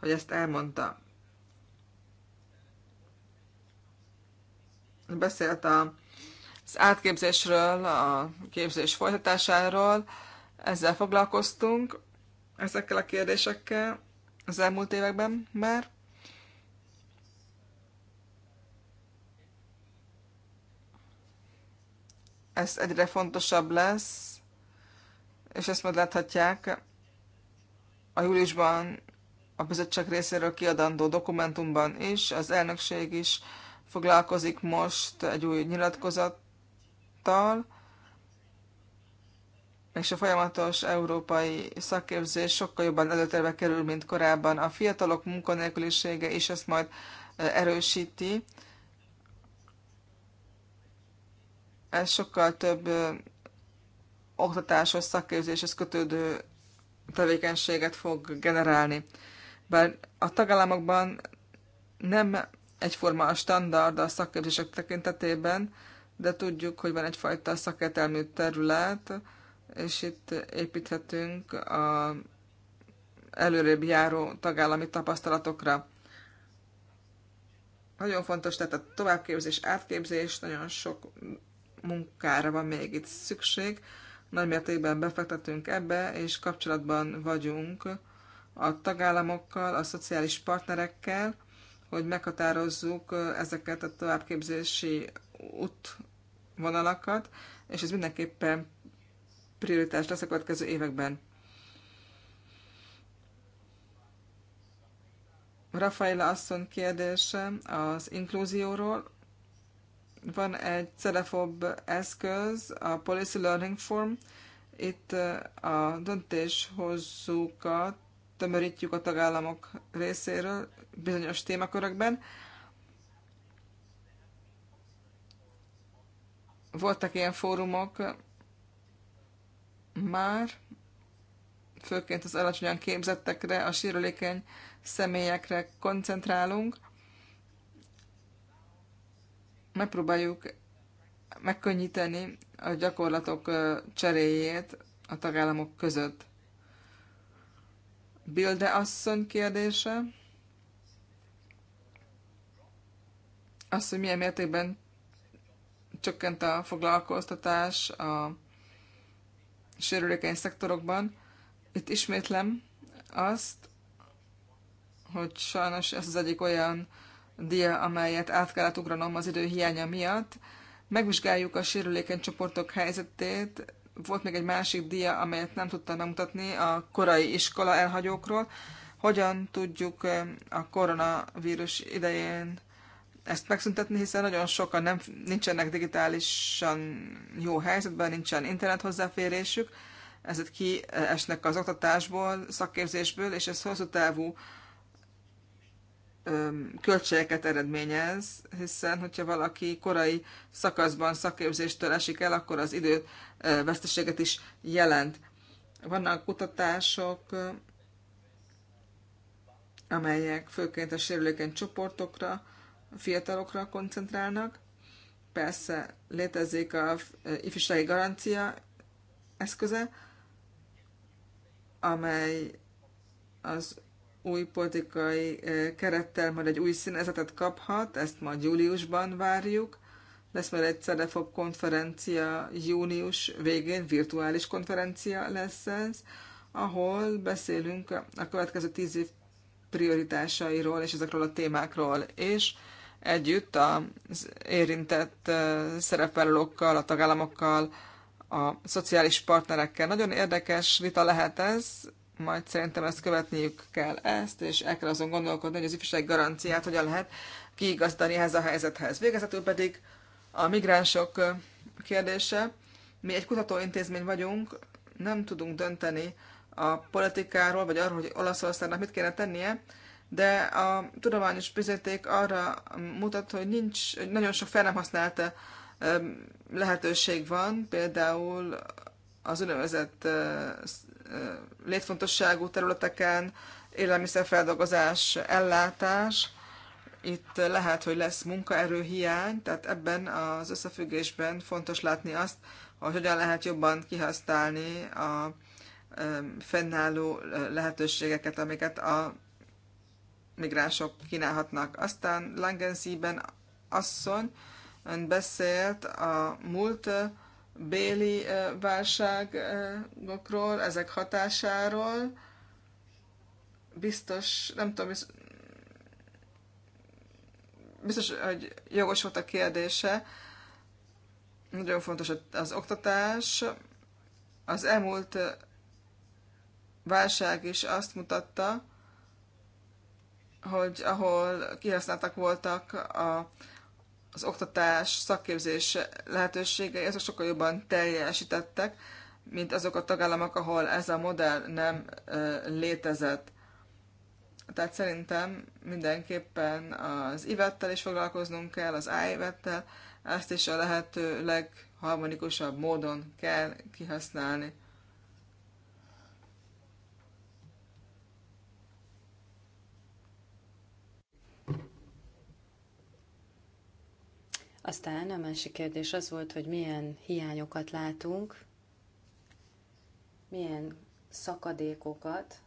hogy ezt elmondta. Beszélt a, az átképzésről, a képzés folytatásáról, ezzel foglalkoztunk, ezekkel a kérdésekkel az elmúlt években már. Ez egyre fontosabb lesz, és ezt majd láthatják a júliusban a bizottság részéről kiadandó dokumentumban is. Az elnökség is foglalkozik most egy új nyilatkozattal, és a folyamatos európai szakképzés sokkal jobban előtérbe kerül, mint korábban. A fiatalok munkanélkülisége is ezt majd e, erősíti. Ez sokkal több oktatáshoz, szakképzéshez kötődő tevékenységet fog generálni. Bár a tagállamokban nem egyforma a standard a szakképzések tekintetében, de tudjuk, hogy van egyfajta szakértelmű terület, és itt építhetünk a előrébb járó tagállami tapasztalatokra. Nagyon fontos, tehát a továbbképzés, átképzés, nagyon sok munkára van még itt szükség, nagy mértékben befektetünk ebbe, és kapcsolatban vagyunk a tagállamokkal, a szociális partnerekkel, hogy meghatározzuk ezeket a továbbképzési útvonalakat, és ez mindenképpen prioritás lesz a következő években. Rafaela asszony kérdése az inkluzióról. Van egy Cerefob eszköz, a Policy Learning Form. Itt eh, a döntéshozókat tömörítjük a tagállamok részéről bizonyos témakörökben. Voltak ilyen fórumok már, főként az alacsonyan képzettekre, a sérülékeny személyekre koncentrálunk, megpróbáljuk megkönnyíteni a gyakorlatok cseréjét a tagállamok között. Bilde asszony kérdése. Az, hogy milyen mértékben csökkent a foglalkoztatás a sérülékeny szektorokban. Itt ismétlem azt, hogy sajnos ez az egyik olyan dia, amelyet át kellett ugranom az idő hiánya miatt. Megvizsgáljuk a sérülékeny csoportok helyzetét. Volt még egy másik dia, amelyet nem tudtam bemutatni, a korai iskola elhagyókról. Hogyan tudjuk a koronavírus idején ezt megszüntetni, hiszen nagyon sokan nem, nincsenek digitálisan jó helyzetben, nincsen internet hozzáférésük, ezért kiesnek az oktatásból, szakképzésből, és ez hosszú távú költségeket eredményez, hiszen hogyha valaki korai szakaszban szakképzéstől esik el, akkor az idő veszteséget is jelent. Vannak kutatások, amelyek főként a sérülékeny csoportokra, fiatalokra koncentrálnak. Persze létezik a ifjúsági garancia eszköze, amely az új politikai kerettel majd egy új színezetet kaphat, ezt majd júliusban várjuk. Lesz majd egy CEDEFOB konferencia június végén, virtuális konferencia lesz ez, ahol beszélünk a következő tíz év prioritásairól és ezekről a témákról, és együtt az érintett szerepvállalókkal, a tagállamokkal, a szociális partnerekkel. Nagyon érdekes vita lehet ez, majd szerintem ezt követniük kell ezt, és el kell azon gondolkodni, hogy az ifjúság garanciát hogyan lehet kiigazdani ehhez a helyzethez. Végezetül pedig a migránsok kérdése. Mi egy kutatóintézmény vagyunk, nem tudunk dönteni a politikáról, vagy arról, hogy Olaszországnak mit kéne tennie, de a tudományos bizonyíték arra mutat, hogy nincs, nagyon sok fel nem használta lehetőség van, például az úgynevezett létfontosságú területeken, élelmiszerfeldolgozás, ellátás. Itt lehet, hogy lesz munkaerőhiány, tehát ebben az összefüggésben fontos látni azt, hogy hogyan lehet jobban kihasználni a fennálló lehetőségeket, amiket a migránsok kínálhatnak. Aztán Langenzi-ben asszony ön beszélt a múlt béli válságokról, ezek hatásáról. Biztos, nem tudom, biztos, hogy jogos volt a kérdése. Nagyon fontos az oktatás. Az elmúlt válság is azt mutatta, hogy ahol kihasználtak voltak a az oktatás, szakképzés lehetőségei, ezek sokkal jobban teljesítettek, mint azok a tagállamok, ahol ez a modell nem létezett. Tehát szerintem mindenképpen az ivettel is foglalkoznunk kell, az ájvettel, ezt is a lehető legharmonikusabb módon kell kihasználni.
Aztán a másik kérdés az volt, hogy milyen hiányokat látunk, milyen szakadékokat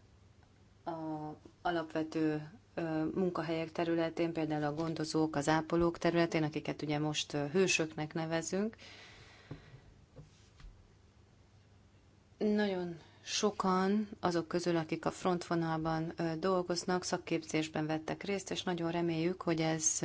a alapvető munkahelyek területén, például a gondozók, az ápolók területén, akiket ugye most hősöknek nevezünk. Nagyon sokan azok közül, akik a frontvonalban dolgoznak, szakképzésben vettek részt, és nagyon reméljük, hogy ez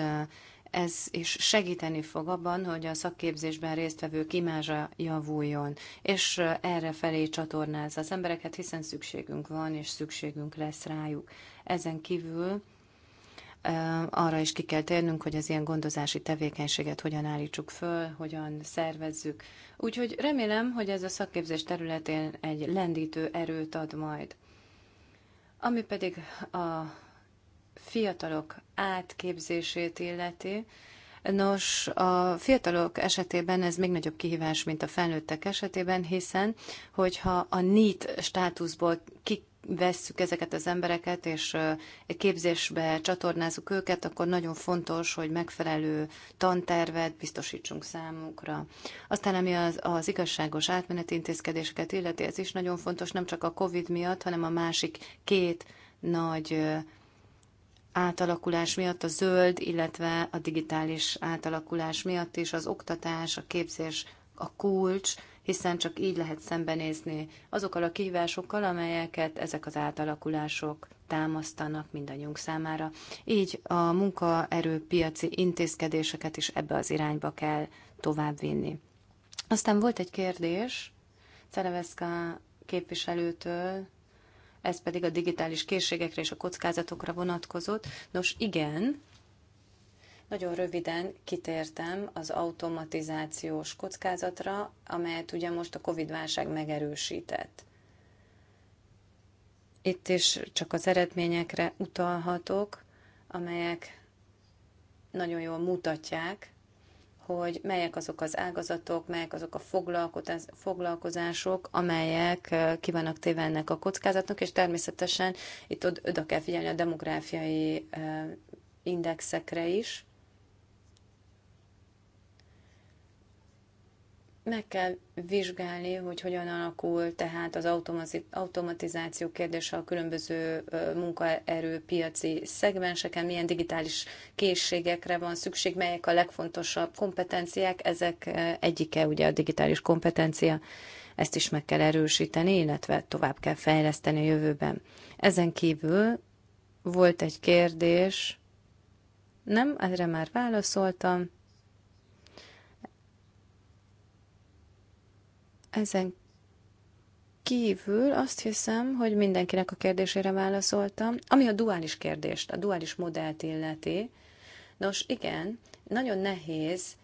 ez is segíteni fog abban, hogy a szakképzésben résztvevő imázsa javuljon, és erre felé csatornázza az embereket, hiszen szükségünk van, és szükségünk lesz rájuk. Ezen kívül arra is ki kell térnünk, hogy az ilyen gondozási tevékenységet hogyan állítsuk föl, hogyan szervezzük. Úgyhogy remélem, hogy ez a szakképzés területén egy lendítő erőt ad majd. Ami pedig a fiatalok átképzését illeti, Nos, a fiatalok esetében ez még nagyobb kihívás, mint a felnőttek esetében, hiszen hogyha a NEET státuszból kivesszük vesszük ezeket az embereket, és képzésbe csatornázunk őket, akkor nagyon fontos, hogy megfelelő tantervet biztosítsunk számukra. Aztán, ami az, az igazságos átmeneti intézkedéseket illeti, ez is nagyon fontos, nem csak a COVID miatt, hanem a másik két nagy átalakulás miatt, a zöld, illetve a digitális átalakulás miatt is az oktatás, a képzés, a kulcs, hiszen csak így lehet szembenézni azokkal a kihívásokkal, amelyeket ezek az átalakulások támasztanak mindannyiunk számára. Így a munkaerőpiaci intézkedéseket is ebbe az irányba kell továbbvinni. Aztán volt egy kérdés Celeveszka képviselőtől, ez pedig a digitális készségekre és a kockázatokra vonatkozott. Nos, igen, nagyon röviden kitértem az automatizációs kockázatra, amelyet ugye most a Covid-válság megerősített. Itt is csak az eredményekre utalhatok, amelyek nagyon jól mutatják, hogy melyek azok az ágazatok, melyek azok a foglalkozások, amelyek vannak téve ennek a kockázatnak, és természetesen itt oda kell figyelni a demográfiai indexekre is, meg kell vizsgálni, hogy hogyan alakul tehát az automatizáció kérdése a különböző munkaerőpiaci szegmenseken, milyen digitális készségekre van szükség, melyek a legfontosabb kompetenciák, ezek egyike ugye a digitális kompetencia, ezt is meg kell erősíteni, illetve tovább kell fejleszteni a jövőben. Ezen kívül volt egy kérdés, nem, erre már válaszoltam, Ezen kívül azt hiszem, hogy mindenkinek a kérdésére válaszoltam, ami a duális kérdést, a duális modellt illeti. Nos, igen, nagyon nehéz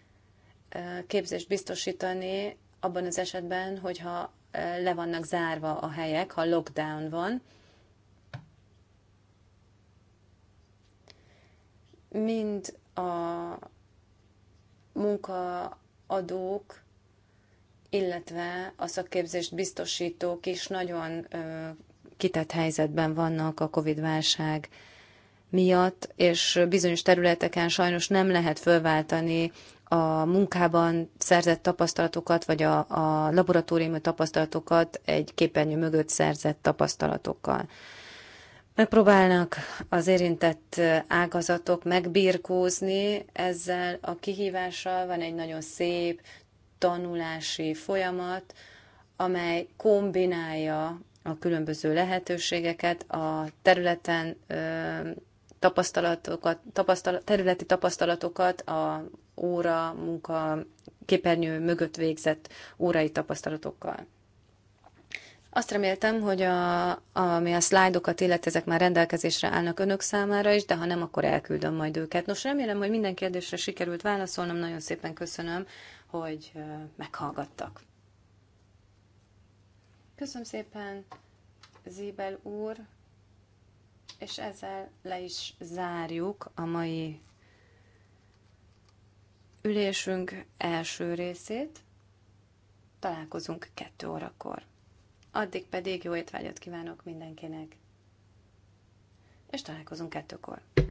képzést biztosítani abban az esetben, hogyha le vannak zárva a helyek, ha lockdown van. Mind a munkaadók, illetve a szakképzést biztosítók is nagyon kitett helyzetben vannak a COVID-válság miatt, és bizonyos területeken sajnos nem lehet fölváltani a munkában szerzett tapasztalatokat, vagy a, a laboratóriumi tapasztalatokat egy képernyő mögött szerzett tapasztalatokkal. Megpróbálnak az érintett ágazatok megbirkózni ezzel a kihívással. Van egy nagyon szép, tanulási folyamat, amely kombinálja a különböző lehetőségeket, a területen tapasztalatokat, tapasztalat, területi tapasztalatokat, a óra, munka, képernyő mögött végzett órai tapasztalatokkal. Azt reméltem, hogy a, ami a szlájdokat illeti, ezek már rendelkezésre állnak önök számára is, de ha nem, akkor elküldöm majd őket. Nos, remélem, hogy minden kérdésre sikerült válaszolnom. Nagyon szépen köszönöm hogy meghallgattak. Köszönöm szépen, Zibel úr, és ezzel le is zárjuk a mai ülésünk első részét. Találkozunk kettő órakor. Addig pedig jó étvágyat kívánok mindenkinek, és találkozunk kettőkor.